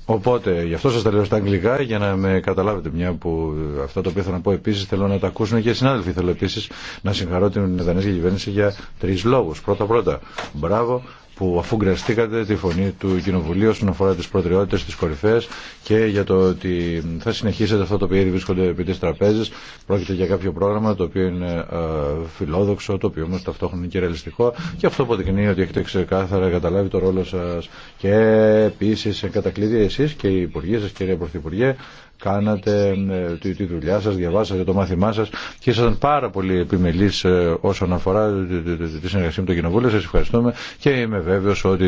Οπότε γι' αυτό σα τα λέω στα αγγλικά για να με καταλάβετε μια που αυτά τα οποία θα να πω επίση θέλω να τα ακούσουν και οι συνάδελφοι. Θέλω επίση να συγχαρώ την Δανέζικη κυβέρνηση για τρει λόγου. Πρώτα-πρώτα, μπράβο που αφού γκραστήκατε τη φωνή του Κοινοβουλίου όσον αφορά τι προτεραιότητε, τι κορυφές και για το ότι θα συνεχίσετε αυτό το οποίο ήδη βρίσκονται επί τη τραπέζη. Πρόκειται για κάποιο πρόγραμμα το οποίο είναι ε, φιλόδοξο, το οποίο όμω ταυτόχρονα είναι και ρεαλιστικό και αυτό αποδεικνύει ότι έχετε ξεκάθαρα καταλάβει το ρόλο σα και επίσης κατακλείδη εσεί και οι υπουργοί σα, κυρία Πρωθυπουργέ κάνατε, ε, τη, τη δουλειά σας, διαβάσατε το μάθημά σας και ήσασταν πάρα πολύ επιμελής ε, όσον αφορά ε, τη συνεργασία με το Κοινοβούλιο. Σας ευχαριστούμε και είμαι βέβαιος ότι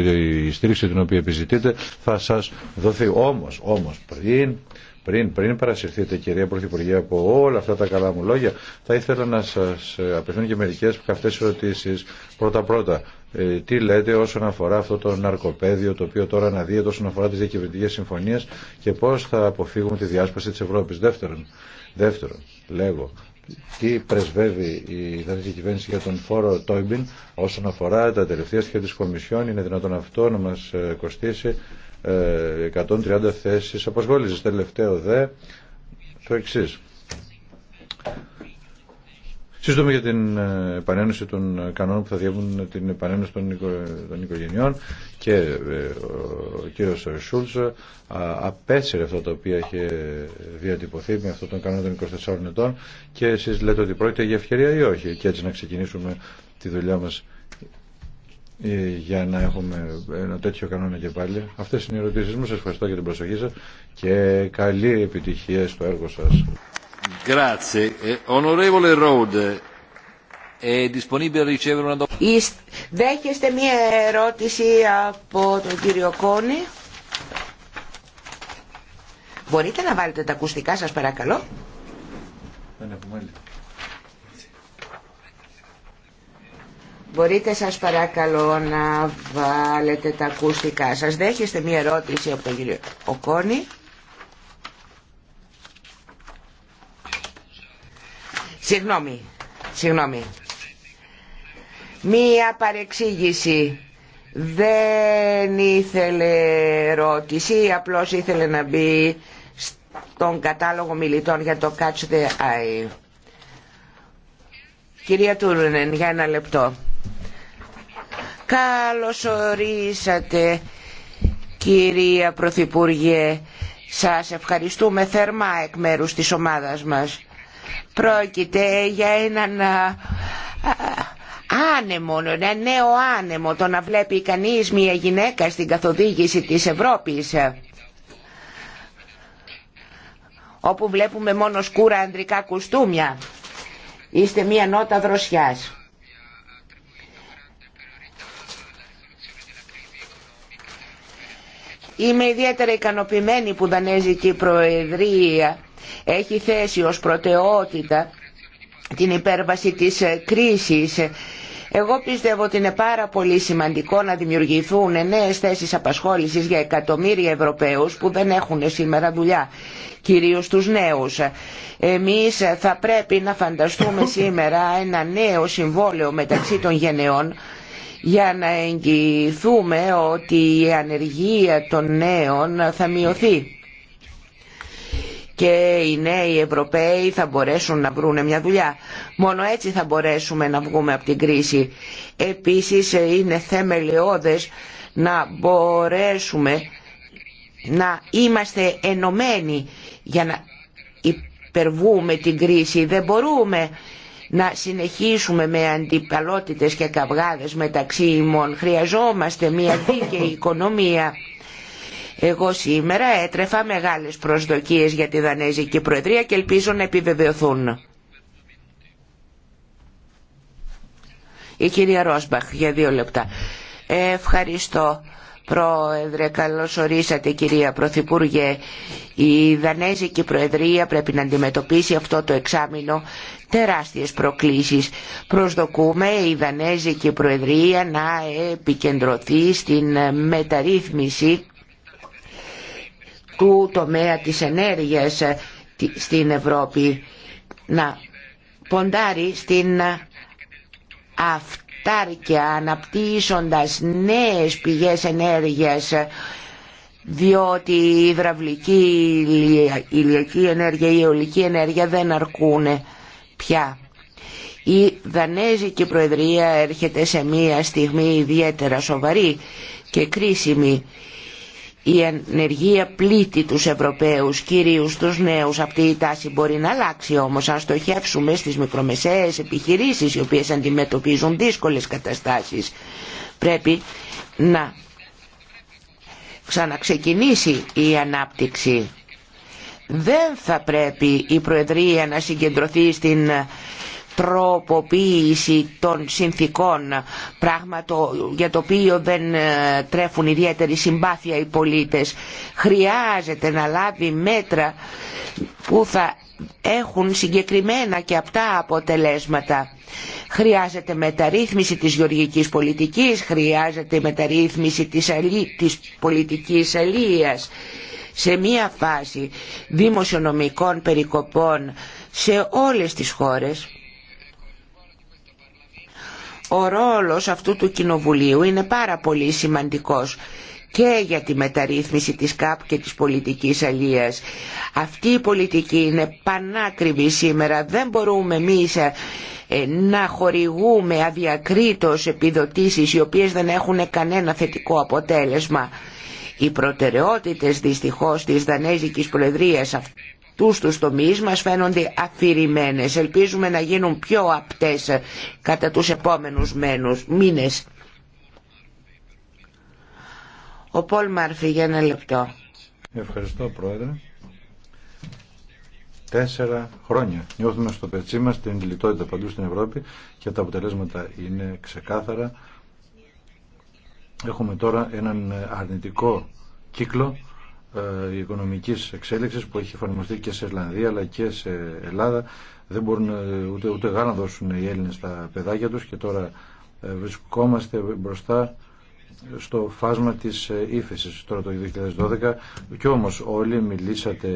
η στήριξη την οποία επιζητείτε θα σας δοθεί. Όμως, όμως πριν... Πριν, πριν παρασυρθείτε κυρία Πρωθυπουργέ από όλα αυτά τα καλά μου λόγια θα ήθελα να σας απευθύνω και μερικές καυτές ερωτήσεις πρώτα-πρώτα ε, τι λέτε όσον αφορά αυτό το ναρκοπαίδιο το οποίο τώρα αναδύεται όσον αφορά τις διακυβερνητικές συμφωνίες και πώς θα αποφύγουμε τη διάσπαση της Ευρώπης. Δεύτερον, δεύτερον λέγω, τι πρεσβεύει η ιδανική κυβέρνηση για τον φόρο Τόιμπιν όσον αφορά τα τελευταία σχέδια της Κομισιόν. Είναι δυνατόν αυτό να μας ε, κοστίσει 130 ε, θέσεις απασχόλησης. Τελευταίο δε το εξής. Συζητούμε για την ε, επανένωση των ε, κανόνων που θα διεύουν την επανένωση των, οικογενειών και ε, ο κύριος Σούλτς απέσυρε αυτό το οποίο είχε διατυπωθεί με αυτό τον κανόνα των 24 ετών και εσείς λέτε ότι πρόκειται για ευκαιρία ή όχι και έτσι να ξεκινήσουμε τη δουλειά μας για να έχουμε ένα τέτοιο κανόνα και πάλι. Αυτές είναι οι ερωτήσεις μου. Σας ευχαριστώ για την προσοχή σας και καλή επιτυχία στο έργο σας. Δέχεστε μία ερώτηση από τον κύριο Κόνη. Μπορείτε να βάλετε τα ακουστικά σας παρακαλώ. Μπορείτε σας παρακαλώ να βάλετε τα ακουστικά σας. Δέχεστε μία ερώτηση από τον κύριο Κόνη. Συγγνώμη, συγγνώμη. Μία παρεξήγηση. Δεν ήθελε ερώτηση, απλώς ήθελε να μπει στον κατάλογο μιλητών για το Catch the Eye. Κυρία Τούρνεν, για ένα λεπτό. Καλώς ορίσατε, κυρία Πρωθυπουργέ. Σας ευχαριστούμε θερμά εκ μέρους της ομάδας μας Πρόκειται για έναν άνεμο, ένα νέο άνεμο το να βλέπει κανείς μια γυναίκα στην καθοδήγηση της Ευρώπης όπου βλέπουμε μόνο σκούρα ανδρικά κουστούμια. Είστε μία νότα δροσιάς. Είμαι ιδιαίτερα ικανοποιημένη που η Προεδρία έχει θέσει ως προτεραιότητα την υπέρβαση της ε, κρίσης. Εγώ πιστεύω ότι είναι πάρα πολύ σημαντικό να δημιουργηθούν νέες θέσεις απασχόλησης για εκατομμύρια Ευρωπαίους που δεν έχουν σήμερα δουλειά, κυρίως τους νέους. Εμείς θα πρέπει να φανταστούμε σήμερα ένα νέο συμβόλαιο μεταξύ των γενεών για να εγγυηθούμε ότι η ανεργία των νέων θα μειωθεί και οι νέοι Ευρωπαίοι θα μπορέσουν να βρουν μια δουλειά. Μόνο έτσι θα μπορέσουμε να βγούμε από την κρίση. Επίσης είναι θεμελιώδες να μπορέσουμε να είμαστε ενωμένοι για να υπερβούμε την κρίση. Δεν μπορούμε να συνεχίσουμε με αντιπαλότητες και καυγάδες μεταξύ ημών. Χρειαζόμαστε μια δίκαιη οικονομία εγώ σήμερα έτρεφα μεγάλες προσδοκίες για τη Δανέζικη Προεδρία και ελπίζω να επιβεβαιωθούν. Η κυρία Ρόσμπαχ για δύο λεπτά. Ευχαριστώ. Πρόεδρε, καλώς ορίσατε κυρία Πρωθυπουργέ. Η Δανέζικη Προεδρία πρέπει να αντιμετωπίσει αυτό το εξάμεινο τεράστιες προκλήσεις. Προσδοκούμε η Δανέζικη Προεδρία να επικεντρωθεί στην μεταρρύθμιση του τομέα της ενέργειας ε, στην Ευρώπη να ποντάρει στην ε, αυτάρκεια αναπτύσσοντας νέες πηγές ενέργειας ε, διότι η υδραυλική, η ηλιακή ενέργεια, η αιωλική ενέργεια δεν αρκούν πια. Η Δανέζικη Προεδρία έρχεται σε μία στιγμή ιδιαίτερα σοβαρή και κρίσιμη η ενέργεια πλήττει τους Ευρωπαίους, κυρίως τους νέους. Αυτή η τάση μπορεί να αλλάξει όμως αν στοχεύσουμε στις μικρομεσαίες επιχειρήσεις οι οποίες αντιμετωπίζουν δύσκολες καταστάσεις. Πρέπει να ξαναξεκινήσει η ανάπτυξη. Δεν θα πρέπει η Προεδρία να συγκεντρωθεί στην τροποποίηση των συνθήκων πράγμα για το οποίο δεν ε, τρέφουν ιδιαίτερη συμπάθεια οι πολίτες χρειάζεται να λάβει μέτρα που θα έχουν συγκεκριμένα και αυτά αποτελέσματα χρειάζεται μεταρρύθμιση της γεωργικής πολιτικής χρειάζεται μεταρρύθμιση της, αλή, της πολιτικής αλίας σε μία φάση δημοσιονομικών περικοπών σε όλες τις χώρες ο ρόλος αυτού του Κοινοβουλίου είναι πάρα πολύ σημαντικός και για τη μεταρρύθμιση της ΚΑΠ και της πολιτικής αλίας. Αυτή η πολιτική είναι πανάκριβη σήμερα. Δεν μπορούμε εμείς ε, ε, να χορηγούμε αδιακρίτως επιδοτήσεις οι οποίες δεν έχουν κανένα θετικό αποτέλεσμα. Οι προτεραιότητες δυστυχώς της Δανέζικης Προεδρίας τους τους τομείς μας φαίνονται αφηρημένες. Ελπίζουμε να γίνουν πιο απτές κατά τους επόμενους μένους, μήνες. Ο Πολ Μάρφη για ένα λεπτό. Ευχαριστώ Πρόεδρε. Τέσσερα χρόνια νιώθουμε στο πετσί μας την λιτότητα παντού στην Ευρώπη και τα αποτελέσματα είναι ξεκάθαρα. Έχουμε τώρα έναν αρνητικό κύκλο ε, οικονομικής εξέλιξης που έχει εφαρμοστεί και σε Ιρλανδία αλλά και σε Ελλάδα. Δεν μπορούν ε, ούτε, ούτε να δώσουν οι Έλληνες τα παιδάκια τους και τώρα ε, βρισκόμαστε μπροστά στο φάσμα της ε, ύφεση τώρα το 2012 και όμως όλοι μιλήσατε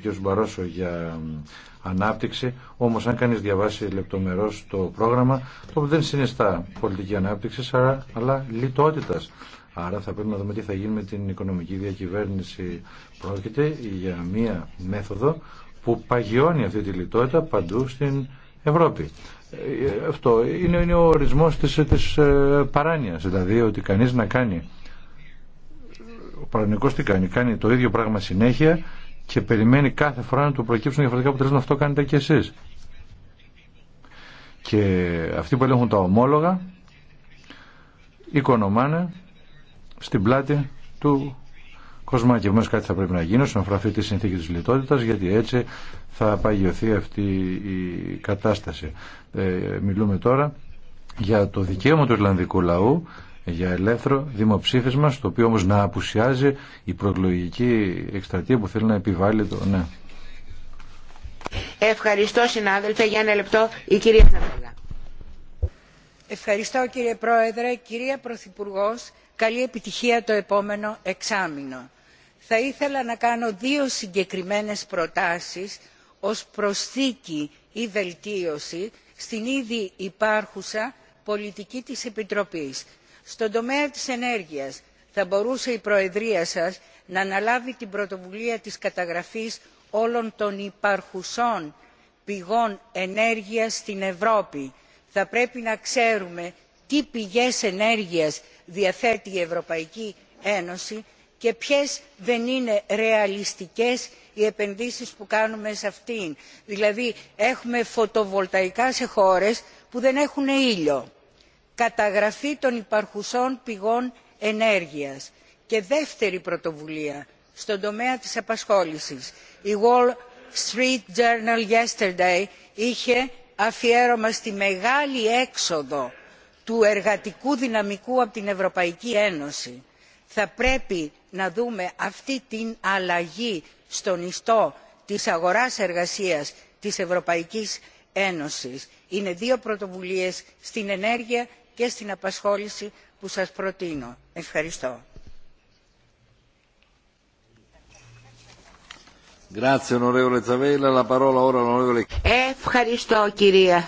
και ο κ. Μπαρόσο για ανάπτυξη όμως αν κανείς διαβάσει λεπτομερώς το πρόγραμμα το δεν συνιστά πολιτική ανάπτυξη αλλά λιτότητας Άρα θα πρέπει να δούμε τι θα γίνει με την οικονομική διακυβέρνηση. Πρόκειται για μία μέθοδο που παγιώνει αυτή τη λιτότητα παντού στην Ευρώπη. Ε, αυτό είναι, ο ορισμός της, της ε, παράνοιας, δηλαδή ότι κανείς να κάνει ο παρανοϊκός τι κάνει, κάνει το ίδιο πράγμα συνέχεια και περιμένει κάθε φορά να του προκύψουν διαφορετικά αποτελέσματα. Αυτό κάνετε και εσείς. Και αυτοί που ελέγχουν τα ομόλογα οικονομάνε στην πλάτη του και εμείς κάτι θα πρέπει να γίνει όσον αφορά αυτή τη συνθήκη της λιτότητας γιατί έτσι θα παγιωθεί αυτή η κατάσταση. Ε, μιλούμε τώρα για το δικαίωμα του Ιρλανδικού λαού για ελεύθερο δημοψήφισμα στο οποίο όμως να απουσιάζει η προεκλογική εκστρατεία που θέλει να επιβάλλει το ναι. Ευχαριστώ συνάδελφε. Για ένα λεπτό η κυρία Ζαμπέλα. Ευχαριστώ κύριε Πρόεδρε. Κυρία Πρωθυπουργός, καλή επιτυχία το επόμενο εξάμηνο. θα ήθελα να κάνω δύο συγκεκριμένες προτάσεις ως προσθήκη ή βελτίωση στην ήδη υπάρχουσα πολιτική της επιτροπής. στον τομέα της ενέργειας θα μπορούσε η προεδρία σας να αναλάβει την πρωτοβουλία της καταγραφής όλων των υπαρχουσών πηγών ενέργειας στην ευρώπη. θα πρέπει να ξέρουμε τι πηγές ενέργειας διαθέτει η ευρωπαϊκή ένωση και ποιες δεν είναι ρεαλιστικές οι επενδύσεις που κάνουμε σε αυτήν. δηλαδή έχουμε φωτοβολταϊκά σε χώρες που δεν έχουν ήλιο καταγραφή των υπαρχουσών πηγών ενέργειας και δεύτερη πρωτοβουλία στον τομέα της απασχόλησης. η wall street journal yesterday είχε αφιέρωμα στη μεγάλη έξοδο του εργατικού δυναμικού από την ευρωπαϊκή ένωση. θα πρέπει να δούμε αυτή την αλλαγή στον ιστό της αγοράς εργασίας της ευρωπαϊκής ένωσης. είναι δύο πρωτοβουλίες στην ενέργεια και στην απασχόληση που σας προτείνω. ευχαριστώ. Ευχαριστώ κυρία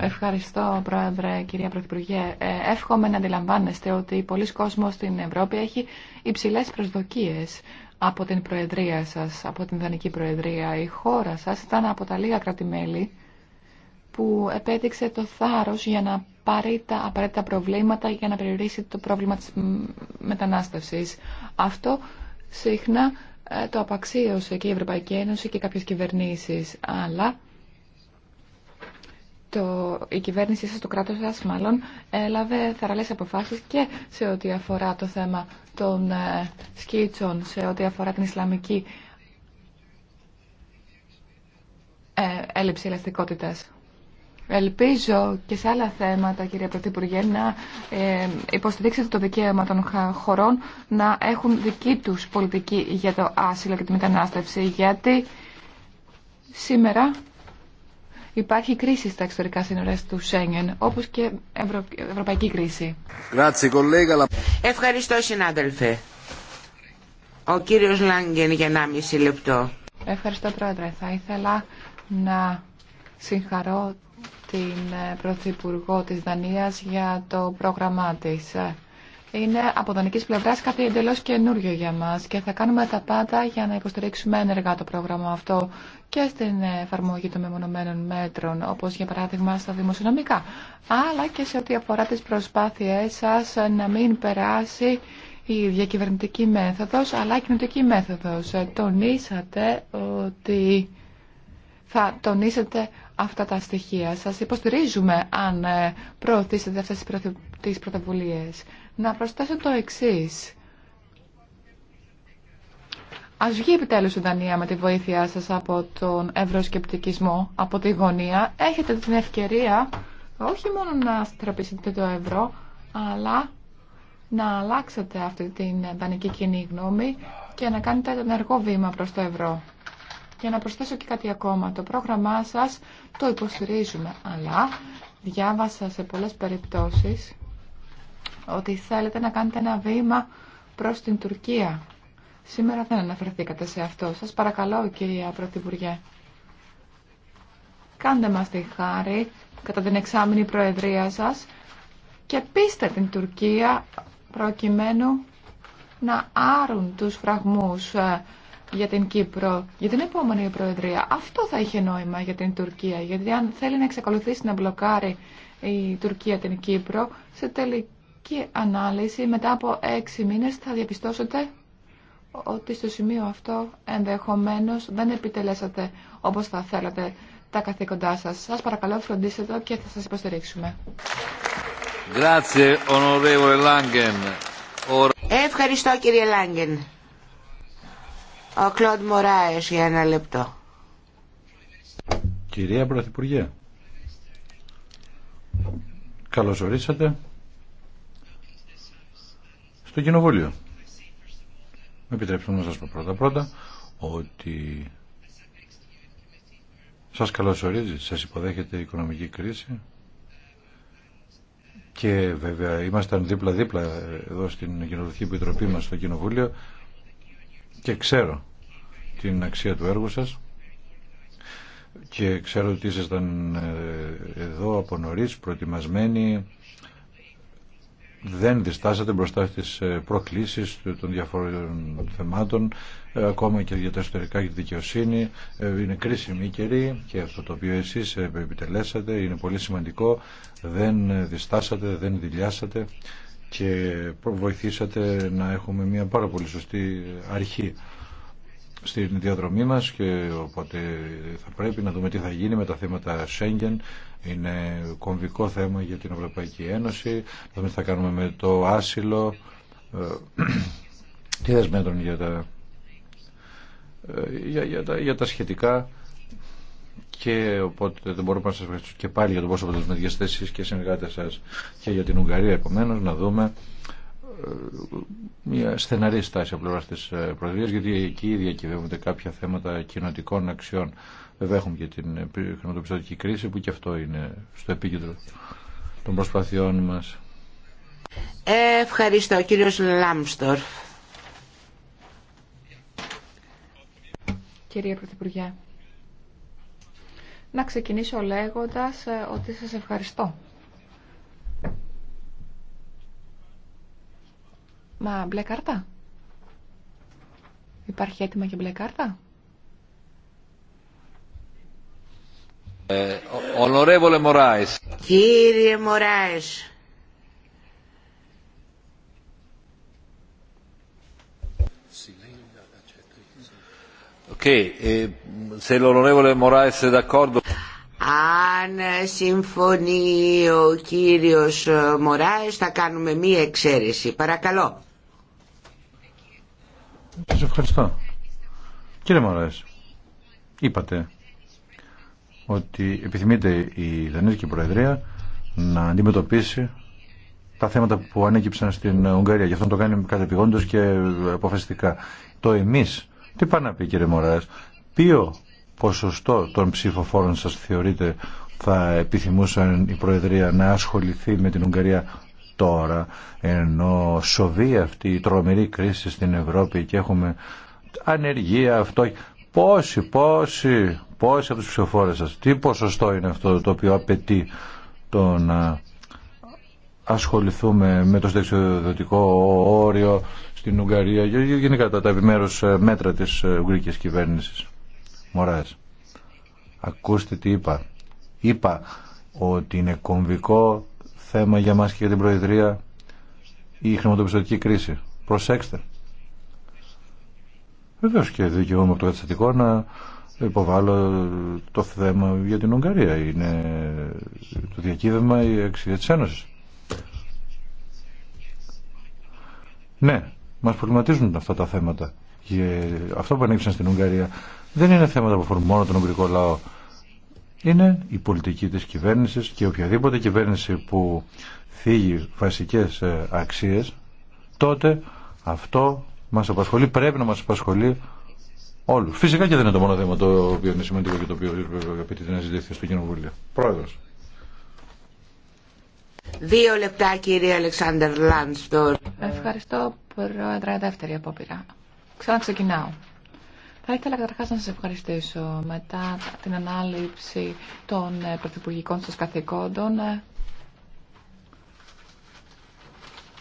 Ευχαριστώ, Πρόεδρε, κυρία Πρωθυπουργέ. Ε, εύχομαι να αντιλαμβάνεστε ότι πολλοί κόσμος στην Ευρώπη έχει υψηλέ προσδοκίες από την Προεδρία σας, από την Δανική Προεδρία. Η χώρα σας ήταν από τα λίγα κρατημέλη που επέδειξε το θάρρος για να πάρει τα απαραίτητα προβλήματα για να περιορίσει το πρόβλημα της μετανάστευσης. Αυτό συχνά ε, το απαξίωσε και η Ευρωπαϊκή Ένωση και κάποιες κυβερνήσεις, αλλά το, η κυβέρνησή σας, το κράτος σας μάλλον, έλαβε θεραλές αποφάσεις και σε ό,τι αφορά το θέμα των ε, σκίτσων, σε ό,τι αφορά την Ισλαμική ε, έλλειψη ελαστικότητας. Ελπίζω και σε άλλα θέματα, κύριε Πρωθυπουργέ, να ε, υποστηρίξετε το δικαίωμα των χωρών να έχουν δική τους πολιτική για το άσυλο και τη μετανάστευση, γιατί σήμερα Υπάρχει κρίση στα εξωτερικά σύνορα του Σέγγεν, όπως και ευρω... ευρωπαϊκή κρίση. Ευχαριστώ συνάδελφε. Ο κύριος Λάγκεν για 1,5 λεπτό. Ευχαριστώ πρόεδρε. Θα ήθελα να συγχαρώ την ε, Πρωθυπουργό της Δανίας για το πρόγραμμά της είναι από δανεικής πλευράς κάτι εντελώς καινούριο για μας και θα κάνουμε τα πάντα για να υποστηρίξουμε ενεργά το πρόγραμμα αυτό και στην εφαρμογή των μεμονωμένων μέτρων, όπως για παράδειγμα στα δημοσιονομικά, αλλά και σε ό,τι αφορά τις προσπάθειές σας να μην περάσει η διακυβερνητική μέθοδος, αλλά η κοινωτική μέθοδος. Τονίσατε ότι θα τονίσετε αυτά τα στοιχεία. Σας υποστηρίζουμε αν προωθήσετε αυτές τις τις πρωτοβουλίες. Να προσθέσω το εξής. Ας βγει επιτέλους η Δανία με τη βοήθειά σας από τον ευρωσκεπτικισμό, από τη γωνία. Έχετε την ευκαιρία όχι μόνο να στραπήσετε το ευρώ, αλλά να αλλάξετε αυτή την δανεική κοινή γνώμη και να κάνετε ένα ενεργό βήμα προς το ευρώ. Και να προσθέσω και κάτι ακόμα. Το πρόγραμμά σας το υποστηρίζουμε, αλλά διάβασα σε πολλές περιπτώσεις ότι θέλετε να κάνετε ένα βήμα προς την Τουρκία. Σήμερα δεν αναφερθήκατε σε αυτό. Σας παρακαλώ, κυρία Πρωθυπουργέ. Κάντε μας τη χάρη κατά την εξάμεινη προεδρία σας και πείστε την Τουρκία προκειμένου να άρουν τους φραγμούς ε, για την Κύπρο, για την επόμενη Προεδρία. Αυτό θα είχε νόημα για την Τουρκία, γιατί αν θέλει να εξακολουθήσει να μπλοκάρει η Τουρκία την Κύπρο, σε τελική η ανάλυση μετά από έξι μήνες θα διαπιστώσετε ότι στο σημείο αυτό ενδεχομένως δεν επιτελέσατε όπως θα θέλατε τα καθήκοντά σας. Σας παρακαλώ φροντίστε το και θα σας υποστηρίξουμε. Ευχαριστώ κύριε Λάγκεν. Ο Κλοντ Μωράες για ένα λεπτό. Κυρία Πρωθυπουργέ, καλώς ορίσατε. Το Κοινοβούλιο. Με επιτρέψτε να σας πω πρώτα-πρώτα ότι σας καλωσορίζει, σας υποδέχεται η οικονομική κρίση και βέβαια ήμασταν δίπλα-δίπλα εδώ στην Κοινοβουλική Επιτροπή μας στο Κοινοβούλιο και ξέρω την αξία του έργου σας και ξέρω ότι ήσασταν ε, εδώ από νωρίς προετοιμασμένοι δεν διστάσατε μπροστά στις ε, προκλήσεις των διαφορετικών θεμάτων ε, ακόμα και για τα εσωτερικά και τη δικαιοσύνη ε, είναι κρίσιμη η καιρή και αυτό το οποίο εσείς επιτελέσατε είναι πολύ σημαντικό δεν διστάσατε, δεν δηλιάσατε και βοηθήσατε να έχουμε μια πάρα πολύ σωστή αρχή στην διαδρομή μας και οπότε θα πρέπει να δούμε τι θα γίνει με τα θέματα Schengen είναι κομβικό θέμα για την Ευρωπαϊκή Ένωση. Θα τι θα κάνουμε με το άσυλο. Ε, τι θα για τα, ε, για, για, τα, για τα σχετικά και οπότε δεν μπορούμε να σας ευχαριστήσω και πάλι για το πόσο με θέσεις και συνεργάτε σας και για την Ουγγαρία επομένως να δούμε ε, μια στεναρή στάση από πλευρά τη Προεδρίας, γιατί εκεί διακυβεύονται κάποια θέματα κοινοτικών αξιών. Βέβαια έχουμε και την χρηματοπιστωτική κρίση που και αυτό είναι στο επίκεντρο των προσπαθειών μας. Ευχαριστώ κύριος Λάμστορφ. Κυρία Πρωθυπουργέ, να ξεκινήσω λέγοντας ε, ότι σας ευχαριστώ. Μα μπλε κάρτα. Υπάρχει έτοιμα και μπλε κάρτα. Ε, Κύριε Μωράες. Ε, Αν συμφωνεί ο κύριος Μωράες θα κάνουμε μία εξαίρεση. Παρακαλώ. Σας ευχαριστώ. Κύριε Μωράες, είπατε ότι επιθυμείται η Δανέζικη Προεδρία να αντιμετωπίσει τα θέματα που ανέκυψαν στην Ουγγαρία. Γι' αυτό το κάνει κατεπηγόντως και αποφασιστικά. Το εμείς, τι πάνε να πει κύριε Μωράς, ποιο ποσοστό των ψηφοφόρων σας θεωρείτε θα επιθυμούσαν η Προεδρία να ασχοληθεί με την Ουγγαρία τώρα, ενώ σοβεί αυτή η τρομερή κρίση στην Ευρώπη και έχουμε ανεργία, αυτό. Πόσοι, πόσοι πόσοι από τους ψηφοφόρες σας, τι ποσοστό είναι αυτό το οποίο απαιτεί το να ασχοληθούμε με το συνταξιοδοτικό όριο στην Ουγγαρία και γενικά τα, τα επιμέρους ε, μέτρα της ε, Ουγγρικής κυβέρνησης. Μωράς, ακούστε τι είπα. Είπα ότι είναι κομβικό θέμα για μας και για την Προεδρία η χρηματοπιστωτική κρίση. Προσέξτε. Βεβαίω και δικαιούμαι από το καταστατικό να υποβάλλω το θέμα για την Ουγγαρία. Είναι το διακύβευμα η αξία της Ένωσης. Ναι, μας προβληματίζουν αυτά τα θέματα. Και αυτό που ανέβησαν στην Ουγγαρία δεν είναι θέματα που αφορούν μόνο τον Ουγγρικό λαό. Είναι η πολιτική της κυβέρνησης και οποιαδήποτε κυβέρνηση που θίγει βασικές ε, αξίες, τότε αυτό μας απασχολεί, πρέπει να μας απασχολεί όλου. Φυσικά και δεν είναι το μόνο θέμα το οποίο είναι σημαντικό και το οποίο απαιτείται να συζητηθεί στο Κοινοβούλιο. Πρόεδρο. Δύο λεπτά κύριε Αλεξάνδρ Λάνστορ. Ευχαριστώ πρόεδρε δεύτερη απόπειρα. Ξαναξεκινάω. Θα ήθελα καταρχά να σα ευχαριστήσω μετά την ανάληψη των ε, πρωθυπουργικών σα καθηκόντων. Ε,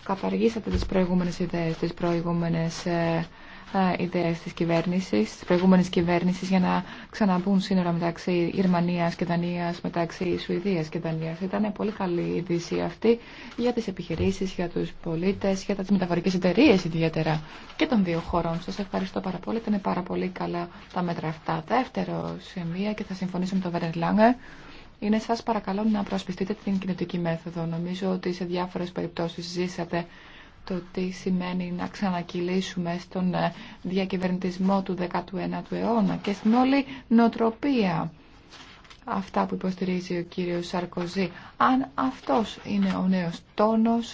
καταργήσατε τι προηγούμενε ιδέες, τι προηγούμενε. Ε, ε, ιδέε τη κυβέρνηση, τη προηγούμενη κυβέρνηση, για να ξαναμπούν σύνορα μεταξύ Ιρμανίας και Δανία, μεταξύ Σουηδία και Δανία. Ήταν πολύ καλή η είδηση αυτή για τι επιχειρήσει, για του πολίτε, για τι μεταφορικέ εταιρείε ιδιαίτερα και των δύο χωρών. Σα ευχαριστώ πάρα πολύ. Ήταν πάρα πολύ καλά τα μέτρα αυτά. Δεύτερο σημείο και θα συμφωνήσω με τον Βέρεν Λάγκε. Είναι σας παρακαλώ να προσπιστείτε την κινητική μέθοδο. Νομίζω ότι σε διάφορες περιπτώσεις ζήσατε το τι σημαίνει να ξανακυλήσουμε στον ε, διακυβερνητισμό του 19ου αιώνα και στην όλη νοοτροπία αυτά που υποστηρίζει ο κύριος Σαρκοζή. Αν αυτός είναι ο νέος τόνος,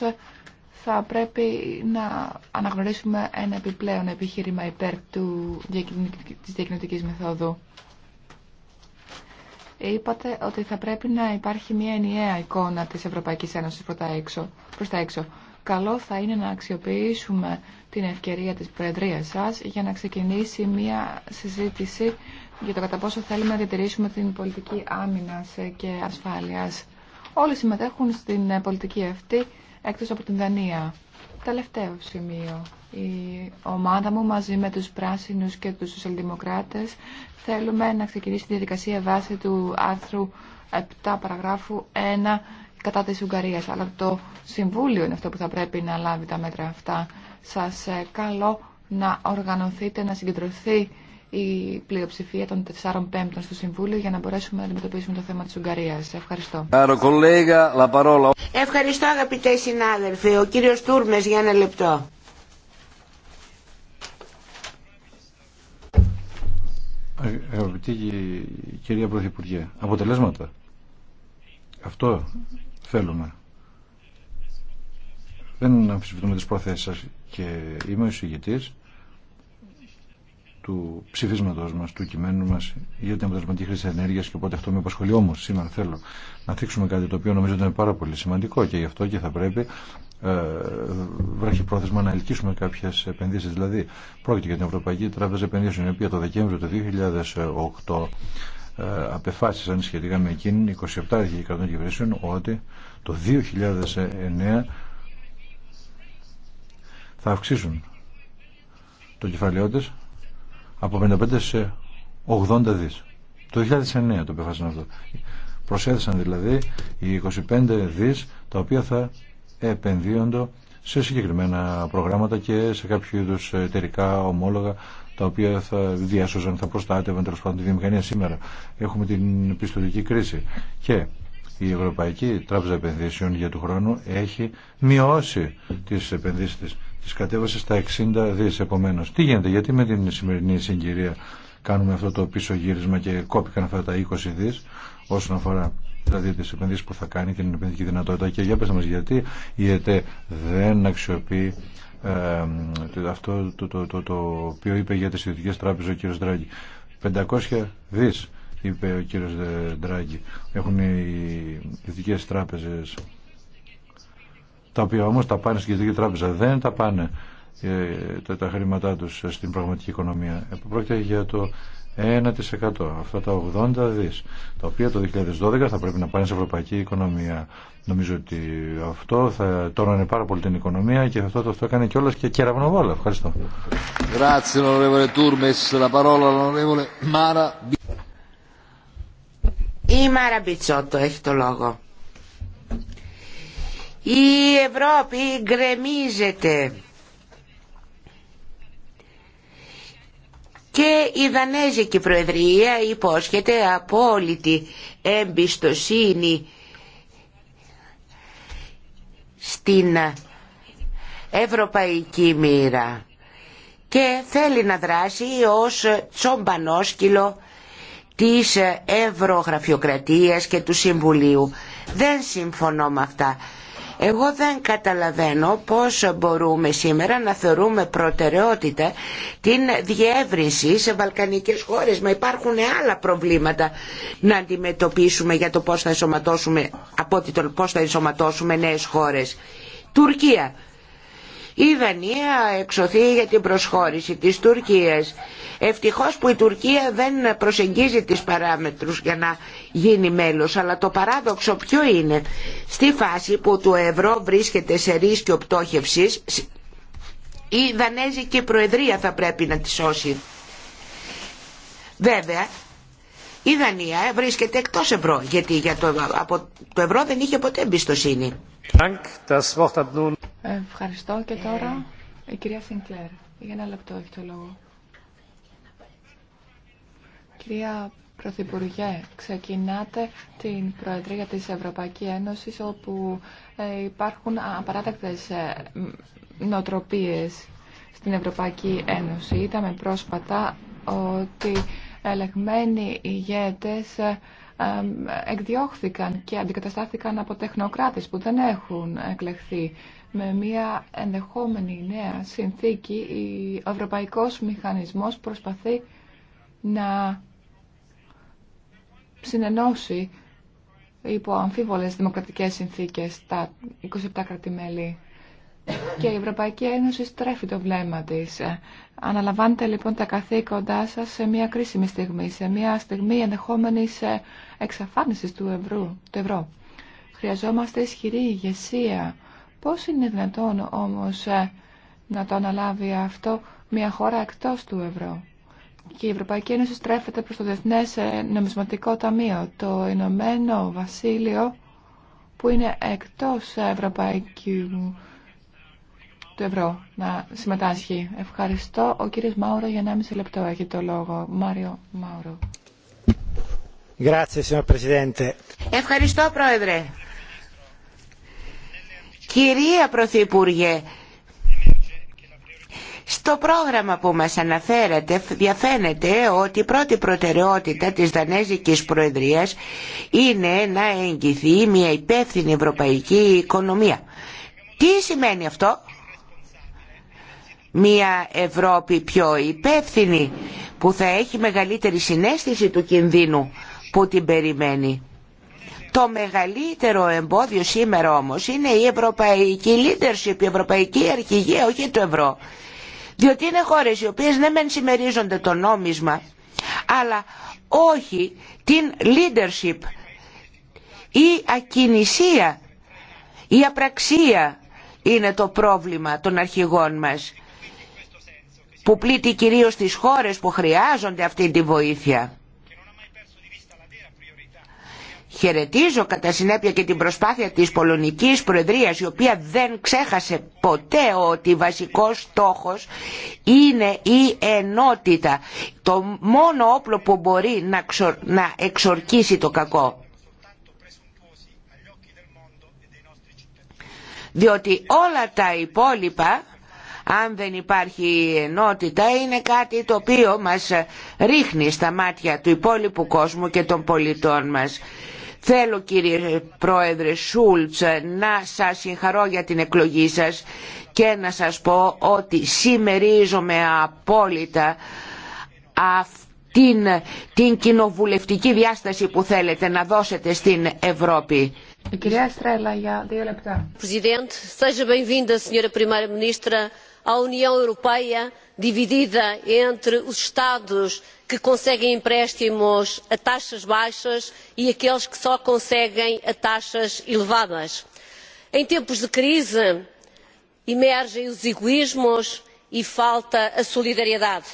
θα πρέπει να αναγνωρίσουμε ένα επιπλέον επιχείρημα υπέρ του, της διακοινωτικής μεθόδου. Είπατε ότι θα πρέπει να υπάρχει μια ενιαία εικόνα της Ευρωπαϊκής Ένωσης προς τα έξω καλό θα είναι να αξιοποιήσουμε την ευκαιρία της Προεδρίας σας για να ξεκινήσει μια συζήτηση για το κατά πόσο θέλουμε να διατηρήσουμε την πολιτική άμυνας και ασφάλειας. Όλοι συμμετέχουν στην πολιτική αυτή, εκτός από την Δανία. Τελευταίο σημείο. Η ομάδα μου μαζί με τους πράσινους και τους σοσιαλδημοκράτες θέλουμε να ξεκινήσει τη διαδικασία βάση του άρθρου 7 παραγράφου 1 κατά της Ουγγαρίας, αλλά το Συμβούλιο είναι αυτό που θα πρέπει να λάβει τα μέτρα αυτά. Σας ε, καλώ να οργανωθείτε, να συγκεντρωθεί η πλειοψηφία των 4 πέμπτων στο Συμβούλιο για να μπορέσουμε να αντιμετωπίσουμε το θέμα της Ουγγαρίας. Ευχαριστώ. Ευχαριστώ αγαπητέ συνάδελφοι. Ο κύριος Τούρμες για ένα λεπτό. Αγαπητή ε, κυρία Πρωθυπουργέ, αποτελέσματα. Αυτό θέλουμε. Δεν αμφισβητούμε τις προθέσεις σας και είμαι ο εισηγητής του ψηφίσματο μας, του κειμένου μας για την αποτελεσματική χρήση ενέργειας και οπότε αυτό με απασχολεί όμως σήμερα θέλω να θίξουμε κάτι το οποίο νομίζω ότι είναι πάρα πολύ σημαντικό και γι' αυτό και θα πρέπει ε, βράχει πρόθεσμα να ελκύσουμε κάποιε επενδύσει. Δηλαδή, πρόκειται για την Ευρωπαϊκή Τράπεζα Επενδύσεων, η οποία το Δεκέμβριο του 2008 ε, απεφάσισαν σχετικά με εκείνη 27 κυβερνήσεων ότι το 2009 θα αυξήσουν το κεφαλαιό από 55 σε 80 δις. Το 2009 το απεφάσισαν αυτό. Προσέθεσαν δηλαδή οι 25 δις τα οποία θα επενδύονται σε συγκεκριμένα προγράμματα και σε κάποιο είδου εταιρικά ομόλογα τα οποία θα διάσωζαν, θα προστάτευαν τέλο πάντων τη βιομηχανία σήμερα. Έχουμε την πιστοτική κρίση. Και η Ευρωπαϊκή Τράπεζα Επενδύσεων για του χρόνου έχει μειώσει τι επενδύσει τη. Τι κατέβασε στα 60 δι. Επομένω, τι γίνεται, γιατί με την σημερινή συγκυρία κάνουμε αυτό το πίσω γύρισμα και κόπηκαν αυτά τα 20 δι όσον αφορά δηλαδή τις επενδύσεις που θα κάνει και την επενδυτική δυνατότητα και για πες μας γιατί η ΕΤΕ δεν αξιοποιεί αυτό το, το, το, το, οποίο είπε για τις ιδιωτικές τράπεζες ο κύριος Δράγκη. 500 δις είπε ο κύριος Δράγκη. Έχουν οι ιδιωτικές τράπεζες τα οποία όμως τα πάνε στην ιδιωτική τράπεζα. Δεν τα πάνε ε, τα, χρήματά τους στην πραγματική οικονομία. Ε, πρόκειται για το 1%. Αυτά τα 80 δις, τα οποία το 2012 θα πρέπει να πάνε σε ευρωπαϊκή οικονομία. Νομίζω ότι αυτό θα τόνωνε πάρα πολύ την οικονομία και αυτό το αυτό έκανε κιόλας και κεραυνοβόλα. Ευχαριστώ. Η Μάρα Μπιτσότο έχει το λόγο. Η Ευρώπη γκρεμίζεται Και η Δανέζικη Προεδρία υπόσχεται απόλυτη εμπιστοσύνη στην ευρωπαϊκή μοίρα και θέλει να δράσει ως τσομπανόσκυλο της ευρωγραφειοκρατίας και του Συμβουλίου. Δεν συμφωνώ με αυτά. Εγώ δεν καταλαβαίνω πώς μπορούμε σήμερα να θεωρούμε προτεραιότητα την διεύρυνση σε βαλκανικές χώρες. Μα υπάρχουν άλλα προβλήματα να αντιμετωπίσουμε για το πώς θα ενσωματώσουμε, από το πώς θα ενσωματώσουμε νέες χώρες. Τουρκία. Η Δανία εξωθεί για την προσχώρηση της Τουρκίας. Ευτυχώς που η Τουρκία δεν προσεγγίζει τις παράμετρους για να γίνει μέλος, αλλά το παράδοξο ποιο είναι, Στη φάση που το ευρώ βρίσκεται σε ρίσκιο πτώχευσης, η Δανέζικη Προεδρία θα πρέπει να τη σώσει. Βέβαια, η Δανία βρίσκεται εκτός ευρώ, γιατί για το, από το ευρώ δεν είχε ποτέ εμπιστοσύνη. Ευχαριστώ και τώρα η κυρία Σινκλέρ. Για ένα λεπτό έχει το λόγο. Κυρία Πρωθυπουργέ, ξεκινάτε την Προεδρία της Ευρωπαϊκής Ένωσης όπου ε, υπάρχουν απαράτακτες ε, νοτροπίες στην Ευρωπαϊκή Ένωση. Είδαμε πρόσφατα ότι ελεγμένοι ηγέτες ε, εκδιώχθηκαν και αντικαταστάθηκαν από τεχνοκράτες που δεν έχουν εκλεχθεί. Με μια ενδεχόμενη νέα συνθήκη, ο Ευρωπαϊκός Μηχανισμός προσπαθεί να συνενώσει υπό αμφίβολες δημοκρατικές συνθήκες τα 27 κρατημέλη. Και η Ευρωπαϊκή Ένωση στρέφει το βλέμμα της. Αναλαμβάνετε λοιπόν τα καθήκοντά σας σε μια κρίσιμη στιγμή, σε μια στιγμή ενδεχόμενης ε, εξαφάνισης του, ευρώ. του ευρώ. Χρειαζόμαστε ισχυρή ηγεσία. Πώς είναι δυνατόν όμως ε, να το αναλάβει αυτό μια χώρα εκτός του ευρώ και η Ευρωπαϊκή Ένωση στρέφεται προς το Διεθνές ε, Νομισματικό Ταμείο. Το Ηνωμένο Βασίλειο που είναι εκτός Ευρωπαϊκού του ευρώ να συμμετάσχει. Ευχαριστώ. Ο κύριος Μάουρο για 1,5 λεπτό έχει το λόγο. Μάριο Μάουρο. Ευχαριστώ, Πρόεδρε. Κυρία Πρωθυπουργέ, στο πρόγραμμα που μας αναφέρατε διαφαίνεται ότι η πρώτη προτεραιότητα της Δανέζικης Προεδρίας είναι να εγγυθεί μια υπεύθυνη ευρωπαϊκή οικονομία. Τι σημαίνει αυτό? Μια Ευρώπη πιο υπεύθυνη που θα έχει μεγαλύτερη συνέστηση του κινδύνου που την περιμένει. Το μεγαλύτερο εμπόδιο σήμερα όμως είναι η ευρωπαϊκή leadership, η ευρωπαϊκή αρχηγία, όχι το ευρώ. Διότι είναι χώρες οι οποίες δεν ναι μεν συμμερίζονται το νόμισμα, αλλά όχι την leadership η ακινησία, η απραξία είναι το πρόβλημα των αρχηγών μας που πλήττει κυρίως τις χώρες που χρειάζονται αυτή τη βοήθεια. Χαιρετίζω κατά συνέπεια και την προσπάθεια της Πολωνικής Προεδρίας η οποία δεν ξέχασε ποτέ ότι βασικός στόχος είναι η ενότητα. Το μόνο όπλο που μπορεί να εξορκίσει το κακό. Διότι όλα τα υπόλοιπα αν δεν υπάρχει ενότητα είναι κάτι το οποίο μας ρίχνει στα μάτια του υπόλοιπου κόσμου και των πολιτών μας. Θέλω κύριε Πρόεδρε Σούλτς να σας συγχαρώ για την εκλογή σας και να σας πω ότι σημερίζομαι απόλυτα αυτήν την κοινοβουλευτική διάσταση που θέλετε να δώσετε στην Ευρώπη. Η κυρία Στρέλα για δύο λεπτά. Presidente, seja bem-vinda, Senhora Primeira-Ministra, à União Europeia dividida entre os Estados que conseguem empréstimos a taxas baixas e aqueles que só conseguem a taxas elevadas. Em tempos de crise emergem os egoísmos e falta a solidariedade.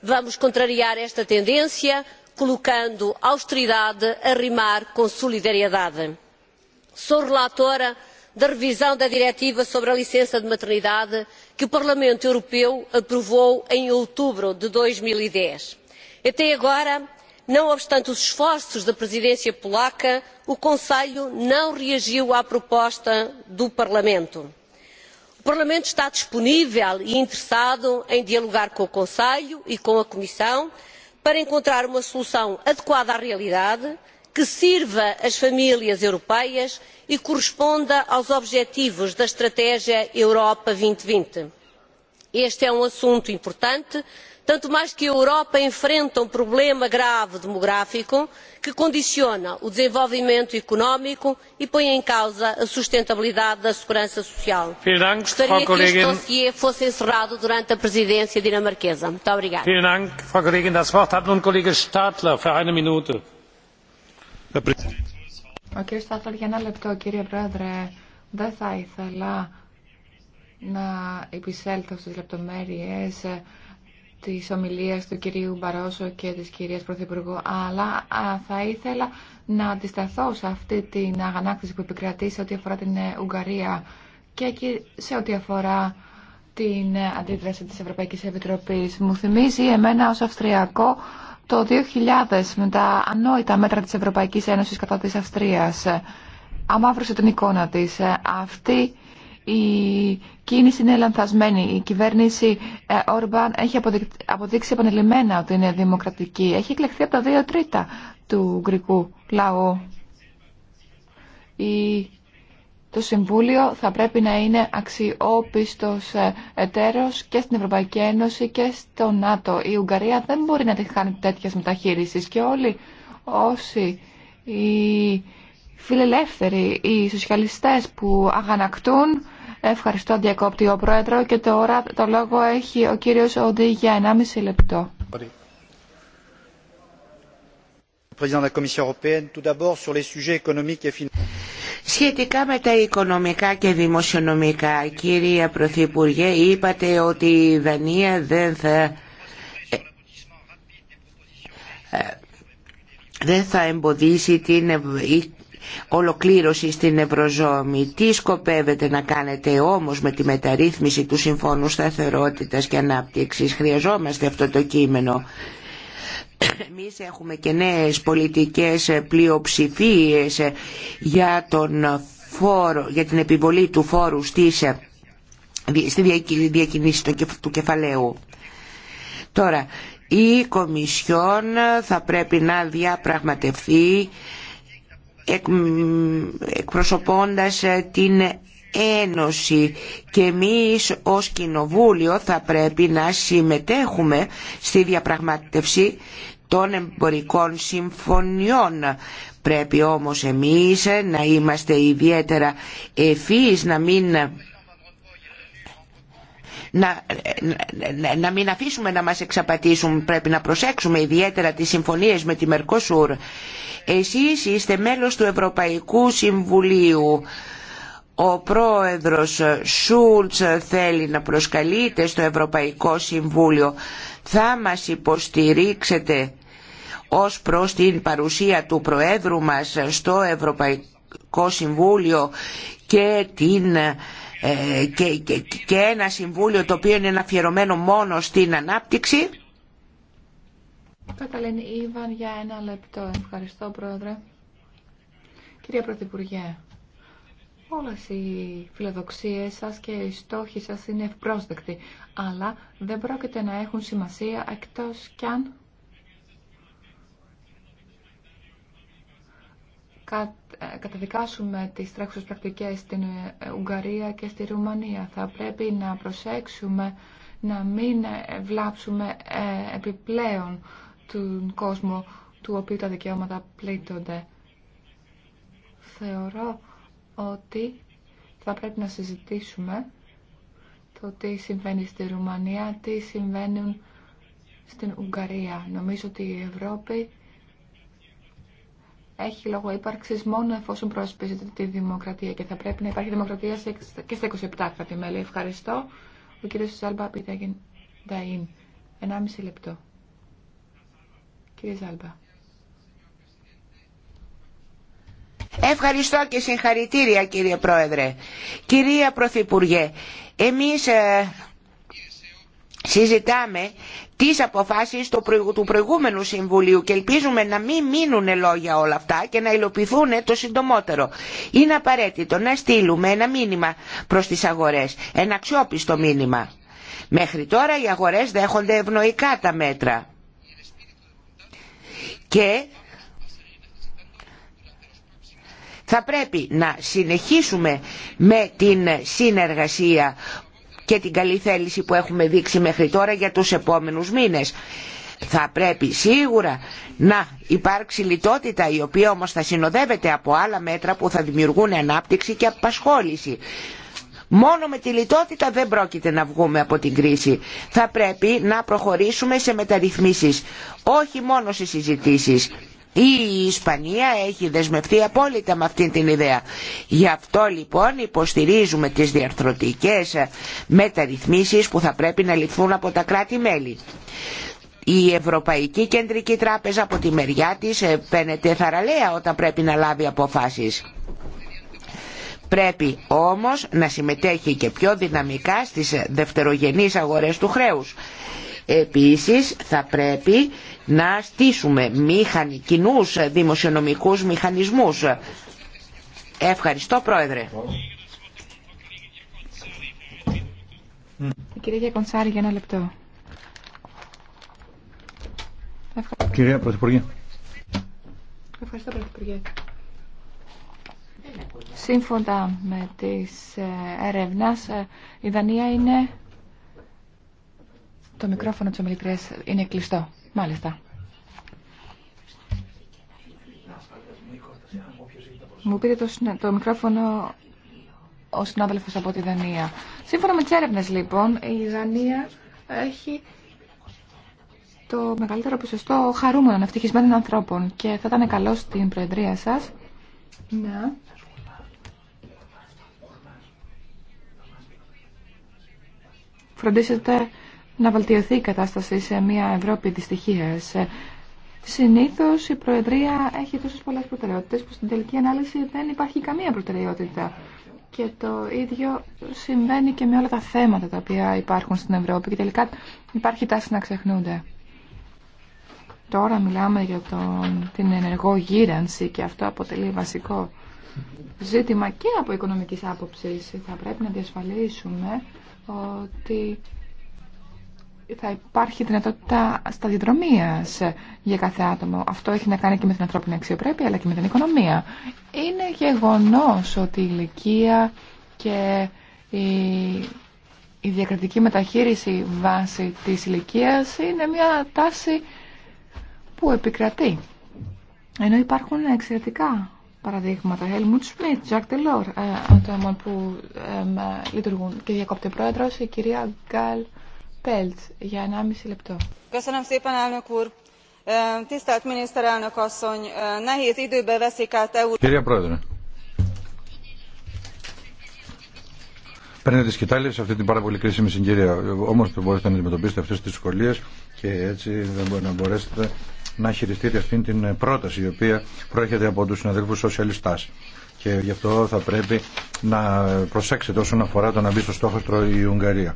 Vamos contrariar esta tendência colocando austeridade a rimar com solidariedade. Sou relatora da revisão da Diretiva sobre a licença de maternidade que o Parlamento Europeu aprovou em outubro de 2010 até agora não obstante os esforços da presidência polaca o conselho não reagiu à proposta do parlamento. o parlamento está disponível e interessado em dialogar com o conselho e com a comissão para encontrar uma solução adequada à realidade que sirva às famílias europeias e corresponda aos objetivos da estratégia europa. dois este é um assunto importante tanto mais que a europa enfrenta um problema grave demográfico que condiciona o desenvolvimento económico e põe em causa a sustentabilidade da segurança social. gostaria que este dossiê fosse encerrado durante a presidência dinamarquesa. muito obrigada της ομιλίας του κυρίου Μπαρόσο και της κυρίας Πρωθυπουργού, αλλά θα ήθελα να αντισταθώ σε αυτή την αγανάκτηση που επικρατεί σε ό,τι αφορά την ε, Ουγγαρία και σε ό,τι αφορά την ε, αντίδραση της Ευρωπαϊκής Επιτροπής. Μου θυμίζει εμένα ως Αυστριακό το 2000 με τα ανόητα μέτρα της Ευρωπαϊκής Ένωσης κατά της Αυστρίας. Αμάυρωσε την εικόνα της. Αυτή η κίνηση είναι λανθασμένη. Η κυβέρνηση Ορμπάν ε, έχει αποδείξει επανειλημμένα ότι είναι δημοκρατική. Έχει εκλεχθεί από τα δύο τρίτα του γκρικού λαού. Το Συμβούλιο θα πρέπει να είναι αξιόπιστος ε, εταίρος και στην Ευρωπαϊκή Ένωση και στο ΝΑΤΟ. Η Ουγγαρία δεν μπορεί να τη χάνει τέτοιας μεταχείρισης και όλοι όσοι οι φιλελεύθεροι, οι σοσιαλιστές που αγανακτούν Ευχαριστώ, διακόπτη ο Πρόεδρο. Και τώρα το λόγο έχει ο κύριος Όντι για 1,5 λεπτό. Σχετικά με τα οικονομικά και δημοσιονομικά, κύριε Πρωθυπουργέ, είπατε ότι η Δανία δεν θα ε, ε, δεν θα εμποδίσει την ολοκλήρωση στην Ευρωζώμη Τι σκοπεύετε να κάνετε όμως με τη μεταρρύθμιση του Συμφώνου Σταθερότητας και Ανάπτυξης. Χρειαζόμαστε αυτό το κείμενο. Εμεί έχουμε και νέες πολιτικές πλειοψηφίες για, τον φόρο, για την επιβολή του φόρου στις, στη διακινήση του κεφαλαίου. Τώρα, η Κομισιόν θα πρέπει να διαπραγματευτεί εκπροσωπώντας ε, την Ένωση και εμείς ως Κοινοβούλιο θα πρέπει να συμμετέχουμε στη διαπραγμάτευση των εμπορικών συμφωνιών. Πρέπει όμως εμείς να είμαστε ιδιαίτερα ευφύεις να μην να, να, μην αφήσουμε να μας εξαπατήσουν. Πρέπει να προσέξουμε ιδιαίτερα τις συμφωνίες με τη Μερκοσούρ. Εσείς είστε μέλος του Ευρωπαϊκού Συμβουλίου. Ο πρόεδρος Σούλτς θέλει να προσκαλείτε στο Ευρωπαϊκό Συμβούλιο. Θα μας υποστηρίξετε ως προς την παρουσία του Προέδρου μας στο Ευρωπαϊκό Συμβούλιο και την και, και, και ένα συμβούλιο το οποίο είναι αφιερωμένο μόνο στην ανάπτυξη. Καταλήν Ιβαν για ένα λεπτό. Ευχαριστώ Πρόεδρε. Κυρία Πρωθυπουργέ, όλες οι φιλοδοξίες σας και οι στόχοι σας είναι ευπρόσδεκτοι, αλλά δεν πρόκειται να έχουν σημασία εκτός κι αν καταδικάσουμε τις τρέχουσες πρακτικές στην Ουγγαρία και στη Ρουμανία. Θα πρέπει να προσέξουμε να μην βλάψουμε ε, επιπλέον τον κόσμο του οποίου τα δικαιώματα πλήττονται. Θεωρώ ότι θα πρέπει να συζητήσουμε το τι συμβαίνει στη Ρουμανία, τι συμβαίνουν στην Ουγγαρία. Νομίζω ότι η Ευρώπη έχει λόγο ύπαρξη μόνο εφόσον πρόσπιζεται τη δημοκρατία και θα πρέπει να υπάρχει δημοκρατία και στα 27 κράτη-μέλη. Ευχαριστώ. Ο κύριο Ζάλμπα Πιτέγιν Νταΐν. 1,5 λεπτό. Κύριε Ζάλμπα. Ευχαριστώ και συγχαρητήρια κύριε Πρόεδρε. Κυρία Πρωθυπουργέ, εμείς ε, συζητάμε τις αποφάσεις του προηγούμενου Συμβουλίου και ελπίζουμε να μην μείνουν λόγια όλα αυτά και να υλοποιηθούν το συντομότερο. Είναι απαραίτητο να στείλουμε ένα μήνυμα προς τις αγορές, ένα αξιόπιστο μήνυμα. Μέχρι τώρα οι αγορές δέχονται ευνοϊκά τα μέτρα. Και θα πρέπει να συνεχίσουμε με την συνεργασία και την καλή θέληση που έχουμε δείξει μέχρι τώρα για τους επόμενους μήνες. Θα πρέπει σίγουρα να υπάρξει λιτότητα η οποία όμως θα συνοδεύεται από άλλα μέτρα που θα δημιουργούν ανάπτυξη και απασχόληση. Μόνο με τη λιτότητα δεν πρόκειται να βγούμε από την κρίση. Θα πρέπει να προχωρήσουμε σε μεταρρυθμίσεις, όχι μόνο σε συζητήσεις η Ισπανία έχει δεσμευτεί απόλυτα με αυτή την ιδέα. Γι' αυτό λοιπόν υποστηρίζουμε τις διαρθρωτικές μεταρρυθμίσεις που θα πρέπει να ληφθούν από τα κράτη-μέλη. Η Ευρωπαϊκή Κεντρική Τράπεζα από τη μεριά της παίρνεται θαραλέα όταν πρέπει να λάβει αποφάσεις. Πρέπει όμως να συμμετέχει και πιο δυναμικά στις δευτερογενείς αγορές του χρέους. Επίσης θα πρέπει να στήσουμε μηχαν, κοινούς δημοσιονομικούς μηχανισμούς. Ευχαριστώ Πρόεδρε. Κύριε κυρία για ένα λεπτό. Ευχαριστώ. Κυρία Πρωθυπουργέ. Ευχαριστώ Πρωθυπουργέ. Σύμφωνα με τις ε, έρευνας, ε, η Δανία είναι το μικρόφωνο της ομιλητρίας είναι κλειστό. Μάλιστα. Μου πείτε το, το μικρόφωνο ο συνάδελφος από τη Δανία. Σύμφωνα με τις έρευνες λοιπόν, η Δανία έχει το μεγαλύτερο ποσοστό χαρούμενων, ευτυχισμένων ανθρώπων και θα ήταν καλό στην Προεδρία σας να... Φροντίσετε να βελτιωθεί η κατάσταση σε μια Ευρώπη δυστυχία. Συνήθω η Προεδρία έχει τόσες πολλές προτεραιότητες που στην τελική ανάλυση δεν υπάρχει καμία προτεραιότητα. Και το ίδιο συμβαίνει και με όλα τα θέματα τα οποία υπάρχουν στην Ευρώπη και τελικά υπάρχει τάση να ξεχνούνται. Τώρα μιλάμε για τον, την ενεργό γύρανση και αυτό αποτελεί βασικό ζήτημα και από οικονομικής άποψης. Θα πρέπει να διασφαλίσουμε ότι θα υπάρχει δυνατότητα σταδιοδρομίας για κάθε άτομο. Αυτό έχει να κάνει και με την ανθρώπινη αξιοπρέπεια αλλά και με την οικονομία. Είναι γεγονός ότι η ηλικία και η, η διακριτική μεταχείριση βάση της ηλικία είναι μια τάση που επικρατεί. Ενώ υπάρχουν εξαιρετικά παραδείγματα. Helmut Schmidt, Delors, ε, άτομα που ε, ε, λειτουργούν. Και πρόεδρο, η κυρία Γκάλ Πέλτ, για 1,5 λεπτό. Κυρία Πρόεδρε, παίρνετε σκητάλη σε αυτή την πάρα πολύ κρίσιμη συγκυρία. Όμω μπορείτε να αντιμετωπίσετε αυτέ τι δυσκολίε και έτσι δεν μπορεί να μπορέσετε να χειριστείτε αυτή την πρόταση η οποία προέρχεται από του συναδέλφου σοσιαλιστέ. Και γι' αυτό θα πρέπει να προσέξετε όσον αφορά το να μπει στο στόχο η Ουγγαρία.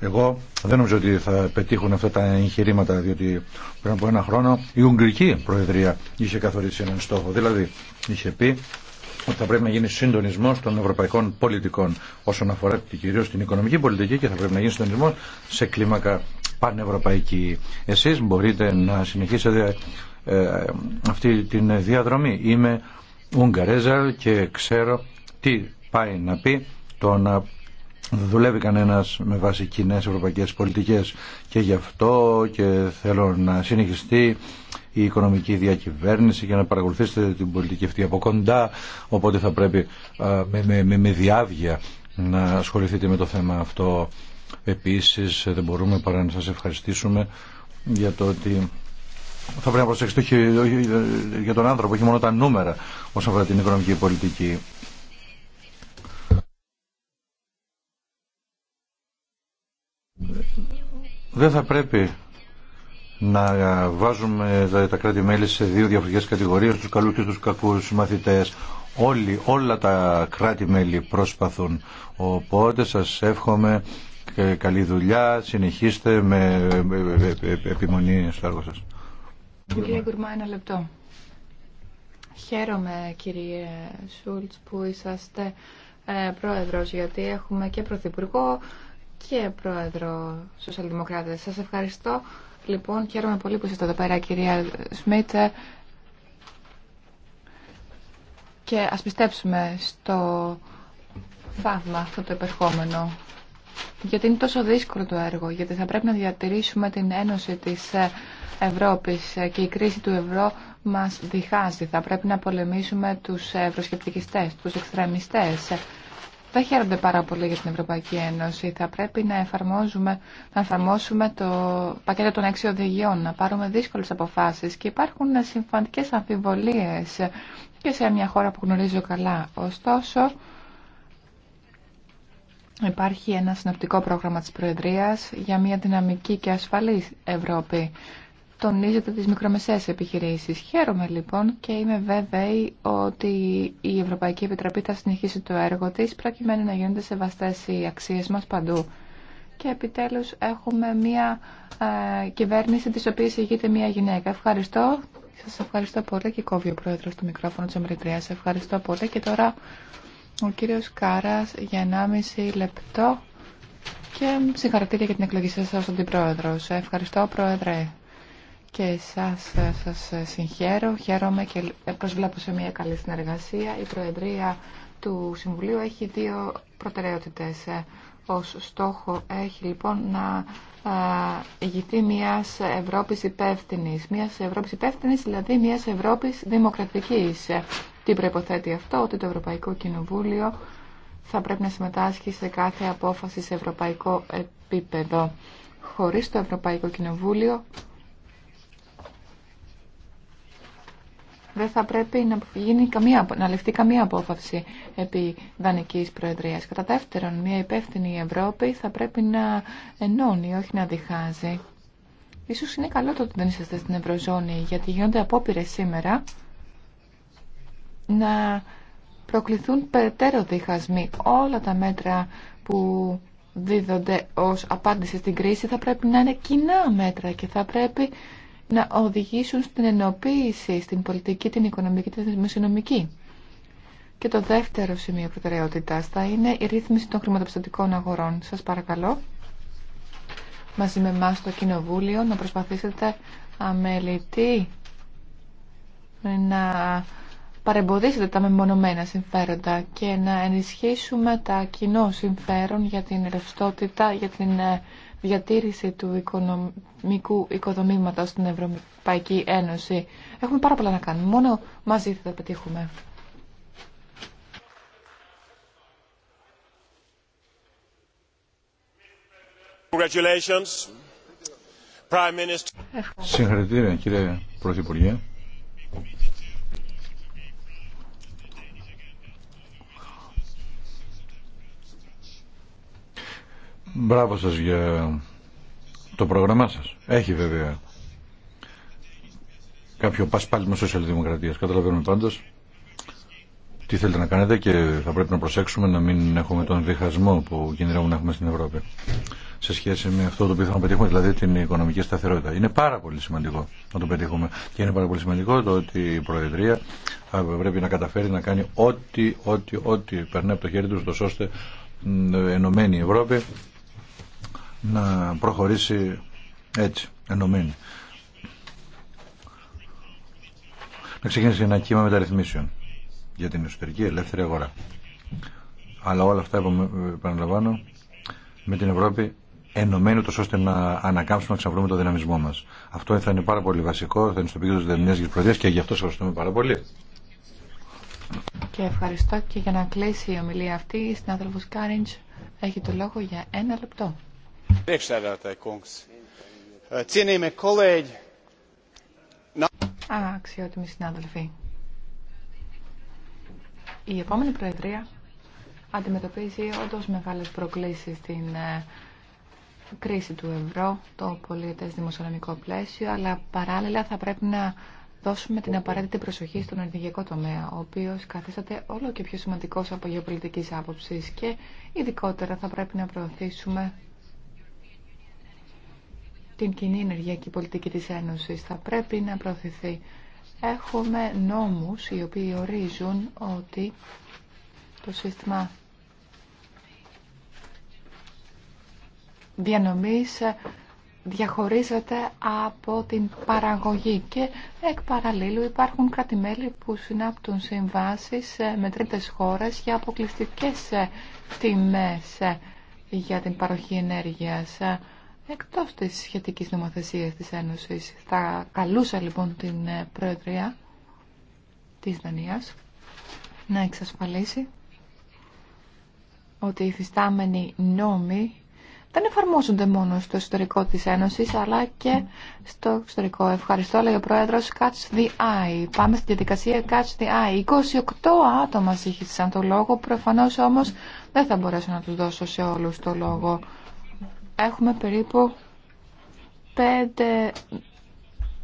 Εγώ δεν νομίζω ότι θα πετύχουν αυτά τα εγχειρήματα, διότι πριν από ένα χρόνο η Ουγγρική Προεδρία είχε καθορίσει έναν στόχο. Δηλαδή, είχε πει ότι θα πρέπει να γίνει συντονισμό των ευρωπαϊκών πολιτικών όσον αφορά κυρίω την οικονομική πολιτική και θα πρέπει να γίνει συντονισμό σε κλίμακα πανευρωπαϊκή. Εσεί. μπορείτε να συνεχίσετε ε, αυτή τη διαδρομή. Είμαι Ουγγαρέζα και ξέρω τι πάει να πει το να δουλεύει κανένας με βάση κοινέ ευρωπαϊκές πολιτικές και γι' αυτό και θέλω να συνεχιστεί η οικονομική διακυβέρνηση για να παρακολουθήσετε την πολιτική αυτή από κοντά οπότε θα πρέπει με, με, με διάβγεια να ασχοληθείτε με το θέμα αυτό επίσης δεν μπορούμε παρά να σας ευχαριστήσουμε για το ότι θα πρέπει να προσέξετε για τον άνθρωπο, όχι μόνο τα νούμερα όσον αφορά την οικονομική πολιτική. Δεν θα πρέπει να βάζουμε τα κράτη-μέλη σε δύο διαφορετικές κατηγορίες, τους καλούς και τους κακούς μαθητές. Όλοι, όλα τα κράτη-μέλη προσπαθούν. Οπότε σας εύχομαι καλή δουλειά, συνεχίστε με επιμονή στο έργο σας. Κύριε ένα λεπτό. Χαίρομαι κύριε Σούλτς που είσαστε ε, πρόεδρος γιατί έχουμε και πρωθυπουργό και πρόεδρο Σοσιαλδημοκράτε, σα ευχαριστώ. Λοιπόν, χαίρομαι πολύ που είστε εδώ πέρα, κυρία Σμιτ. Και ας πιστέψουμε στο θαύμα αυτό το επερχόμενο. Γιατί είναι τόσο δύσκολο το έργο, γιατί θα πρέπει να διατηρήσουμε την ένωση της Ευρώπης και η κρίση του ευρώ μας διχάζει. Θα πρέπει να πολεμήσουμε τους ευρωσκεπτικιστές, τους εξτρεμιστές δεν χαίρονται πάρα πολύ για την Ευρωπαϊκή Ένωση. Θα πρέπει να, εφαρμόζουμε, να εφαρμόσουμε το πακέτο των έξι οδηγιών, να πάρουμε δύσκολε αποφάσει και υπάρχουν συμφαντικέ αμφιβολίε και σε μια χώρα που γνωρίζω καλά. Ωστόσο, υπάρχει ένα συνοπτικό πρόγραμμα της Προεδρία για μια δυναμική και ασφαλή Ευρώπη τονίζεται τις μικρομεσαίες επιχειρήσεις. Χαίρομαι λοιπόν και είμαι βέβαιη ότι η Ευρωπαϊκή Επιτροπή θα συνεχίσει το έργο της προκειμένου να γίνονται σεβαστές οι αξίες μας παντού. Και επιτέλους έχουμε μια ε, κυβέρνηση της οποίας ηγείται μια γυναίκα. Ευχαριστώ. Σας ευχαριστώ πολύ και κόβει ο πρόεδρος του μικρόφωνο της Αμεριτρίας. Ευχαριστώ πολύ και τώρα ο κύριος Κάρας για 1,5 λεπτό και συγχαρητήρια για την εκλογή σας ως αντιπρόεδρος. Ευχαριστώ πρόεδρε και εσάς σας συγχαίρω. Χαίρομαι και προσβλέπω σε μια καλή συνεργασία. Η Προεδρία του Συμβουλίου έχει δύο προτεραιότητες. Ως στόχο έχει λοιπόν να ηγηθεί μιας Ευρώπης υπεύθυνη, Μιας Ευρώπης υπεύθυνη, δηλαδή μιας Ευρώπης δημοκρατικής. Τι προϋποθέτει αυτό, ότι το Ευρωπαϊκό Κοινοβούλιο θα πρέπει να συμμετάσχει σε κάθε απόφαση σε ευρωπαϊκό επίπεδο. Χωρίς το Ευρωπαϊκό Κοινοβούλιο δεν θα πρέπει να, γίνει καμία, να ληφθεί καμία απόφαση επί δανεικής προεδρίας. Κατά δεύτερον, μια υπεύθυνη Ευρώπη θα πρέπει να ενώνει, όχι να διχάζει. Ίσως είναι καλό το ότι δεν είσαστε στην Ευρωζώνη, γιατί γίνονται απόπειρες σήμερα να προκληθούν περαιτέρω διχασμοί. Όλα τα μέτρα που δίδονται ως απάντηση στην κρίση θα πρέπει να είναι κοινά μέτρα και θα πρέπει να οδηγήσουν στην ενοποίηση, στην πολιτική, την οικονομική και την δημοσιονομική. Και το δεύτερο σημείο προτεραιότητας θα είναι η ρύθμιση των χρηματοπιστωτικών αγορών. Σας παρακαλώ, μαζί με εμά στο Κοινοβούλιο, να προσπαθήσετε αμελητή να παρεμποδίσετε τα μεμονωμένα συμφέροντα και να ενισχύσουμε τα κοινό συμφέρον για την ρευστότητα, για την ε, διατήρηση του οικονομικού οικοδομήματος στην Ευρωπαϊκή Ένωση. Έχουμε πάρα πολλά να κάνουμε. Μόνο μαζί θα τα πετύχουμε. Συγχαρητήρια κύριε Πρωθυπουργέ. Μπράβο σας για το πρόγραμμά σας. Έχει βέβαια κάποιο πασπάλιμο σοσιαλδημοκρατίας. Καταλαβαίνουμε πάντως τι θέλετε να κάνετε και θα πρέπει να προσέξουμε να μην έχουμε τον διχασμό που κινδυνεύουμε να έχουμε στην Ευρώπη σε σχέση με αυτό το οποίο θα πετύχουμε, δηλαδή την οικονομική σταθερότητα. Είναι πάρα πολύ σημαντικό να το πετύχουμε και είναι πάρα πολύ σημαντικό το ότι η Προεδρία θα πρέπει να καταφέρει να κάνει ό,τι, ό,τι, ό,τι περνάει από το χέρι του, ώστε ενωμένη η Ευρώπη να προχωρήσει έτσι, ενωμένη. Να ξεκινήσει ένα κύμα μεταρρυθμίσεων για την εσωτερική ελεύθερη αγορά. Αλλά όλα αυτά, επαναλαμβάνω, με την Ευρώπη ενωμένη τόσο ώστε να ανακάμψουμε, να ξαναβρούμε το δυναμισμό μα. Αυτό θα είναι πάρα πολύ βασικό, θα είναι στο πήγαινο τη Δερμηνία και και γι' αυτό σα ευχαριστούμε πάρα πολύ. Και ευχαριστώ και για να κλείσει η ομιλία αυτή, η συνάδελφο Κάριντ έχει το λόγο για ένα λεπτό. Αξιότιμοι συνάδελφοι, η επόμενη Προεδρία αντιμετωπίζει όντω μεγάλε προκλήσει στην κρίση του ευρώ, το πολιτέ δημοσιονομικό πλαίσιο, αλλά παράλληλα θα πρέπει να δώσουμε την απαραίτητη προσοχή στον ενεργειακό τομέα, ο οποίο καθίσταται όλο και πιο σημαντικό από γεωπολιτική άποψη και ειδικότερα θα πρέπει να προωθήσουμε την κοινή ενεργειακή πολιτική της Ένωσης. Θα πρέπει να προωθηθεί. Έχουμε νόμους οι οποίοι ορίζουν ότι το σύστημα διανομής διαχωρίζεται από την παραγωγή και εκ παραλλήλου υπάρχουν κρατημέλη που συνάπτουν συμβάσεις με τρίτες χώρες για αποκλειστικές τιμές για την παροχή ενέργειας εκτός της σχετικής νομοθεσίας της Ένωσης. Θα καλούσα λοιπόν την ε, Προεδρία της Δανίας να εξασφαλίσει ότι οι φυστάμενοι νόμοι δεν εφαρμόζονται μόνο στο εσωτερικό της Ένωσης, αλλά και στο εξωτερικό. Ευχαριστώ, λέει ο Πρόεδρος, Catch the Eye. Πάμε στη διαδικασία Catch the Eye. 28 άτομα σύγχυσαν το λόγο, προφανώς όμως δεν θα μπορέσω να τους δώσω σε όλους το λόγο έχουμε περίπου πέντε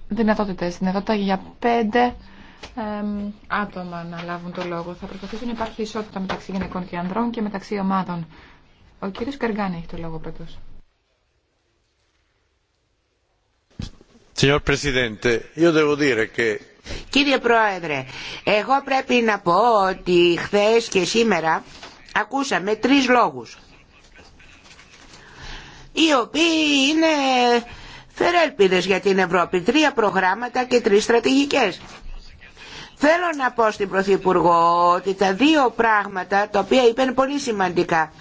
δυνατότητες, δυνατότητα για πέντε άτομα να λάβουν το λόγο. Θα προσπαθήσω να υπάρχει ισότητα μεταξύ γυναικών και ανδρών και μεταξύ ομάδων. Ο κύριος Καργάνη έχει το λόγο πρώτος. Κύριε Πρόεδρε, εγώ πρέπει να πω ότι χθες και σήμερα ακούσαμε τρεις λόγους οι οποίοι είναι θερέλπιδες για την Ευρώπη. Τρία προγράμματα και τρεις στρατηγικές. Θέλω να πω στην Πρωθυπουργό ότι τα δύο πράγματα τα οποία είπε πολύ σημαντικά.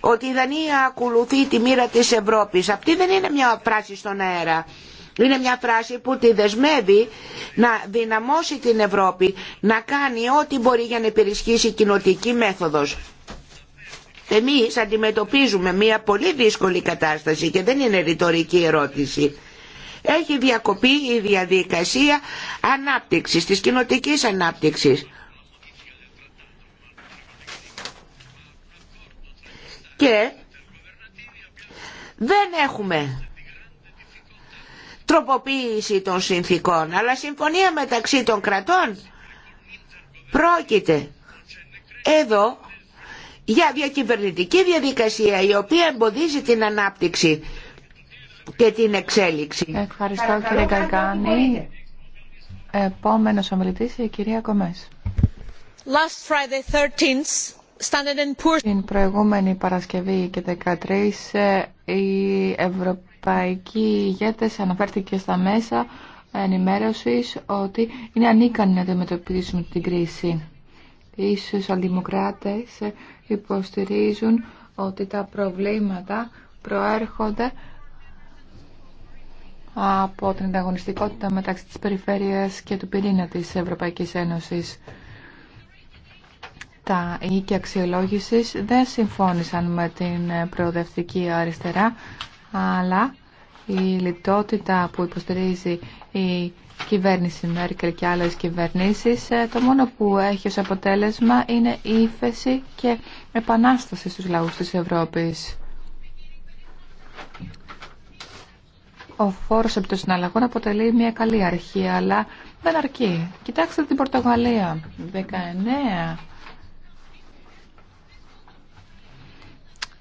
Ότι η Δανία ακολουθεί τη μοίρα της Ευρώπης. Αυτή δεν είναι μια φράση στον αέρα. Είναι μια φράση που τη δεσμεύει να δυναμώσει την Ευρώπη, να κάνει ό,τι μπορεί για να υπερισχύσει η κοινοτική μέθοδος. Εμείς αντιμετωπίζουμε μια πολύ δύσκολη κατάσταση και δεν είναι ρητορική ερώτηση. Έχει διακοπεί η διαδικασία ανάπτυξης, της κοινοτικής ανάπτυξης. Και δεν έχουμε τροποποίηση των συνθήκων, αλλά συμφωνία μεταξύ των κρατών πρόκειται εδώ για διακυβερνητική διαδικασία η οποία εμποδίζει την ανάπτυξη και την εξέλιξη. Ευχαριστώ Παρακαλώ, κύριε Καρκάνη. Επόμενος ομιλητής η κυρία Κομές. Την προηγούμενη Παρασκευή και 13 οι ε, ευρωπαϊκοί ηγέτες αναφέρθηκε στα μέσα ενημέρωσης ότι είναι ανίκανοι να αντιμετωπίσουν την κρίση. Οι σοσιαλδημοκράτες υποστηρίζουν ότι τα προβλήματα προέρχονται από την ανταγωνιστικότητα μεταξύ της περιφέρειας και του πυρήνα της Ευρωπαϊκής Ένωσης. Τα οίκια αξιολόγηση δεν συμφώνησαν με την προοδευτική αριστερά, αλλά η λιτότητα που υποστηρίζει η κυβέρνηση Μέρκελ και άλλες κυβερνήσεις ε, το μόνο που έχει ως αποτέλεσμα είναι ύφεση και επανάσταση στους λαούς της Ευρώπης. Ο φόρος από το συναλλαγό αποτελεί μια καλή αρχή, αλλά δεν αρκεί. Κοιτάξτε την Πορτογαλία. 19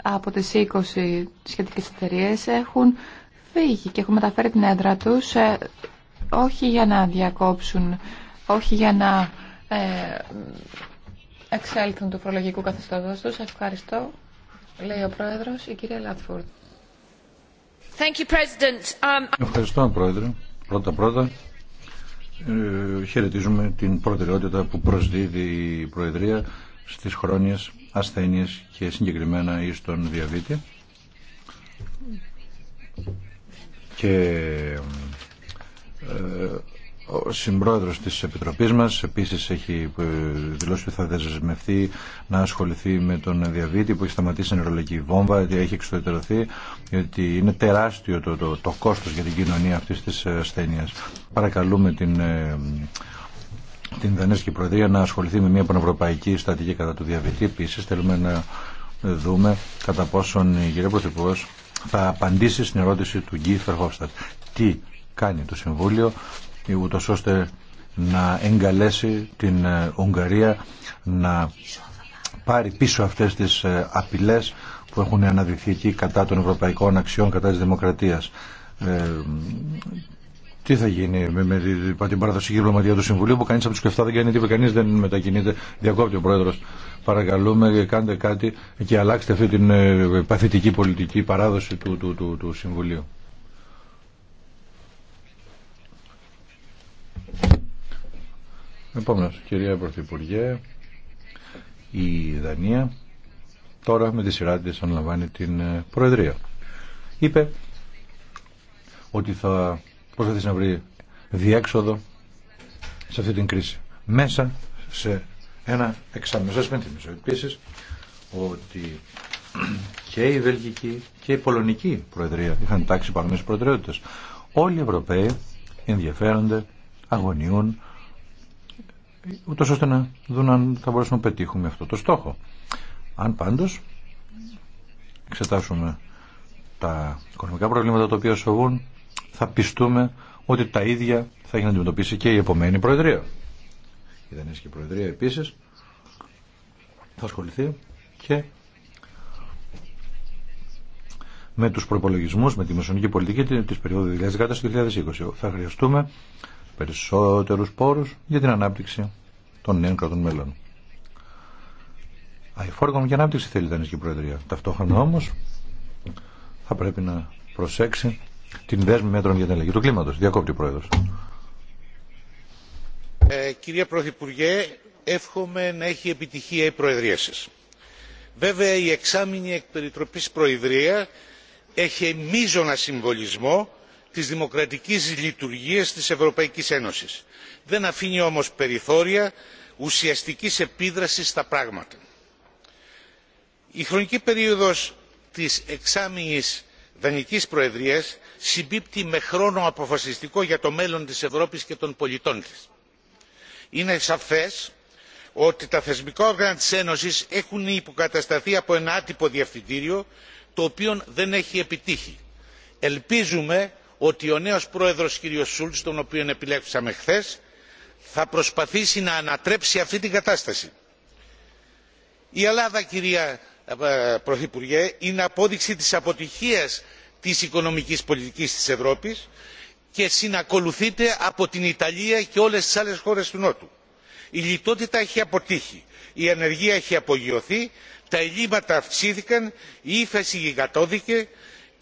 από τις 20 σχετικές εταιρείε έχουν φύγει και έχουν μεταφέρει την έδρα τους ε, όχι για να διακόψουν, όχι για να ε, εξέλθουν του προλογικού καθεστώτος τους. Ευχαριστώ, λέει ο Πρόεδρος, η κυρία Λάτφορντ. Um, Ευχαριστώ, Πρόεδρε. Πρώτα-πρώτα, ε, χαιρετίζουμε την προτεραιότητα που προσδίδει η Προεδρία στις χρόνιες ασθένειες και συγκεκριμένα ή στον διαβήτη. Και ε, ο συμπρόεδρος της Επιτροπής μας επίσης έχει ε, δηλώσει ότι θα δεσμευτεί να ασχοληθεί με τον διαβήτη που έχει σταματήσει νερολογική βόμβα, ότι έχει εξωτερωθεί, γιατί είναι τεράστιο το, το, κόστος για την κοινωνία αυτής της ε, ασθένεια. Παρακαλούμε την, την Δανέσκη Προεδρία να ασχοληθεί με μια πανευρωπαϊκή στατική κατά του διαβήτη. Επίσης θέλουμε να δούμε κατά πόσον η κυρία Πρωθυπουργός θα απαντήσει στην ερώτηση του Γκίφερ Χόφστατ. Τι κάνει το Συμβούλιο ούτω ώστε να εγκαλέσει την ε, Ουγγαρία να πάρει πίσω αυτές τις ε, απειλές που έχουν αναδειχθεί εκεί κατά των ευρωπαϊκών αξιών, κατά της δημοκρατίας. Ε, τι θα γίνει με, με, με την παραδοσιακή διπλωματία του Συμβουλίου που κανείς από τους κεφτά δεν κάνει τίποτα, κανείς δεν μετακινείται, διακόπτει ο Πρόεδρος. Παρακαλούμε, κάντε κάτι και αλλάξτε αυτή την ε, παθητική πολιτική παράδοση του, του, του, του Συμβουλίου. Επόμενο κυρία Πρωθυπουργέ, η Δανία τώρα με τη σειρά της αναλαμβάνει την ε, Προεδρία. Είπε ότι θα προσπαθήσει να βρει διέξοδο σε αυτή την κρίση. Μέσα σε ένα εξάμεινο. Σας πενθυμίζω επίσης ότι και η Βελγική και η Πολωνική Προεδρία είχαν τάξει παρόμοιες προτεραιότητες. Όλοι οι Ευρωπαίοι ενδιαφέρονται, αγωνιούν ούτως ώστε να δουν αν θα μπορέσουμε να πετύχουμε αυτό το στόχο. Αν πάντως εξετάσουμε τα οικονομικά προβλήματα τα οποία σοβούν, θα πιστούμε ότι τα ίδια θα έχει να αντιμετωπίσει και η επομένη Προεδρία. Η Δανέσικη Προεδρία επίσης θα ασχοληθεί και με τους προπολογισμού με τη μεσονική πολιτική της περίοδου 2010-2020. Θα χρειαστούμε περισσότερους πόρους για την ανάπτυξη των νέων κρατών μέλων. για και ανάπτυξη θέλει η Δανειακή Προεδρία. Ταυτόχρονα όμως θα πρέπει να προσέξει την δέσμη μέτρων για την αλλαγή του κλίματος. Διακόπτη Πρόεδρος. Ε, κυρία Πρωθυπουργέ, εύχομαι να έχει επιτυχία η Προεδρία σα. Βέβαια η εξάμηνη εκπεριτροπή Προεδρία έχει μείζωνα συμβολισμό της δημοκρατικής λειτουργίας της ευρωπαϊκής ένωσης. δεν αφήνει όμως περιθώρια ουσιαστικής επίδρασης στα πράγματα. η χρονική περίοδος της εξάμηνης δανεικής προεδρίας συμπίπτει με χρόνο αποφασιστικό για το μέλλον της ευρώπης και των πολιτών της. είναι σαφές ότι τα θεσμικά όργανα της ένωσης έχουν υποκατασταθεί από ένα άτυπο διευθυντήριο το οποίο δεν έχει επιτύχει. ελπίζουμε ότι ο νέος πρόεδρος κ. σουλτς τον οποίο επιλέξαμε χθε θα προσπαθήσει να ανατρέψει αυτή την κατάσταση. η ελλάδα κυρία ε, πρωθυπουργέ είναι απόδειξη της αποτυχίας της οικονομικής πολιτικής της ευρώπης και συνακολουθείται από την ιταλία και όλες τις άλλες χώρες του νότου. η λιτότητα έχει αποτύχει η ανεργία έχει απογειωθεί τα ελλείμματα αυξήθηκαν η ύφεση γιγαντώθηκε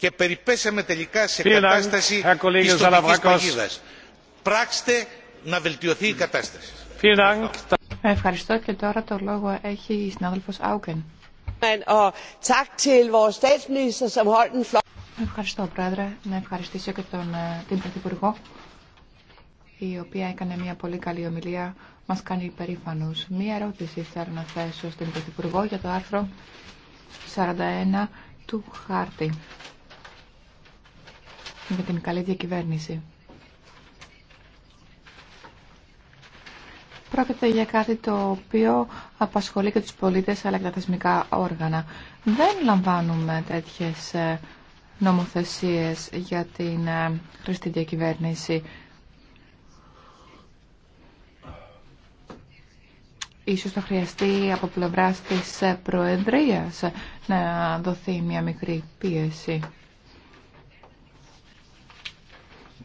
και περιπέσαμε τελικά σε κατάσταση ε, ιστορικής παγίδας. Πράξτε να βελτιωθεί η κατάσταση. Ευχαριστώ και τώρα το λόγο έχει η συνάδελφος Άουκεν. Ευχαριστώ Πρόεδρε. Να ευχαριστήσω και τον, ε, την Πρωθυπουργό η οποία έκανε μια πολύ καλή ομιλία, μας κάνει υπερήφανους. Μία ερώτηση θέλω να θέσω στην Πρωθυπουργό για το άρθρο 41 του χάρτη για την καλή διακυβέρνηση. Πρόκειται για κάτι το οποίο απασχολεί και τους πολίτες αλλά και τα θεσμικά όργανα. Δεν λαμβάνουμε τέτοιες ε, νομοθεσίες για την ε, χρηστή διακυβέρνηση. Ίσως θα χρειαστεί από πλευράς της ε, να δοθεί μια μικρή πίεση.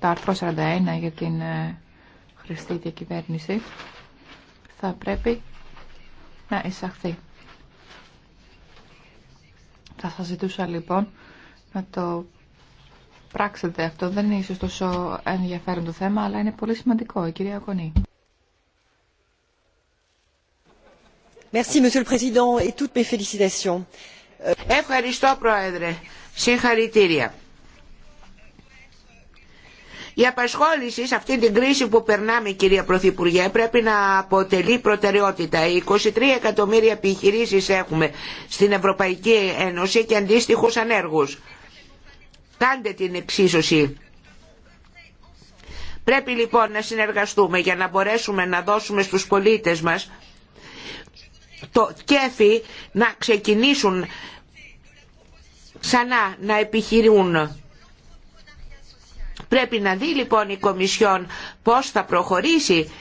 το άρθρο 41 για την ε, χρηστή διακυβέρνηση θα πρέπει να εισαχθεί. Θα σας ζητούσα λοιπόν να το πράξετε αυτό. Δεν είναι ίσως τόσο ενδιαφέρον το θέμα, αλλά είναι πολύ σημαντικό. Η κυρία Κονή. Ευχαριστώ, Πρόεδρε. Συγχαρητήρια. Η απασχόληση σε αυτή την κρίση που περνάμε κυρία Πρωθυπουργέ πρέπει να αποτελεί προτεραιότητα. 23 εκατομμύρια επιχειρήσεις έχουμε στην Ευρωπαϊκή Ένωση και αντίστοιχους ανέργους. Κάντε την εξίσωση. Πρέπει λοιπόν να συνεργαστούμε για να μπορέσουμε να δώσουμε στους πολίτες μας το κέφι να ξεκινήσουν ξανά να επιχειρούν Πρέπει να δει λοιπόν η Κομισιόν πώς θα προχωρήσει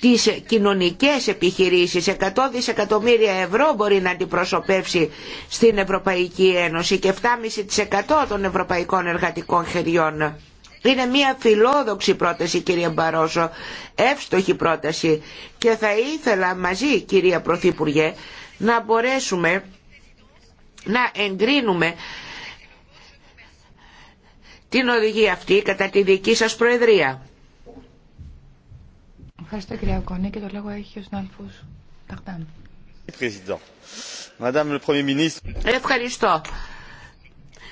τις κοινωνικές επιχειρήσεις 100 δισεκατομμύρια ευρώ μπορεί να αντιπροσωπεύσει στην Ευρωπαϊκή Ένωση και 7,5% των ευρωπαϊκών εργατικών χεριών. Είναι μια φιλόδοξη πρόταση κυρία Μπαρόσο, εύστοχη πρόταση και θα ήθελα μαζί κυρία Πρωθυπουργέ να μπορέσουμε να εγκρίνουμε την οδηγεί αυτή κατά τη δική σας Προεδρία. Ευχαριστώ κυρία Κονή και το λόγο έχει ο συνάδελφος Ταχτάν. Ευχαριστώ.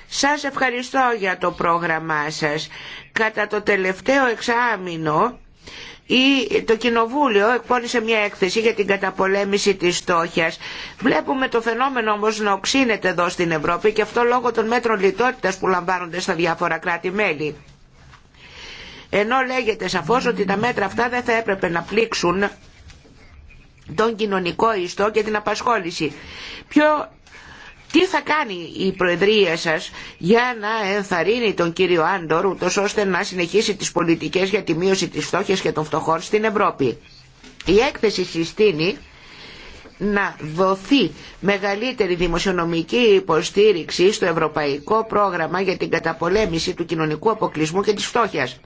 Σας ευχαριστώ για το πρόγραμμά σας. Κατά το τελευταίο εξάμεινο ή το Κοινοβούλιο εκπώνησε μια έκθεση για την καταπολέμηση της στόχιας. Βλέπουμε το φαινόμενο όμως να οξύνεται εδώ στην Ευρώπη και αυτό λόγω των μέτρων λιτότητας που λαμβάνονται στα διάφορα κράτη-μέλη. Ενώ λέγεται σαφώς ότι τα μέτρα αυτά δεν θα έπρεπε να πλήξουν τον κοινωνικό ιστό και την απασχόληση. Ποιο τι θα κάνει η Προεδρία σας για να ενθαρρύνει τον κύριο Άντορ ούτως ώστε να συνεχίσει τις πολιτικές για τη μείωση της φτώχειας και των φτωχών στην Ευρώπη. Η έκθεση συστήνει να δοθεί μεγαλύτερη δημοσιονομική υποστήριξη στο Ευρωπαϊκό Πρόγραμμα για την καταπολέμηση του κοινωνικού αποκλεισμού και της φτώχειας.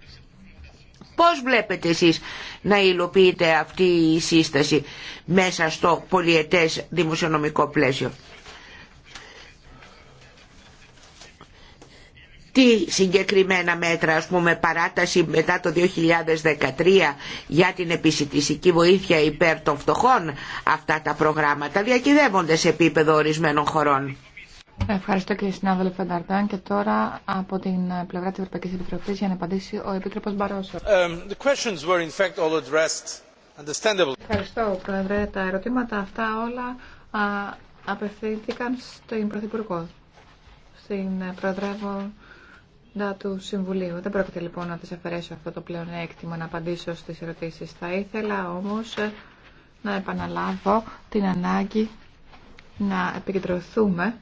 Πώς βλέπετε εσείς να υλοποιείτε αυτή η σύσταση μέσα στο πολιετές δημοσιονομικό πλαίσιο. τι συγκεκριμένα μέτρα, ας πούμε παράταση μετά το 2013 για την επιστημική βοήθεια υπέρ των φτωχών, αυτά τα προγράμματα διακυδεύονται σε επίπεδο ορισμένων χωρών. Ευχαριστώ κύριε συνάδελφε Νταρντάν και τώρα από την πλευρά της Ευρωπαϊκής Επιτροπής για να απαντήσει ο Επίτροπος Μπαρόσο. Ευχαριστώ Πρόεδρε. Τα ερωτήματα αυτά όλα απευθύνθηκαν στον Πρωθυπουργό, στην Προεδρεύω να του Συμβουλίου. Δεν πρόκειται λοιπόν να τις αφαιρέσω αυτό το πλεονέκτημα να απαντήσω στις ερωτήσεις. Θα ήθελα όμως να επαναλάβω την ανάγκη να επικεντρωθούμε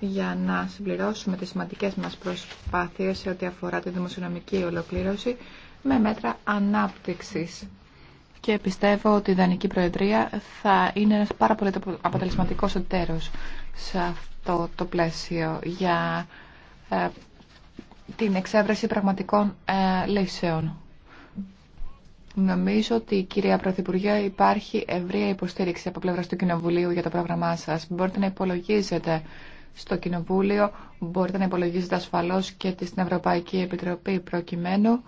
για να συμπληρώσουμε τις σημαντικές μας προσπάθειες σε ό,τι αφορά τη δημοσιονομική ολοκλήρωση με μέτρα ανάπτυξης. Και πιστεύω ότι η Δανική Προεδρία θα είναι ένα πάρα πολύ αποτελεσματικός εταίρος σε αυτό το πλαίσιο για ε, την εξέβρεση πραγματικών ε, λύσεων. Νομίζω ότι, κυρία Πρωθυπουργέ, υπάρχει ευρία υποστήριξη από πλευρά του Κοινοβουλίου για το πρόγραμμά σα. Μπορείτε να υπολογίζετε στο Κοινοβούλιο, μπορείτε να υπολογίζετε ασφαλώ και στην Ευρωπαϊκή Επιτροπή, προκειμένου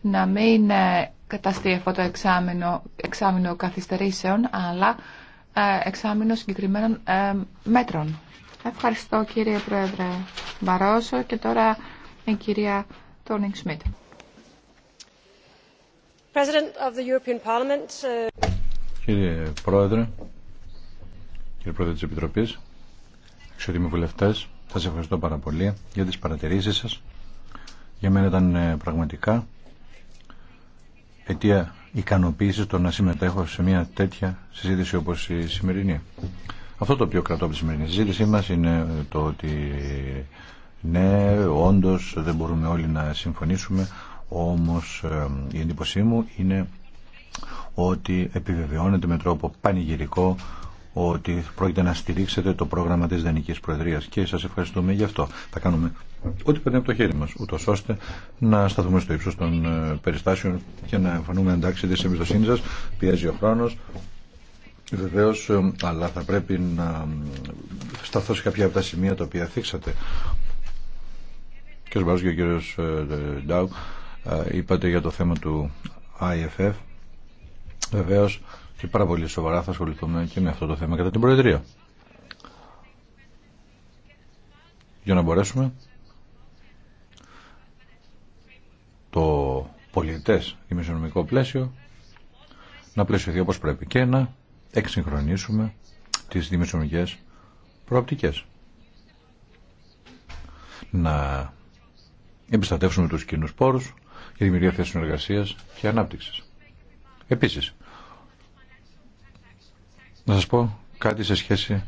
να μην ε, καταστεί αυτό το εξάμεινο, εξάμεινο καθυστερήσεων, αλλά ε, εξάμεινο συγκεκριμένων ε, μέτρων. Ευχαριστώ, κύριε Πρόεδρε Μπαρόσο. Και τώρα η κυρία of Σμιτ. Uh, κύριε Πρόεδρε, κύριε Πρόεδρε της Επιτροπής, εξωτήμοι βουλευτές, σας ευχαριστώ πάρα πολύ για τις παρατηρήσεις σας. Για μένα ήταν ε, πραγματικά αιτία ικανοποίηση το να συμμετέχω σε μια τέτοια συζήτηση όπως η σημερινή. Αυτό το οποίο κρατώ από τη σημερινή συζήτησή μας είναι ε, το ότι ναι, όντως δεν μπορούμε όλοι να συμφωνήσουμε, όμως ε, η εντύπωσή μου είναι ότι επιβεβαιώνεται με τρόπο πανηγυρικό ότι πρόκειται να στηρίξετε το πρόγραμμα της Δανικής Προεδρίας και σας ευχαριστούμε γι' αυτό. Θα κάνουμε ό,τι περνάει από το χέρι μας, ούτως ώστε να σταθούμε στο ύψος των ε, περιστάσεων και να εμφανούμε εντάξει της εμπιστοσύνη σας, πιέζει ο χρόνος. Βεβαίω, ε, αλλά θα πρέπει να σταθώ σε κάποια από τα σημεία τα οποία θίξατε. Κύριος Μπάρος και ο κύριος ε, Ντάου ε, είπατε για το θέμα του IFF. Βεβαίως και πάρα πολύ σοβαρά θα ασχοληθούμε και με αυτό το θέμα κατά την Προεδρία. Για να μπορέσουμε το πολιτές μεσονομικό πλαίσιο να πλαισιωθεί όπως πρέπει και να εξυγχρονίσουμε τις δημοσιονομικές προοπτικές. Να εμπιστατεύσουμε τους κοινούς πόρους για δημιουργία θέσεων εργασία και ανάπτυξης. Επίσης, να σας πω κάτι σε σχέση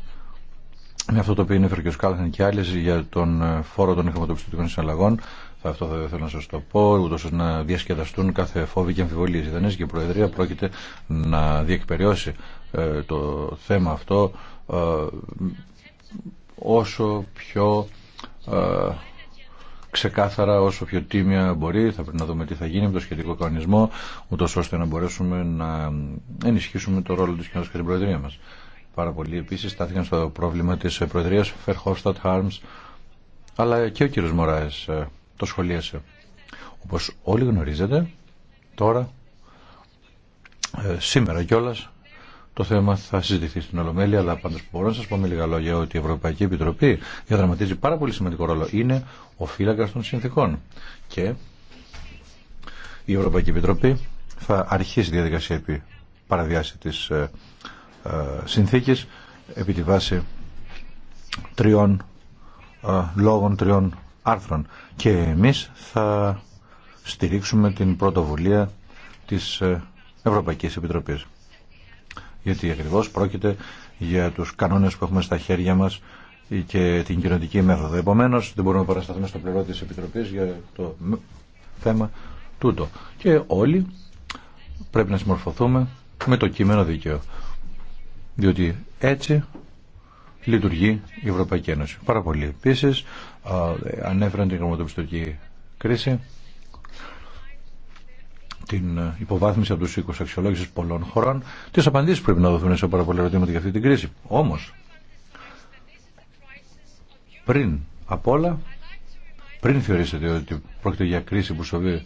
με αυτό το οποίο είναι ο και άλλες για τον ε, φόρο των χρηματοπιστωτικών συναλλαγών. Θα αυτό θα ήθελα να σας το πω, ούτω να διασκεδαστούν κάθε φόβη και αμφιβολίες. Η Δανέζικη Προεδρία πρόκειται να διεκπεριώσει ε, το θέμα αυτό ε, όσο πιο ξεκάθαρα όσο πιο τίμια μπορεί. Θα πρέπει να δούμε τι θα γίνει με το σχετικό κανονισμό, ούτω ώστε να μπορέσουμε να ενισχύσουμε το ρόλο τη κοινότητα και την Προεδρία μα. Πάρα πολλοί επίση στάθηκαν στο πρόβλημα τη Προεδρία Φερχόφστατ Χάρμς, αλλά και ο κύριο Μωράε ε, το σχολίασε. Όπω όλοι γνωρίζετε, τώρα, ε, σήμερα κιόλα, το θέμα θα συζητηθεί στην Ολομέλεια, αλλά πάντως μπορώ να σας πω με λίγα λόγια ότι η Ευρωπαϊκή Επιτροπή διαδραματίζει πάρα πολύ σημαντικό ρόλο. Είναι ο φύλακα των συνθήκων και η Ευρωπαϊκή Επιτροπή θα αρχίσει τη διαδικασία επί παραδιάση της ε, ε, συνθήκης επί τη βάση τριών ε, λόγων, τριών άρθρων. Και εμείς θα στηρίξουμε την πρωτοβουλία της ε, Ευρωπαϊκής Επιτροπής γιατί ακριβώς πρόκειται για τους κανόνες που έχουμε στα χέρια μας και την κοινωνική μέθοδο. Επομένως δεν μπορούμε να παρασταθούμε στο πλευρό της Επιτροπής για το θέμα τούτο. Και όλοι πρέπει να συμμορφωθούμε με το κείμενο δίκαιο. Διότι έτσι λειτουργεί η Ευρωπαϊκή Ένωση. Πάρα πολύ. επίσης ανέφεραν την κρίση την ε, υποβάθμιση από του οίκου αξιολόγηση πολλών χωρών. Τι απαντήσει πρέπει να δοθούν σε πάρα πολλά ερωτήματα για αυτή την κρίση. Όμω, πριν απ' όλα, πριν θεωρήσετε ότι πρόκειται για κρίση που σοβεί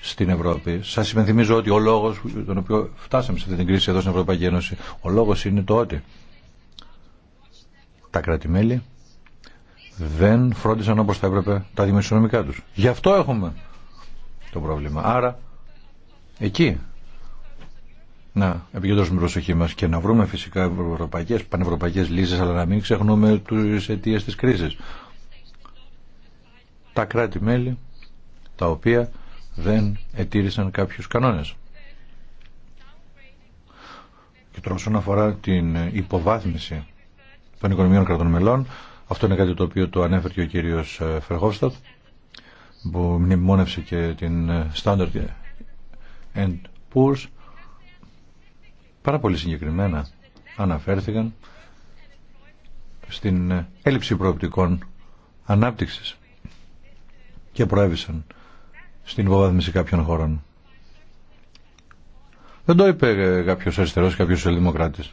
στην Ευρώπη. Σα υπενθυμίζω ότι ο λόγο τον οποίο φτάσαμε σε αυτή την κρίση εδώ στην Ευρωπαϊκή Ένωση, ο λόγο είναι το ότι τα κράτη-μέλη δεν φρόντισαν όπω θα έπρεπε τα δημοσιονομικά του. Γι' αυτό έχουμε το πρόβλημα. Άρα Εκεί να επικεντρώσουμε προσοχή μα και να βρούμε φυσικά ευρωπαϊκέ πανευρωπαϊκές λύσεις αλλά να μην ξεχνούμε τι αιτίε τη κρίση. Τα κράτη-μέλη τα οποία δεν ετήρησαν κάποιου κανόνε. Και τώρα όσον αφορά την υποβάθμιση των οικονομικών κρατών μελών, αυτό είναι κάτι το οποίο το ανέφερε και ο κύριος ε, Φερχόφστατ, που μνημόνευσε και την ε, Standard and Poor's πάρα πολύ συγκεκριμένα αναφέρθηκαν στην ε, έλλειψη προοπτικών ανάπτυξης και προέβησαν στην υποβάθμιση κάποιων χωρών. Δεν το είπε ε, κάποιος αριστερός, κάποιος σοσιαλδημοκράτης.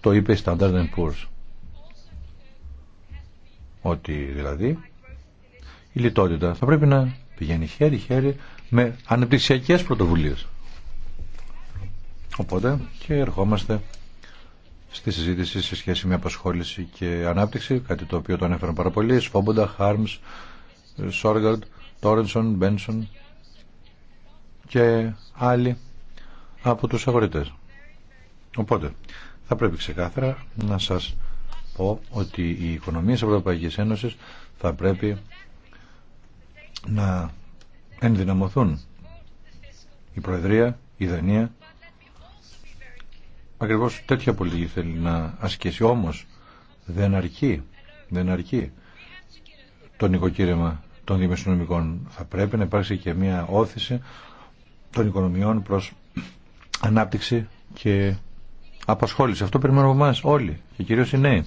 Το είπε η Standard Poor's. Ότι δηλαδή η λιτότητα θα πρέπει να πηγαίνει χέρι-χέρι με ανεπτυξιακές πρωτοβουλίες. Οπότε και ερχόμαστε στη συζήτηση σε σχέση με απασχόληση και ανάπτυξη, κάτι το οποίο το ανέφεραν πάρα πολλοί, Σφόμποντα, Χάρμς, Σόργαρντ, Τόρενσον, Μπένσον και άλλοι από τους αγορητές. Οπότε, θα πρέπει ξεκάθαρα να σας πω ότι η οικονομία της Ευρωπαϊκής Ένωσης θα πρέπει να ενδυναμωθούν η Προεδρία, η Δανία. Ακριβώς τέτοια πολιτική θέλει να ασκήσει. Όμως δεν αρκεί, δεν αρκεί το νοικοκύρεμα των δημοσιονομικών. Θα πρέπει να υπάρξει και μια όθηση των οικονομιών προς ανάπτυξη και απασχόληση. Αυτό περιμένουμε από εμάς όλοι και κυρίως οι νέοι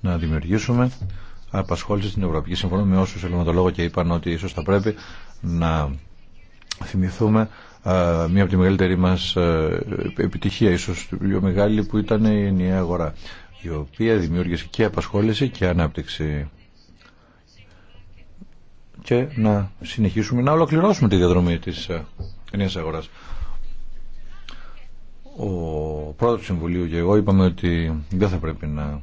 να δημιουργήσουμε απασχόληση στην Ευρωπαϊκή. Συμφωνία με όσου λόγο και είπαν ότι ίσως θα πρέπει να θυμηθούμε ε, μία από τη μεγαλύτερη μας ε, επιτυχία ίσως η πιο μεγάλη που ήταν η ενιαία αγορά η οποία δημιούργησε και απασχόληση και ανάπτυξη και να συνεχίσουμε να ολοκληρώσουμε τη διαδρομή της ε, ενιαίας αγοράς ο πρώτος του Συμβουλίου και εγώ είπαμε ότι δεν θα πρέπει να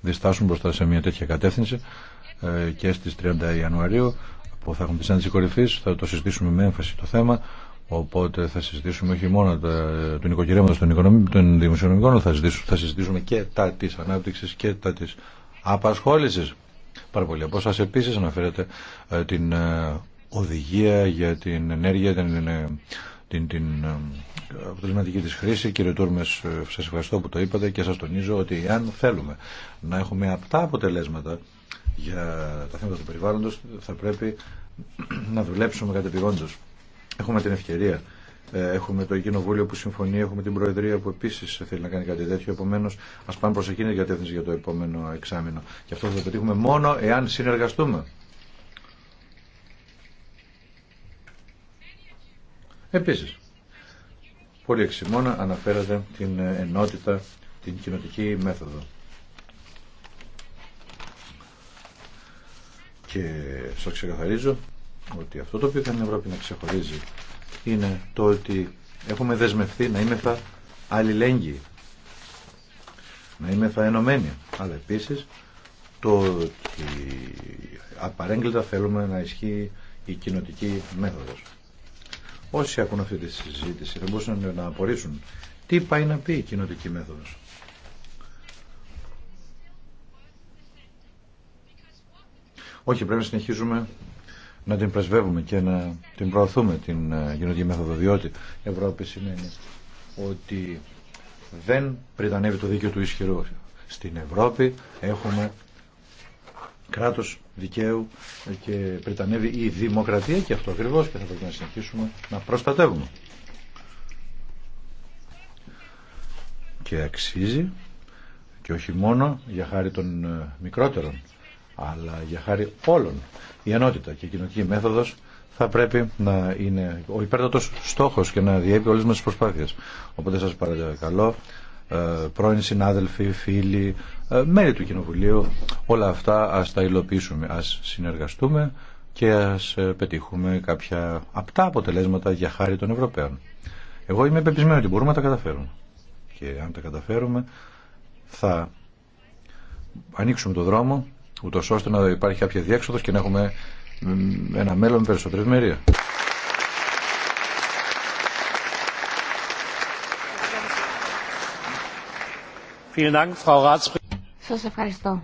διστάσουμε μπροστά σε μια τέτοια κατεύθυνση και στις 30 Ιανουαρίου που θα έχουμε τη συνάντηση κορυφή, θα το συζητήσουμε με έμφαση το θέμα. Οπότε θα συζητήσουμε όχι μόνο τα, του νοικοκυρέματο των, των δημοσιονομικών, θα συζητήσουμε, θα συζητήσουμε και τα τη ανάπτυξη και τα τη απασχόληση. Πάρα πολύ. Από σα επίση αναφέρετε την ε, οδηγία για την ενέργεια, την, ε, την, την ε, αποτελεσματική της χρήση. Κύριε Τούρμες, σας ευχαριστώ που το είπατε και σας τονίζω ότι αν θέλουμε να έχουμε αυτά αποτελέσματα για τα θέματα του περιβάλλοντος θα πρέπει να δουλέψουμε κατεπηγόντως. Έχουμε την ευκαιρία. Ε, έχουμε το Κοινοβούλιο που συμφωνεί, έχουμε την Προεδρία που επίση θέλει να κάνει κάτι τέτοιο. Επομένω, α πάμε προ εκείνη την κατεύθυνση για το επόμενο εξάμεινο. Και αυτό θα το πετύχουμε μόνο εάν συνεργαστούμε. Επίση, πολύ εξημώνα αναφέρατε την ενότητα, την κοινοτική μέθοδο. Και σας ξεκαθαρίζω ότι αυτό το οποίο κάνει η Ευρώπη να ξεχωρίζει είναι το ότι έχουμε δεσμευτεί να είμεθα αλληλέγγυοι, να είμεθα ενωμένοι, αλλά επίσης το ότι απαρέγκλητα θέλουμε να ισχύει η κοινοτική μέθοδος. Όσοι ακούν αυτή τη συζήτηση θα μπορούσαν να απορρίσουν τι πάει να πει η κοινοτική μέθοδος. Όχι, πρέπει να συνεχίζουμε να την πρεσβεύουμε και να την προωθούμε την ε, γενική μέθοδο, διότι Ευρώπη σημαίνει ότι δεν πριτανεύει το δίκαιο του ισχυρού. Στην Ευρώπη έχουμε κράτος δικαίου και πριτανεύει η δημοκρατία και αυτό ακριβώς και θα πρέπει να συνεχίσουμε να προστατεύουμε. Και αξίζει και όχι μόνο για χάρη των ε, μικρότερων αλλά για χάρη όλων η ενότητα και η κοινωνική μέθοδος θα πρέπει να είναι ο υπέρτατος στόχος και να διέπει όλες μας τις προσπάθειες. Οπότε σας παρακαλώ, ε, πρώην συνάδελφοι, φίλοι, ε, μέλη του Κοινοβουλίου, όλα αυτά ας τα υλοποιήσουμε, ας συνεργαστούμε και ας ε, πετύχουμε κάποια απτά αποτελέσματα για χάρη των Ευρωπαίων. Εγώ είμαι πεπισμένο ότι μπορούμε να τα καταφέρουμε. Και αν τα καταφέρουμε θα ανοίξουμε το δρόμο ούτω ώστε να υπάρχει κάποια διέξοδο και να έχουμε ένα μέλλον με περισσότερη ευημερία. Σα ευχαριστώ,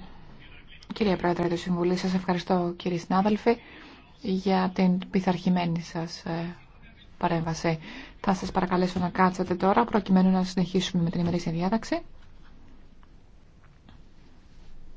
κύριε Πρόεδρε του Συμβουλίου. Σα ευχαριστώ, κύριοι συνάδελφοι, για την πειθαρχημένη σα ε, παρέμβαση. Θα σα παρακαλέσω να κάτσετε τώρα, προκειμένου να συνεχίσουμε με την ημερήσια διάταξη.